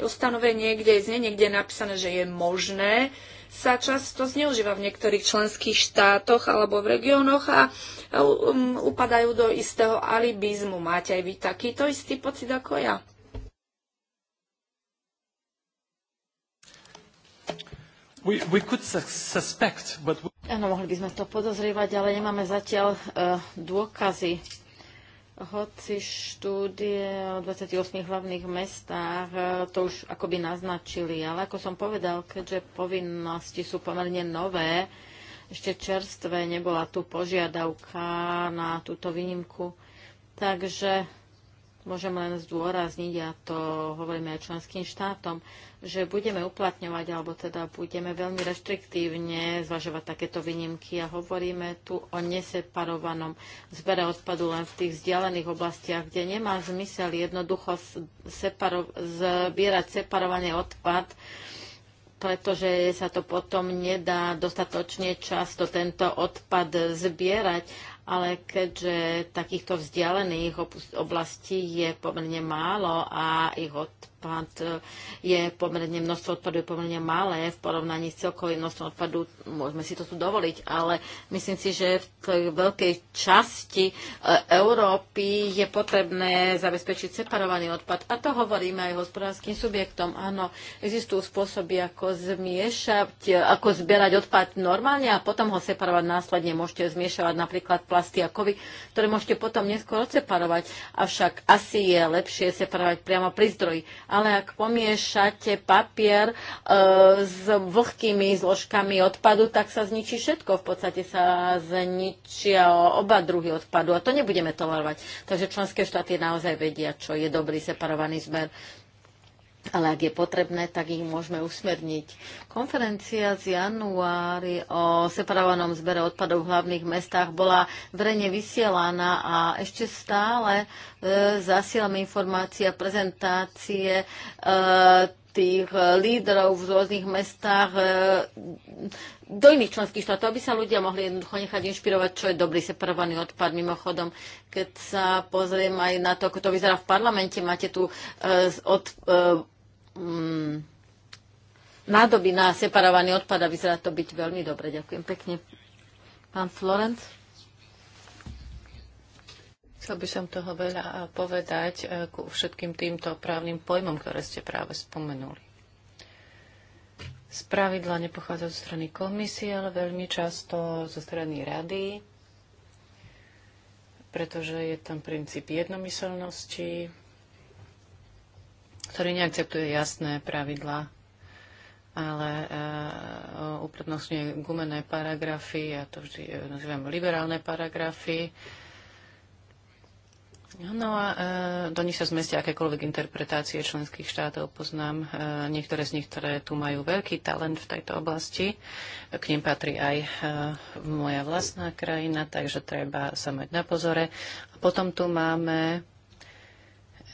ustanovenie, kde je znenie, kde je napísané, že je možné, sa často zneužíva v niektorých členských štátoch alebo v regiónoch a um, upadajú do istého alibizmu. Máte aj vy takýto istý pocit ako ja? We, we suspect, but... Áno, mohli by sme to podozrievať, ale nemáme zatiaľ uh, dôkazy hoci štúdie o 28 hlavných mestách e, to už akoby naznačili, ale ako som povedal, keďže povinnosti sú pomerne nové, ešte čerstvé, nebola tu požiadavka na túto výnimku. Takže Môžem len zdôrazniť, a to hovoríme aj členským štátom, že budeme uplatňovať, alebo teda budeme veľmi reštriktívne zvažovať takéto výnimky a hovoríme tu o neseparovanom zbere odpadu len v tých vzdialených oblastiach, kde nemá zmysel jednoducho separo- zbierať separovaný odpad, pretože sa to potom nedá dostatočne často tento odpad zbierať ale keďže takýchto vzdialených oblastí je pomerne málo a ich od odpad e, je pomerne, množstvo odpadu je pomerne malé v porovnaní s celkovým množstvom odpadu, môžeme si to tu dovoliť, ale myslím si, že v tej veľkej časti e, Európy je potrebné zabezpečiť separovaný odpad. A to hovoríme aj hospodárským subjektom. Áno, existujú spôsoby, ako zmiešať, e, ako zbierať odpad normálne a potom ho separovať následne. Môžete zmiešavať napríklad plasty a kovy, ktoré môžete potom neskôr odseparovať. Avšak asi je lepšie separovať priamo pri zdroji ale ak pomiešate papier e, s vlhkými zložkami odpadu, tak sa zničí všetko. V podstate sa zničia oba druhy odpadu a to nebudeme tolerovať. Takže členské štáty naozaj vedia, čo je dobrý separovaný zber ale ak je potrebné, tak ich môžeme usmerniť. Konferencia z januári o separovanom zbere odpadov v hlavných mestách bola verejne vysielaná a ešte stále e, zasielame informácie a prezentácie e, tých eh, lídrov v rôznych mestách eh, do iných členských štátov, aby sa ľudia mohli jednoducho nechať inšpirovať, čo je dobrý separovaný odpad. Mimochodom, keď sa pozriem aj na to, ako to vyzerá v parlamente, máte tu eh, od, mm, nádoby na separovaný odpad a vyzerá to byť veľmi dobre. Ďakujem pekne. Pán Florenc? Chcel by som toho veľa povedať eh, ku všetkým týmto právnym pojmom, ktoré ste práve spomenuli. Spravidla nepochádza zo strany komisie, ale veľmi často zo strany rady, pretože je tam princíp jednomyselnosti, ktorý neakceptuje jasné pravidlá, ale e, uprednostňuje gumené paragrafy, ja to vždy eh, nazývam liberálne paragrafy, No a e, do nich sa zmestia akékoľvek interpretácie členských štátov. Poznám e, niektoré z nich, ktoré tu majú veľký talent v tejto oblasti. K nim patrí aj e, moja vlastná krajina, takže treba sa mať na pozore. A potom tu máme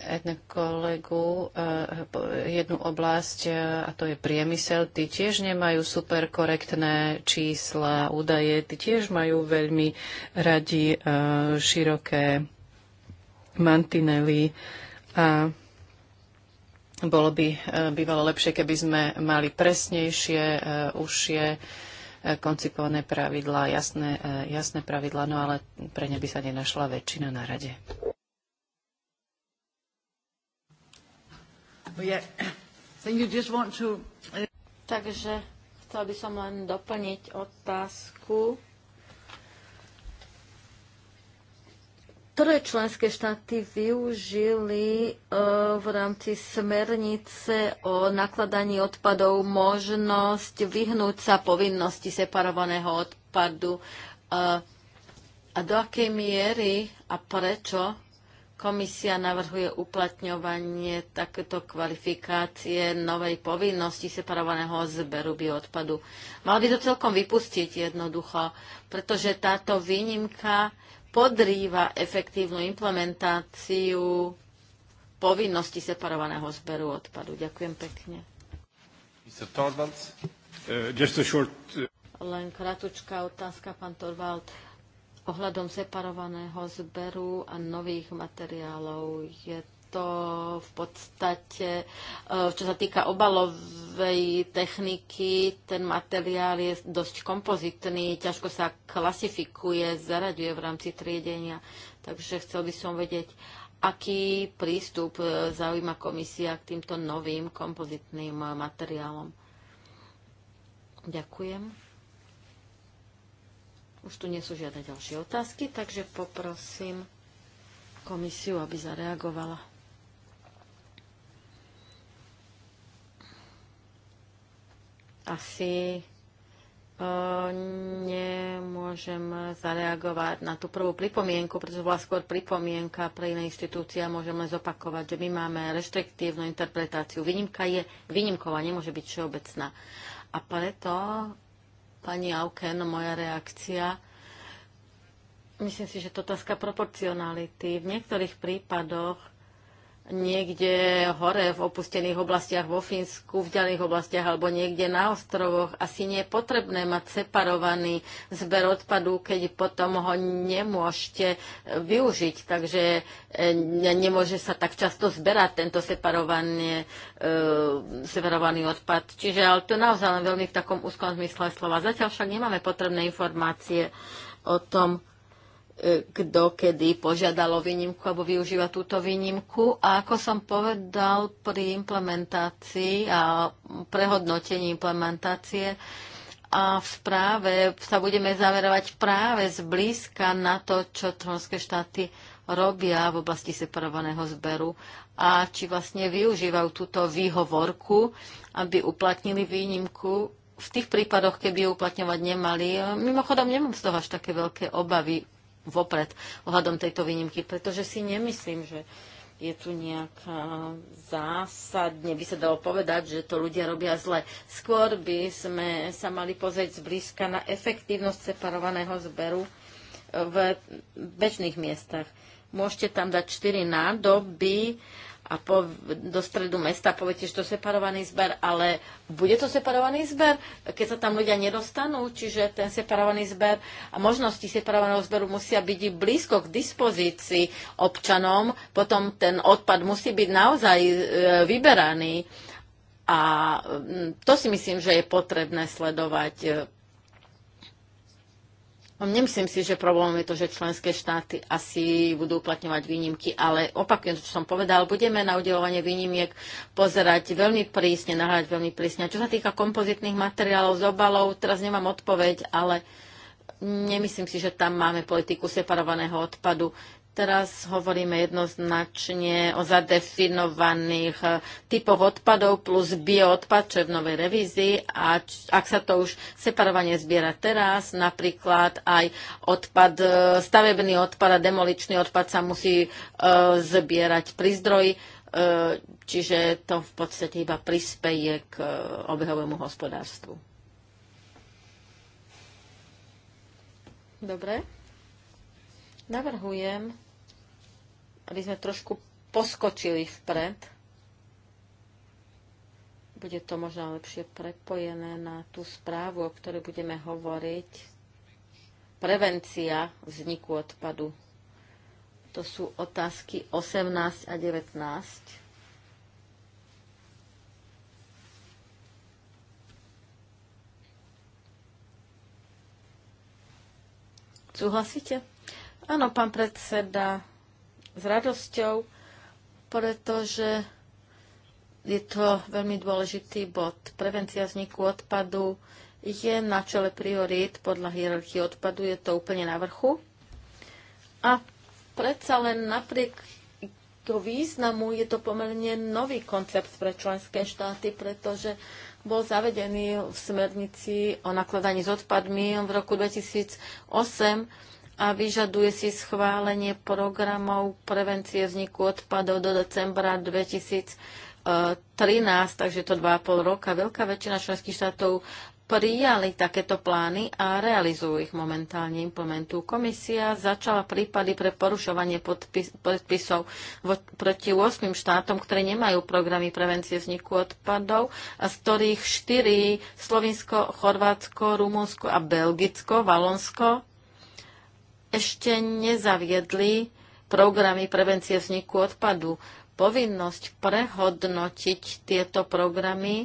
jednu kolegu, e, jednu oblasť, e, a to je priemysel. Tí tiež nemajú super korektné čísla, údaje, tí tiež majú veľmi radi e, široké mantinely a bolo by e, bývalo lepšie, keby sme mali presnejšie, e, užšie e, koncipované pravidlá, jasné, jasné pravidlá, no ale pre ne by sa nenašla väčšina na rade. Uh, Takže chcel by som len doplniť otázku ktoré členské štáty využili e, v rámci smernice o nakladaní odpadov možnosť vyhnúť sa povinnosti separovaného odpadu e, a do akej miery a prečo komisia navrhuje uplatňovanie takéto kvalifikácie novej povinnosti separovaného zberu bioodpadu. Mal by to celkom vypustiť jednoducho, pretože táto výnimka podrýva efektívnu implementáciu povinnosti separovaného zberu odpadu. Ďakujem pekne. Eh, eh, Len kratučká otázka, pán Torvald. Ohľadom separovaného zberu a nových materiálov je to v podstate, e, čo sa týka obalovej techniky, ten materiál je dosť kompozitný, ťažko sa klasifikuje, zaraďuje v rámci triedenia. Takže chcel by som vedieť, aký prístup e, zaujíma komisia k týmto novým kompozitným materiálom. Ďakujem. Už tu nie sú žiadne ďalšie otázky, takže poprosím komisiu, aby zareagovala. asi nemôžem zareagovať na tú prvú pripomienku, pretože bola skôr pripomienka pre iné inštitúcie a môžem len zopakovať, že my máme reštriktívnu interpretáciu. Výnimka je výnimková, nemôže byť všeobecná. A preto, pani Auken, moja reakcia, myslím si, že to otázka proporcionality. V niektorých prípadoch niekde hore v opustených oblastiach vo Fínsku, v ďalých oblastiach alebo niekde na ostrovoch. Asi nie je potrebné mať separovaný zber odpadu, keď potom ho nemôžete využiť. Takže e, nemôže sa tak často zberať tento separovaný, e, separovaný odpad. Čiže ale to naozaj len veľmi v takom úzkom zmysle slova. Zatiaľ však nemáme potrebné informácie o tom, E, kto kedy požiadalo výnimku alebo využíva túto výnimku. A ako som povedal, pri implementácii a prehodnotení implementácie a v správe sa budeme zaverovať práve zblízka na to, čo členské štáty robia v oblasti separovaného zberu a či vlastne využívajú túto výhovorku, aby uplatnili výnimku v tých prípadoch, keby ju uplatňovať nemali. Mimochodom, nemám z toho až také veľké obavy vopred ohľadom tejto výnimky, pretože si nemyslím, že je tu nejaká zásadne, by sa dalo povedať, že to ľudia robia zle. Skôr by sme sa mali pozrieť zblízka na efektívnosť separovaného zberu e, v bežných miestach. Môžete tam dať 4 nádoby, a po, do stredu mesta poviete, že to je separovaný zber, ale bude to separovaný zber, keď sa tam ľudia nedostanú, čiže ten separovaný zber a možnosti separovaného zberu musia byť blízko k dispozícii občanom, potom ten odpad musí byť naozaj e, vyberaný. A to si myslím, že je potrebné sledovať e, No, nemyslím si, že problém je to, že členské štáty asi budú uplatňovať výnimky, ale opakujem, čo som povedal, budeme na udelovanie výnimiek pozerať veľmi prísne, nahľadať veľmi prísne. A čo sa týka kompozitných materiálov z obalov, teraz nemám odpoveď, ale nemyslím si, že tam máme politiku separovaného odpadu. Teraz hovoríme jednoznačne o zadefinovaných eh, typoch odpadov plus bioodpad, čo je v novej revízii. A ak sa to už separovanie zbiera teraz, napríklad aj odpad, eh, stavebný odpad a demoličný odpad sa musí eh, zbierať pri zdroji, čiže to v podstate iba prispeje k obehovému hospodárstvu. Dobre. Navrhujem, aby sme trošku poskočili vpred. Bude to možno lepšie prepojené na tú správu, o ktorej budeme hovoriť. Prevencia vzniku odpadu. To sú otázky 18 a 19. Súhlasíte? Áno, pán predseda, s radosťou, pretože je to veľmi dôležitý bod. Prevencia vzniku odpadu je na čele priorít podľa hierarchie odpadu, je to úplne na vrchu. A predsa len napriek toho významu je to pomerne nový koncept pre členské štáty, pretože bol zavedený v smernici o nakladaní s odpadmi v roku 2008 a vyžaduje si schválenie programov prevencie vzniku odpadov do decembra 2013, e, takže to 2,5 roka. Veľká väčšina členských štátov prijali takéto plány a realizujú ich momentálne, implementujú. Komisia začala prípady pre porušovanie podpis, predpisov vo, proti 8 štátom, ktoré nemajú programy prevencie vzniku odpadov, a z ktorých 4 Slovinsko, Chorvátsko, Rumunsko a Belgicko, Valonsko ešte nezaviedli programy prevencie vzniku odpadu. Povinnosť prehodnotiť tieto programy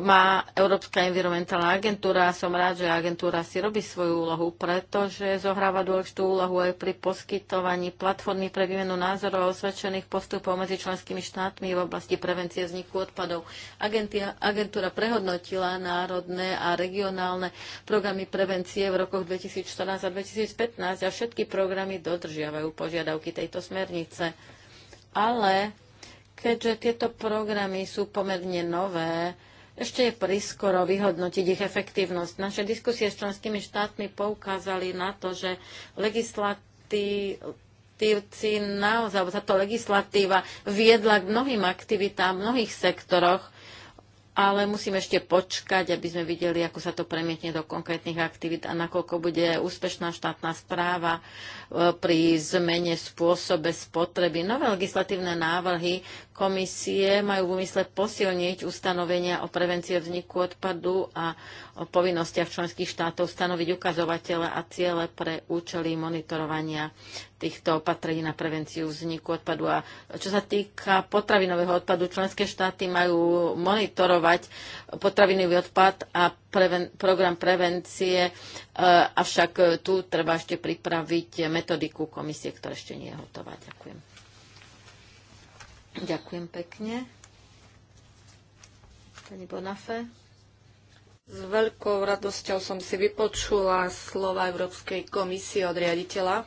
má Európska environmentálna agentúra a som rád, že agentúra si robí svoju úlohu, pretože zohráva dôležitú úlohu aj pri poskytovaní platformy pre výmenu názorov a osvedčených postupov medzi členskými štátmi v oblasti prevencie vzniku odpadov. agentúra prehodnotila národné a regionálne programy prevencie v rokoch 2014 a 2015 a všetky programy dodržiavajú požiadavky tejto smernice. Ale keďže tieto programy sú pomerne nové, ešte je priskoro vyhodnotiť ich efektívnosť. Naše diskusie s členskými štátmi poukázali na to, že legislatívci naozaj, táto legislatíva viedla k mnohým aktivitám v mnohých sektoroch, ale musíme ešte počkať, aby sme videli, ako sa to premietne do konkrétnych aktivít a nakoľko bude úspešná štátna správa e, pri zmene spôsobe spotreby. Nové legislatívne návrhy komisie majú v úmysle posilniť ustanovenia o prevencii vzniku odpadu a o povinnostiach členských štátov stanoviť ukazovatele a ciele pre účely monitorovania týchto opatrení na prevenciu vzniku odpadu. A čo sa týka potravinového odpadu, členské štáty majú monitorovať potravinový odpad a preven- program prevencie, e, avšak tu treba ešte pripraviť metodiku komisie, ktorá ešte nie je hotová. Ďakujem. Ďakujem pekne. Pani Bonafé. S veľkou radosťou som si vypočula slova Európskej komisie od riaditeľa.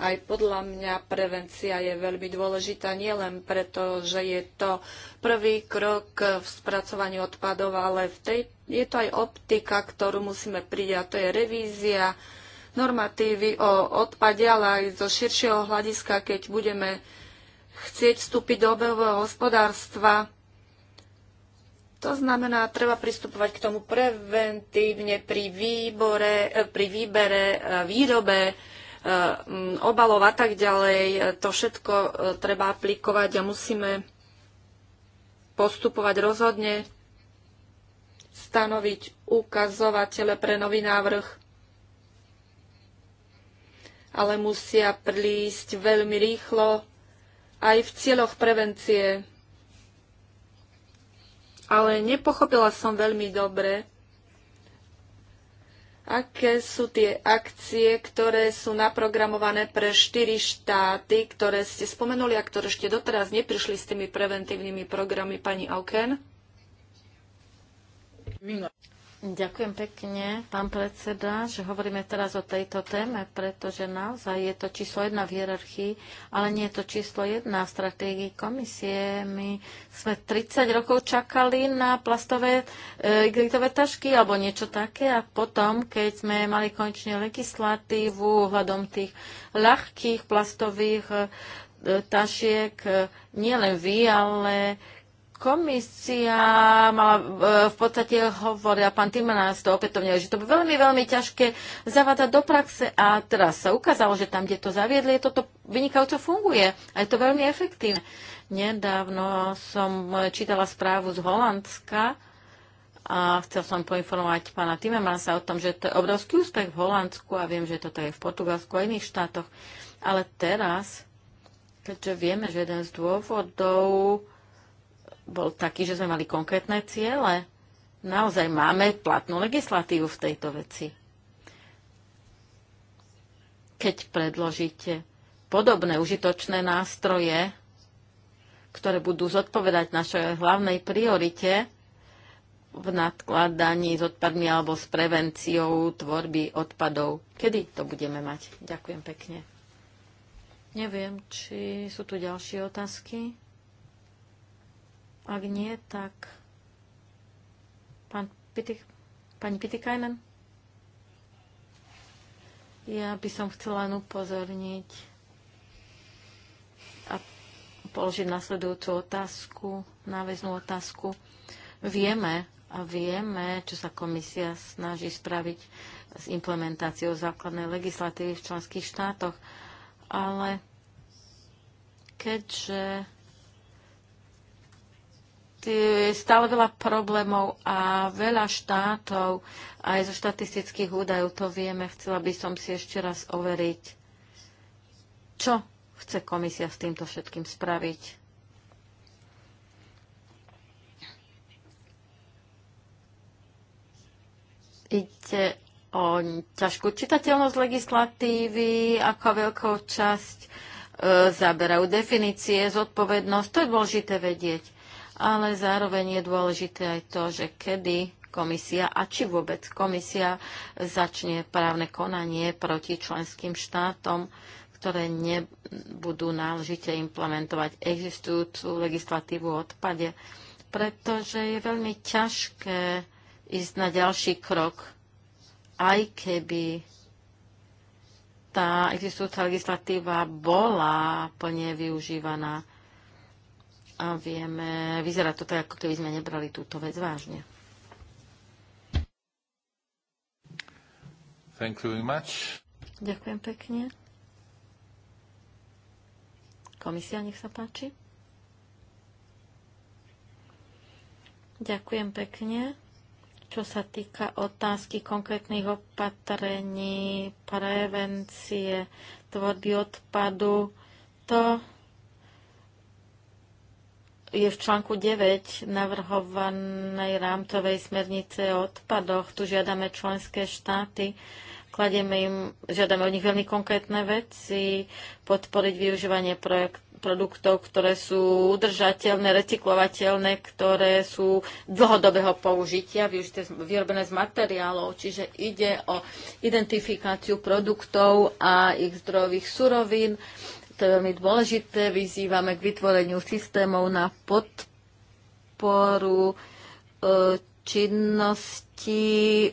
Aj podľa mňa prevencia je veľmi dôležitá, nielen preto, že je to prvý krok v spracovaní odpadov, ale v tej, je to aj optika, ktorú musíme prijať, a to je revízia normatívy o odpade, ale aj zo širšieho hľadiska, keď budeme chcieť vstúpiť do obehového hospodárstva. To znamená, treba pristupovať k tomu preventívne pri, výbore, eh, pri výbere, eh, výrobe, eh, mm, obalov a tak ďalej. To všetko treba aplikovať a musíme postupovať rozhodne, stanoviť ukazovatele pre nový návrh ale musia prísť veľmi rýchlo aj v cieľoch prevencie. Ale nepochopila som veľmi dobre, aké sú tie akcie, ktoré sú naprogramované pre štyri štáty, ktoré ste spomenuli a ktoré ešte doteraz neprišli s tými preventívnymi programy pani Auken? Ďakujem pekne, pán predseda, že hovoríme teraz o tejto téme, pretože naozaj je to číslo jedna v hierarchii, ale nie je to číslo jedna v stratégii komisie. My sme 30 rokov čakali na plastové e, tašky alebo niečo také a potom, keď sme mali konečne legislatívu ohľadom tých ľahkých plastových e, tašiek, e, nielen vy, ale komisia mala e, v podstate hovorila pán Timmermans to opätovne, že to by veľmi, veľmi ťažké zavádzať do praxe a teraz sa ukázalo, že tam, kde to zaviedli, toto vynikajúco funguje a je to veľmi efektívne. Nedávno som čítala správu z Holandska a chcel som poinformovať pána Timemansa o tom, že to je obrovský úspech v Holandsku a viem, že to je v Portugalsku a iných štátoch. Ale teraz, keďže vieme, že jeden z dôvodov bol taký, že sme mali konkrétne ciele. Naozaj máme platnú legislatívu v tejto veci. Keď predložíte podobné užitočné nástroje, ktoré budú zodpovedať našej hlavnej priorite v nadkladaní s odpadmi alebo s prevenciou tvorby odpadov. Kedy to budeme mať? Ďakujem pekne. Neviem, či sú tu ďalšie otázky. Ak nie, tak pán Pitych, pani Pitikajnen. Ja by som chcela len upozorniť a položiť nasledujúcu otázku, náväznú otázku. Vieme a vieme, čo sa komisia snaží spraviť s implementáciou základnej legislatívy v členských štátoch, ale keďže je stále veľa problémov a veľa štátov, aj zo štatistických údajov to vieme, chcela by som si ešte raz overiť, čo chce komisia s týmto všetkým spraviť. Ide o ťažkú čitateľnosť legislatívy, ako veľkou časť e, zaberajú definície, zodpovednosť. To je dôležité vedieť ale zároveň je dôležité aj to, že kedy komisia a či vôbec komisia začne právne konanie proti členským štátom, ktoré nebudú náležite implementovať existujúcu legislatívu o odpade, pretože je veľmi ťažké ísť na ďalší krok, aj keby tá existujúca legislatíva bola plne využívaná a vieme, vyzerá to tak, ako keby sme nebrali túto vec vážne. Thank you very much. Ďakujem pekne. Komisia, nech sa páči. Ďakujem pekne. Čo sa týka otázky konkrétnych opatrení, prevencie, tvorby odpadu, to je v článku 9 navrhovanej rámcovej smernice o odpadoch. Tu žiadame členské štáty, klademe im, žiadame od nich veľmi konkrétne veci, podporiť využívanie projekt, produktov, ktoré sú udržateľné, recyklovateľné, ktoré sú dlhodobého použitia, využité, vyrobené z materiálov. Čiže ide o identifikáciu produktov a ich zdrojových surovín to je veľmi dôležité. Vyzývame k vytvoreniu systémov na podporu e, činnosti e,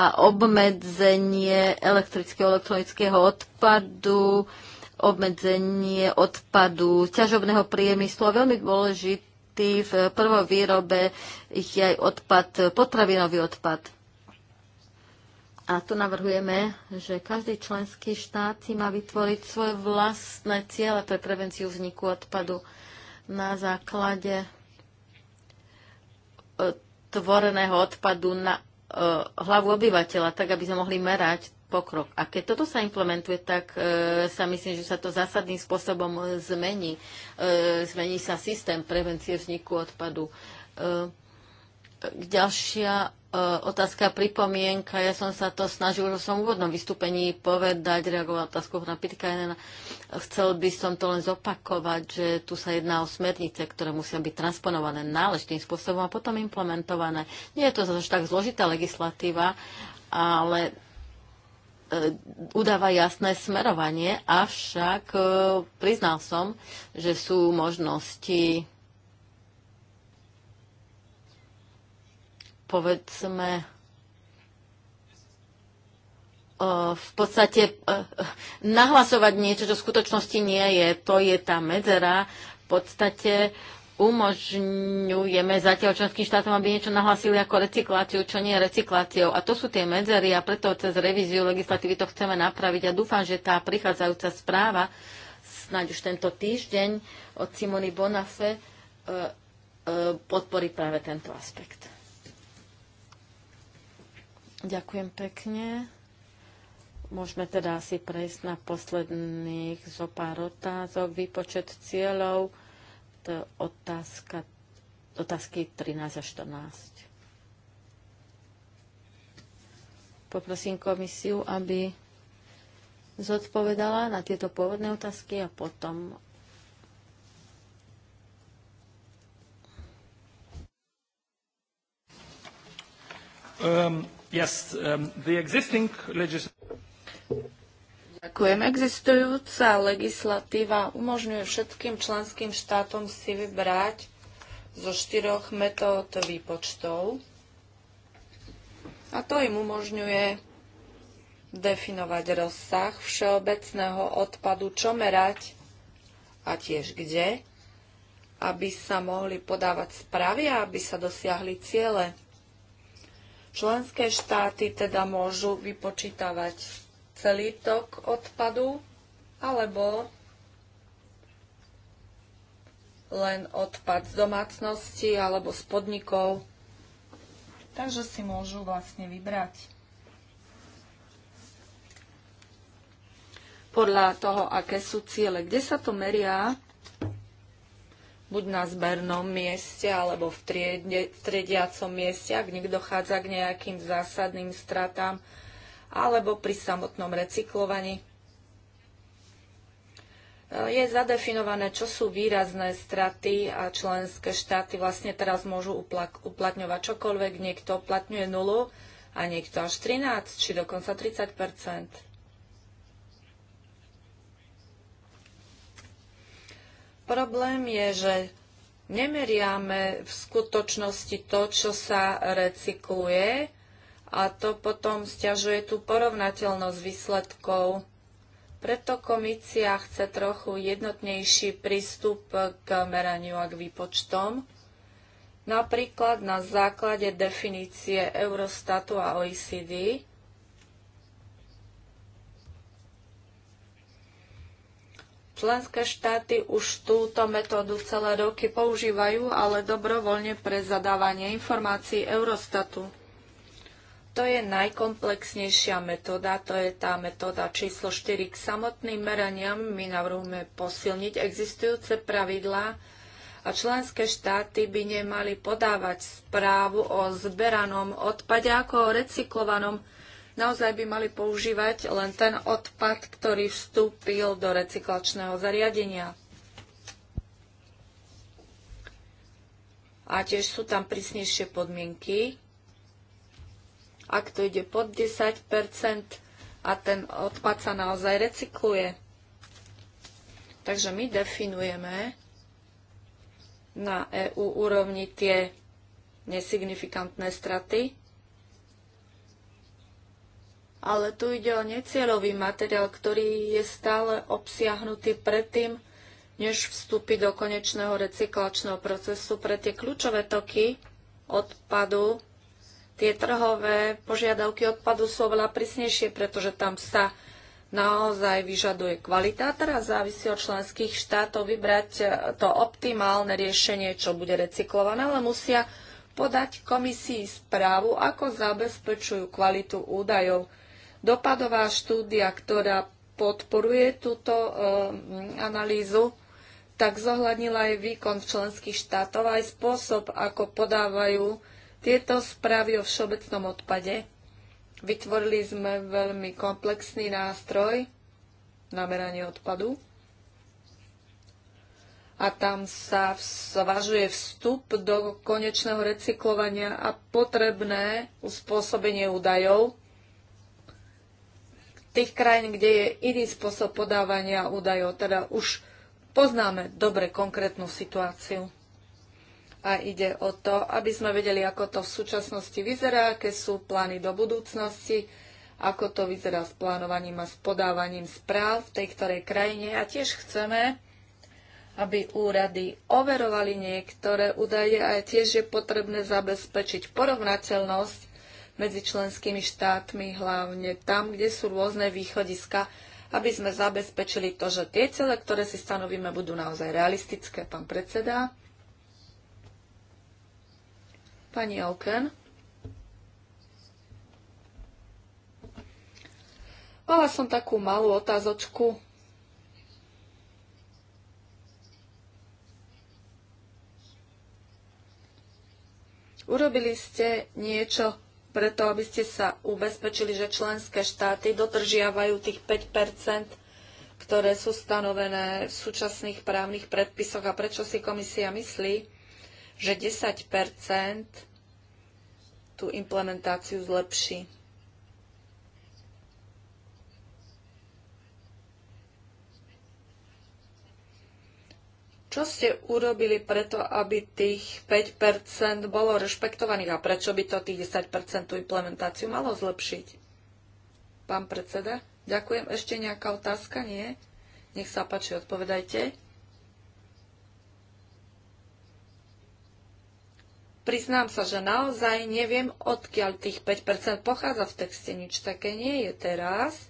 a obmedzenie elektrického elektronického odpadu, obmedzenie odpadu ťažobného priemyslu a veľmi dôležitý v prvovýrobe je aj odpad, potravinový odpad a tu navrhujeme, že každý členský štát si má vytvoriť svoje vlastné ciele pre prevenciu vzniku odpadu na základe e, tvoreného odpadu na e, hlavu obyvateľa, tak aby sme mohli merať pokrok. A keď toto sa implementuje, tak e, sa myslím, že sa to zásadným spôsobom zmení. E, zmení sa systém prevencie vzniku odpadu. E, ďalšia Eh, otázka, pripomienka. Ja som sa to snažil, už som svojom úvodnom vystúpení povedať, reagovať otázku na Pitkajnena. Chcel by som to len zopakovať, že tu sa jedná o smernice, ktoré musia byť transponované náležitým spôsobom a potom implementované. Nie je to zase tak zložitá legislatíva, ale eh, udáva jasné smerovanie, avšak eh, priznal som, že sú možnosti povedzme, e, v podstate e, e, nahlasovať niečo, čo v skutočnosti nie je. To je tá medzera. V podstate umožňujeme zatiaľ členským štátom, aby niečo nahlasili ako recykláciu, čo nie je recykláciou. A to sú tie medzery a preto cez revíziu legislatívy to chceme napraviť. A dúfam, že tá prichádzajúca správa, snáď už tento týždeň od Simony Bonafe, podporí práve tento aspekt. Ďakujem pekne. Môžeme teda asi prejsť na posledných zo pár otázok. Výpočet cieľov, to je otázka, otázky 13 a 14. Poprosím komisiu, aby zodpovedala na tieto pôvodné otázky a potom um. Yes, um, the existing Ďakujem. Existujúca legislatíva umožňuje všetkým členským štátom si vybrať zo štyroch metód výpočtov a to im umožňuje definovať rozsah všeobecného odpadu, čo merať a tiež kde, aby sa mohli podávať správy a aby sa dosiahli ciele. Členské štáty teda môžu vypočítavať celý tok odpadu alebo len odpad z domácnosti alebo z podnikov. Takže si môžu vlastne vybrať. Podľa toho, aké sú ciele, kde sa to meria, buď na zbernom mieste alebo v, v triediacom mieste, ak niekto chádza k nejakým zásadným stratám, alebo pri samotnom recyklovaní. E, je zadefinované, čo sú výrazné straty a členské štáty vlastne teraz môžu uplatňovať čokoľvek. Niekto uplatňuje nulu a niekto až 13 či dokonca 30 Problém je, že nemeriame v skutočnosti to, čo sa recykluje a to potom stiažuje tú porovnateľnosť výsledkov. Preto komícia chce trochu jednotnejší prístup k meraniu a k výpočtom, napríklad na základe definície Eurostatu a OECD, Členské štáty už túto metódu celé roky používajú, ale dobrovoľne pre zadávanie informácií Eurostatu. To je najkomplexnejšia metóda, to je tá metóda číslo 4. K samotným meraniam my navrhujeme posilniť existujúce pravidlá a členské štáty by nemali podávať správu o zberanom odpade ako o recyklovanom odpade naozaj by mali používať len ten odpad, ktorý vstúpil do recyklačného zariadenia. A tiež sú tam prísnejšie podmienky. Ak to ide pod 10 a ten odpad sa naozaj recykluje. Takže my definujeme na EU úrovni tie nesignifikantné straty ale tu ide o necieľový materiál, ktorý je stále obsiahnutý predtým, než vstúpi do konečného recyklačného procesu pre tie kľúčové toky odpadu. Tie trhové požiadavky odpadu sú oveľa prísnejšie, pretože tam sa naozaj vyžaduje kvalita. Teraz závisí od členských štátov vybrať e, to optimálne riešenie, čo bude recyklované, ale musia podať komisii správu, ako zabezpečujú kvalitu údajov Dopadová štúdia, ktorá podporuje túto eh, analýzu, tak zohľadnila aj výkon v členských štátov, aj spôsob, ako podávajú tieto správy o všeobecnom odpade. Vytvorili sme veľmi komplexný nástroj na meranie odpadu a tam sa zvažuje vstup do konečného recyklovania a potrebné uspôsobenie údajov tých krajín, kde je iný spôsob podávania údajov. Teda už poznáme dobre konkrétnu situáciu. A ide o to, aby sme vedeli, ako to v súčasnosti vyzerá, aké sú plány do budúcnosti, ako to vyzerá s plánovaním a s podávaním správ v tej ktorej krajine. A tiež chceme, aby úrady overovali niektoré údaje a tiež je potrebné zabezpečiť porovnateľnosť medzi členskými štátmi, hlavne tam, kde sú rôzne východiska, aby sme zabezpečili to, že tie cele, ktoré si stanovíme, budú naozaj realistické. Pán predseda. Pani Oken. Mala som takú malú otázočku. Urobili ste niečo preto aby ste sa ubezpečili, že členské štáty dodržiavajú tých 5 ktoré sú stanovené v súčasných právnych predpisoch a prečo si komisia myslí, že 10 tú implementáciu zlepší. Čo ste urobili preto, aby tých 5% bolo rešpektovaných a prečo by to tých 10% implementáciu malo zlepšiť? Pán predseda, ďakujem. Ešte nejaká otázka? Nie? Nech sa páči, odpovedajte. Priznám sa, že naozaj neviem, odkiaľ tých 5% pochádza v texte. Nič také nie je teraz.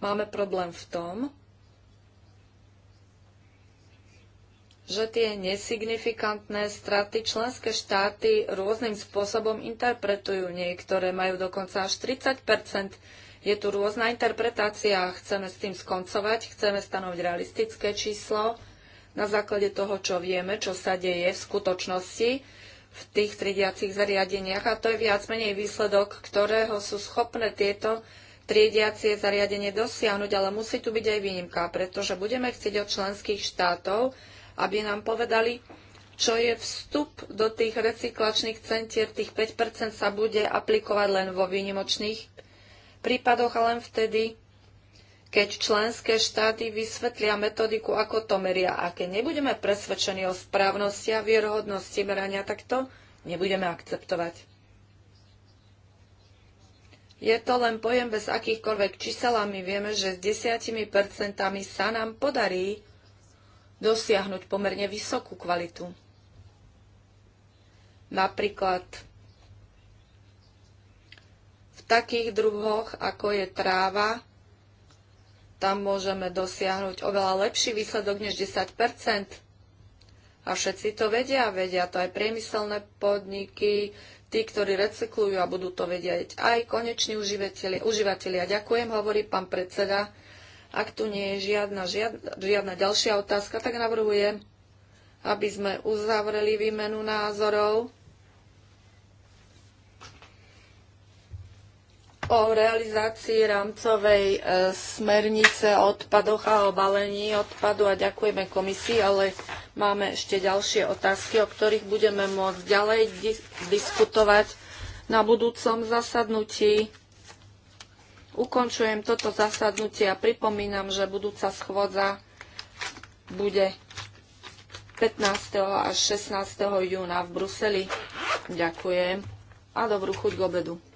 Máme problém v tom, že tie nesignifikantné straty členské štáty rôznym spôsobom interpretujú. Niektoré majú dokonca až 30 Je tu rôzna interpretácia. Chceme s tým skoncovať, chceme stanoviť realistické číslo na základe toho, čo vieme, čo sa deje v skutočnosti v tých tridiacich zariadeniach. A to je viac menej výsledok, ktorého sú schopné tieto triediacie zariadenie dosiahnuť, ale musí tu byť aj výnimka, pretože budeme chcieť od členských štátov, aby nám povedali, čo je vstup do tých recyklačných centier, tých 5% sa bude aplikovať len vo výnimočných prípadoch a len vtedy, keď členské štáty vysvetlia metodiku, ako to meria. A keď nebudeme presvedčení o správnosti a vierhodnosti merania, tak to nebudeme akceptovať. Je to len pojem bez akýchkoľvek čísel a my vieme, že s 10% sa nám podarí dosiahnuť pomerne vysokú kvalitu. Napríklad v takých druhoch, ako je tráva, tam môžeme dosiahnuť oveľa lepší výsledok než 10 A všetci to vedia, vedia to aj priemyselné podniky, tí, ktorí recyklujú a budú to vedieť aj koneční užívateľi. užívateľia. Ďakujem, hovorí pán predseda. Ak tu nie je žiadna, žiadna, žiadna ďalšia otázka, tak navrhujem, aby sme uzavreli výmenu názorov o realizácii rámcovej e, smernice o odpadoch a o balení odpadu a ďakujeme komisii, ale Máme ešte ďalšie otázky, o ktorých budeme môcť ďalej diskutovať na budúcom zasadnutí. Ukončujem toto zasadnutie a pripomínam, že budúca schôdza bude 15. až 16. júna v Bruseli. Ďakujem a dobrú chuť k obedu.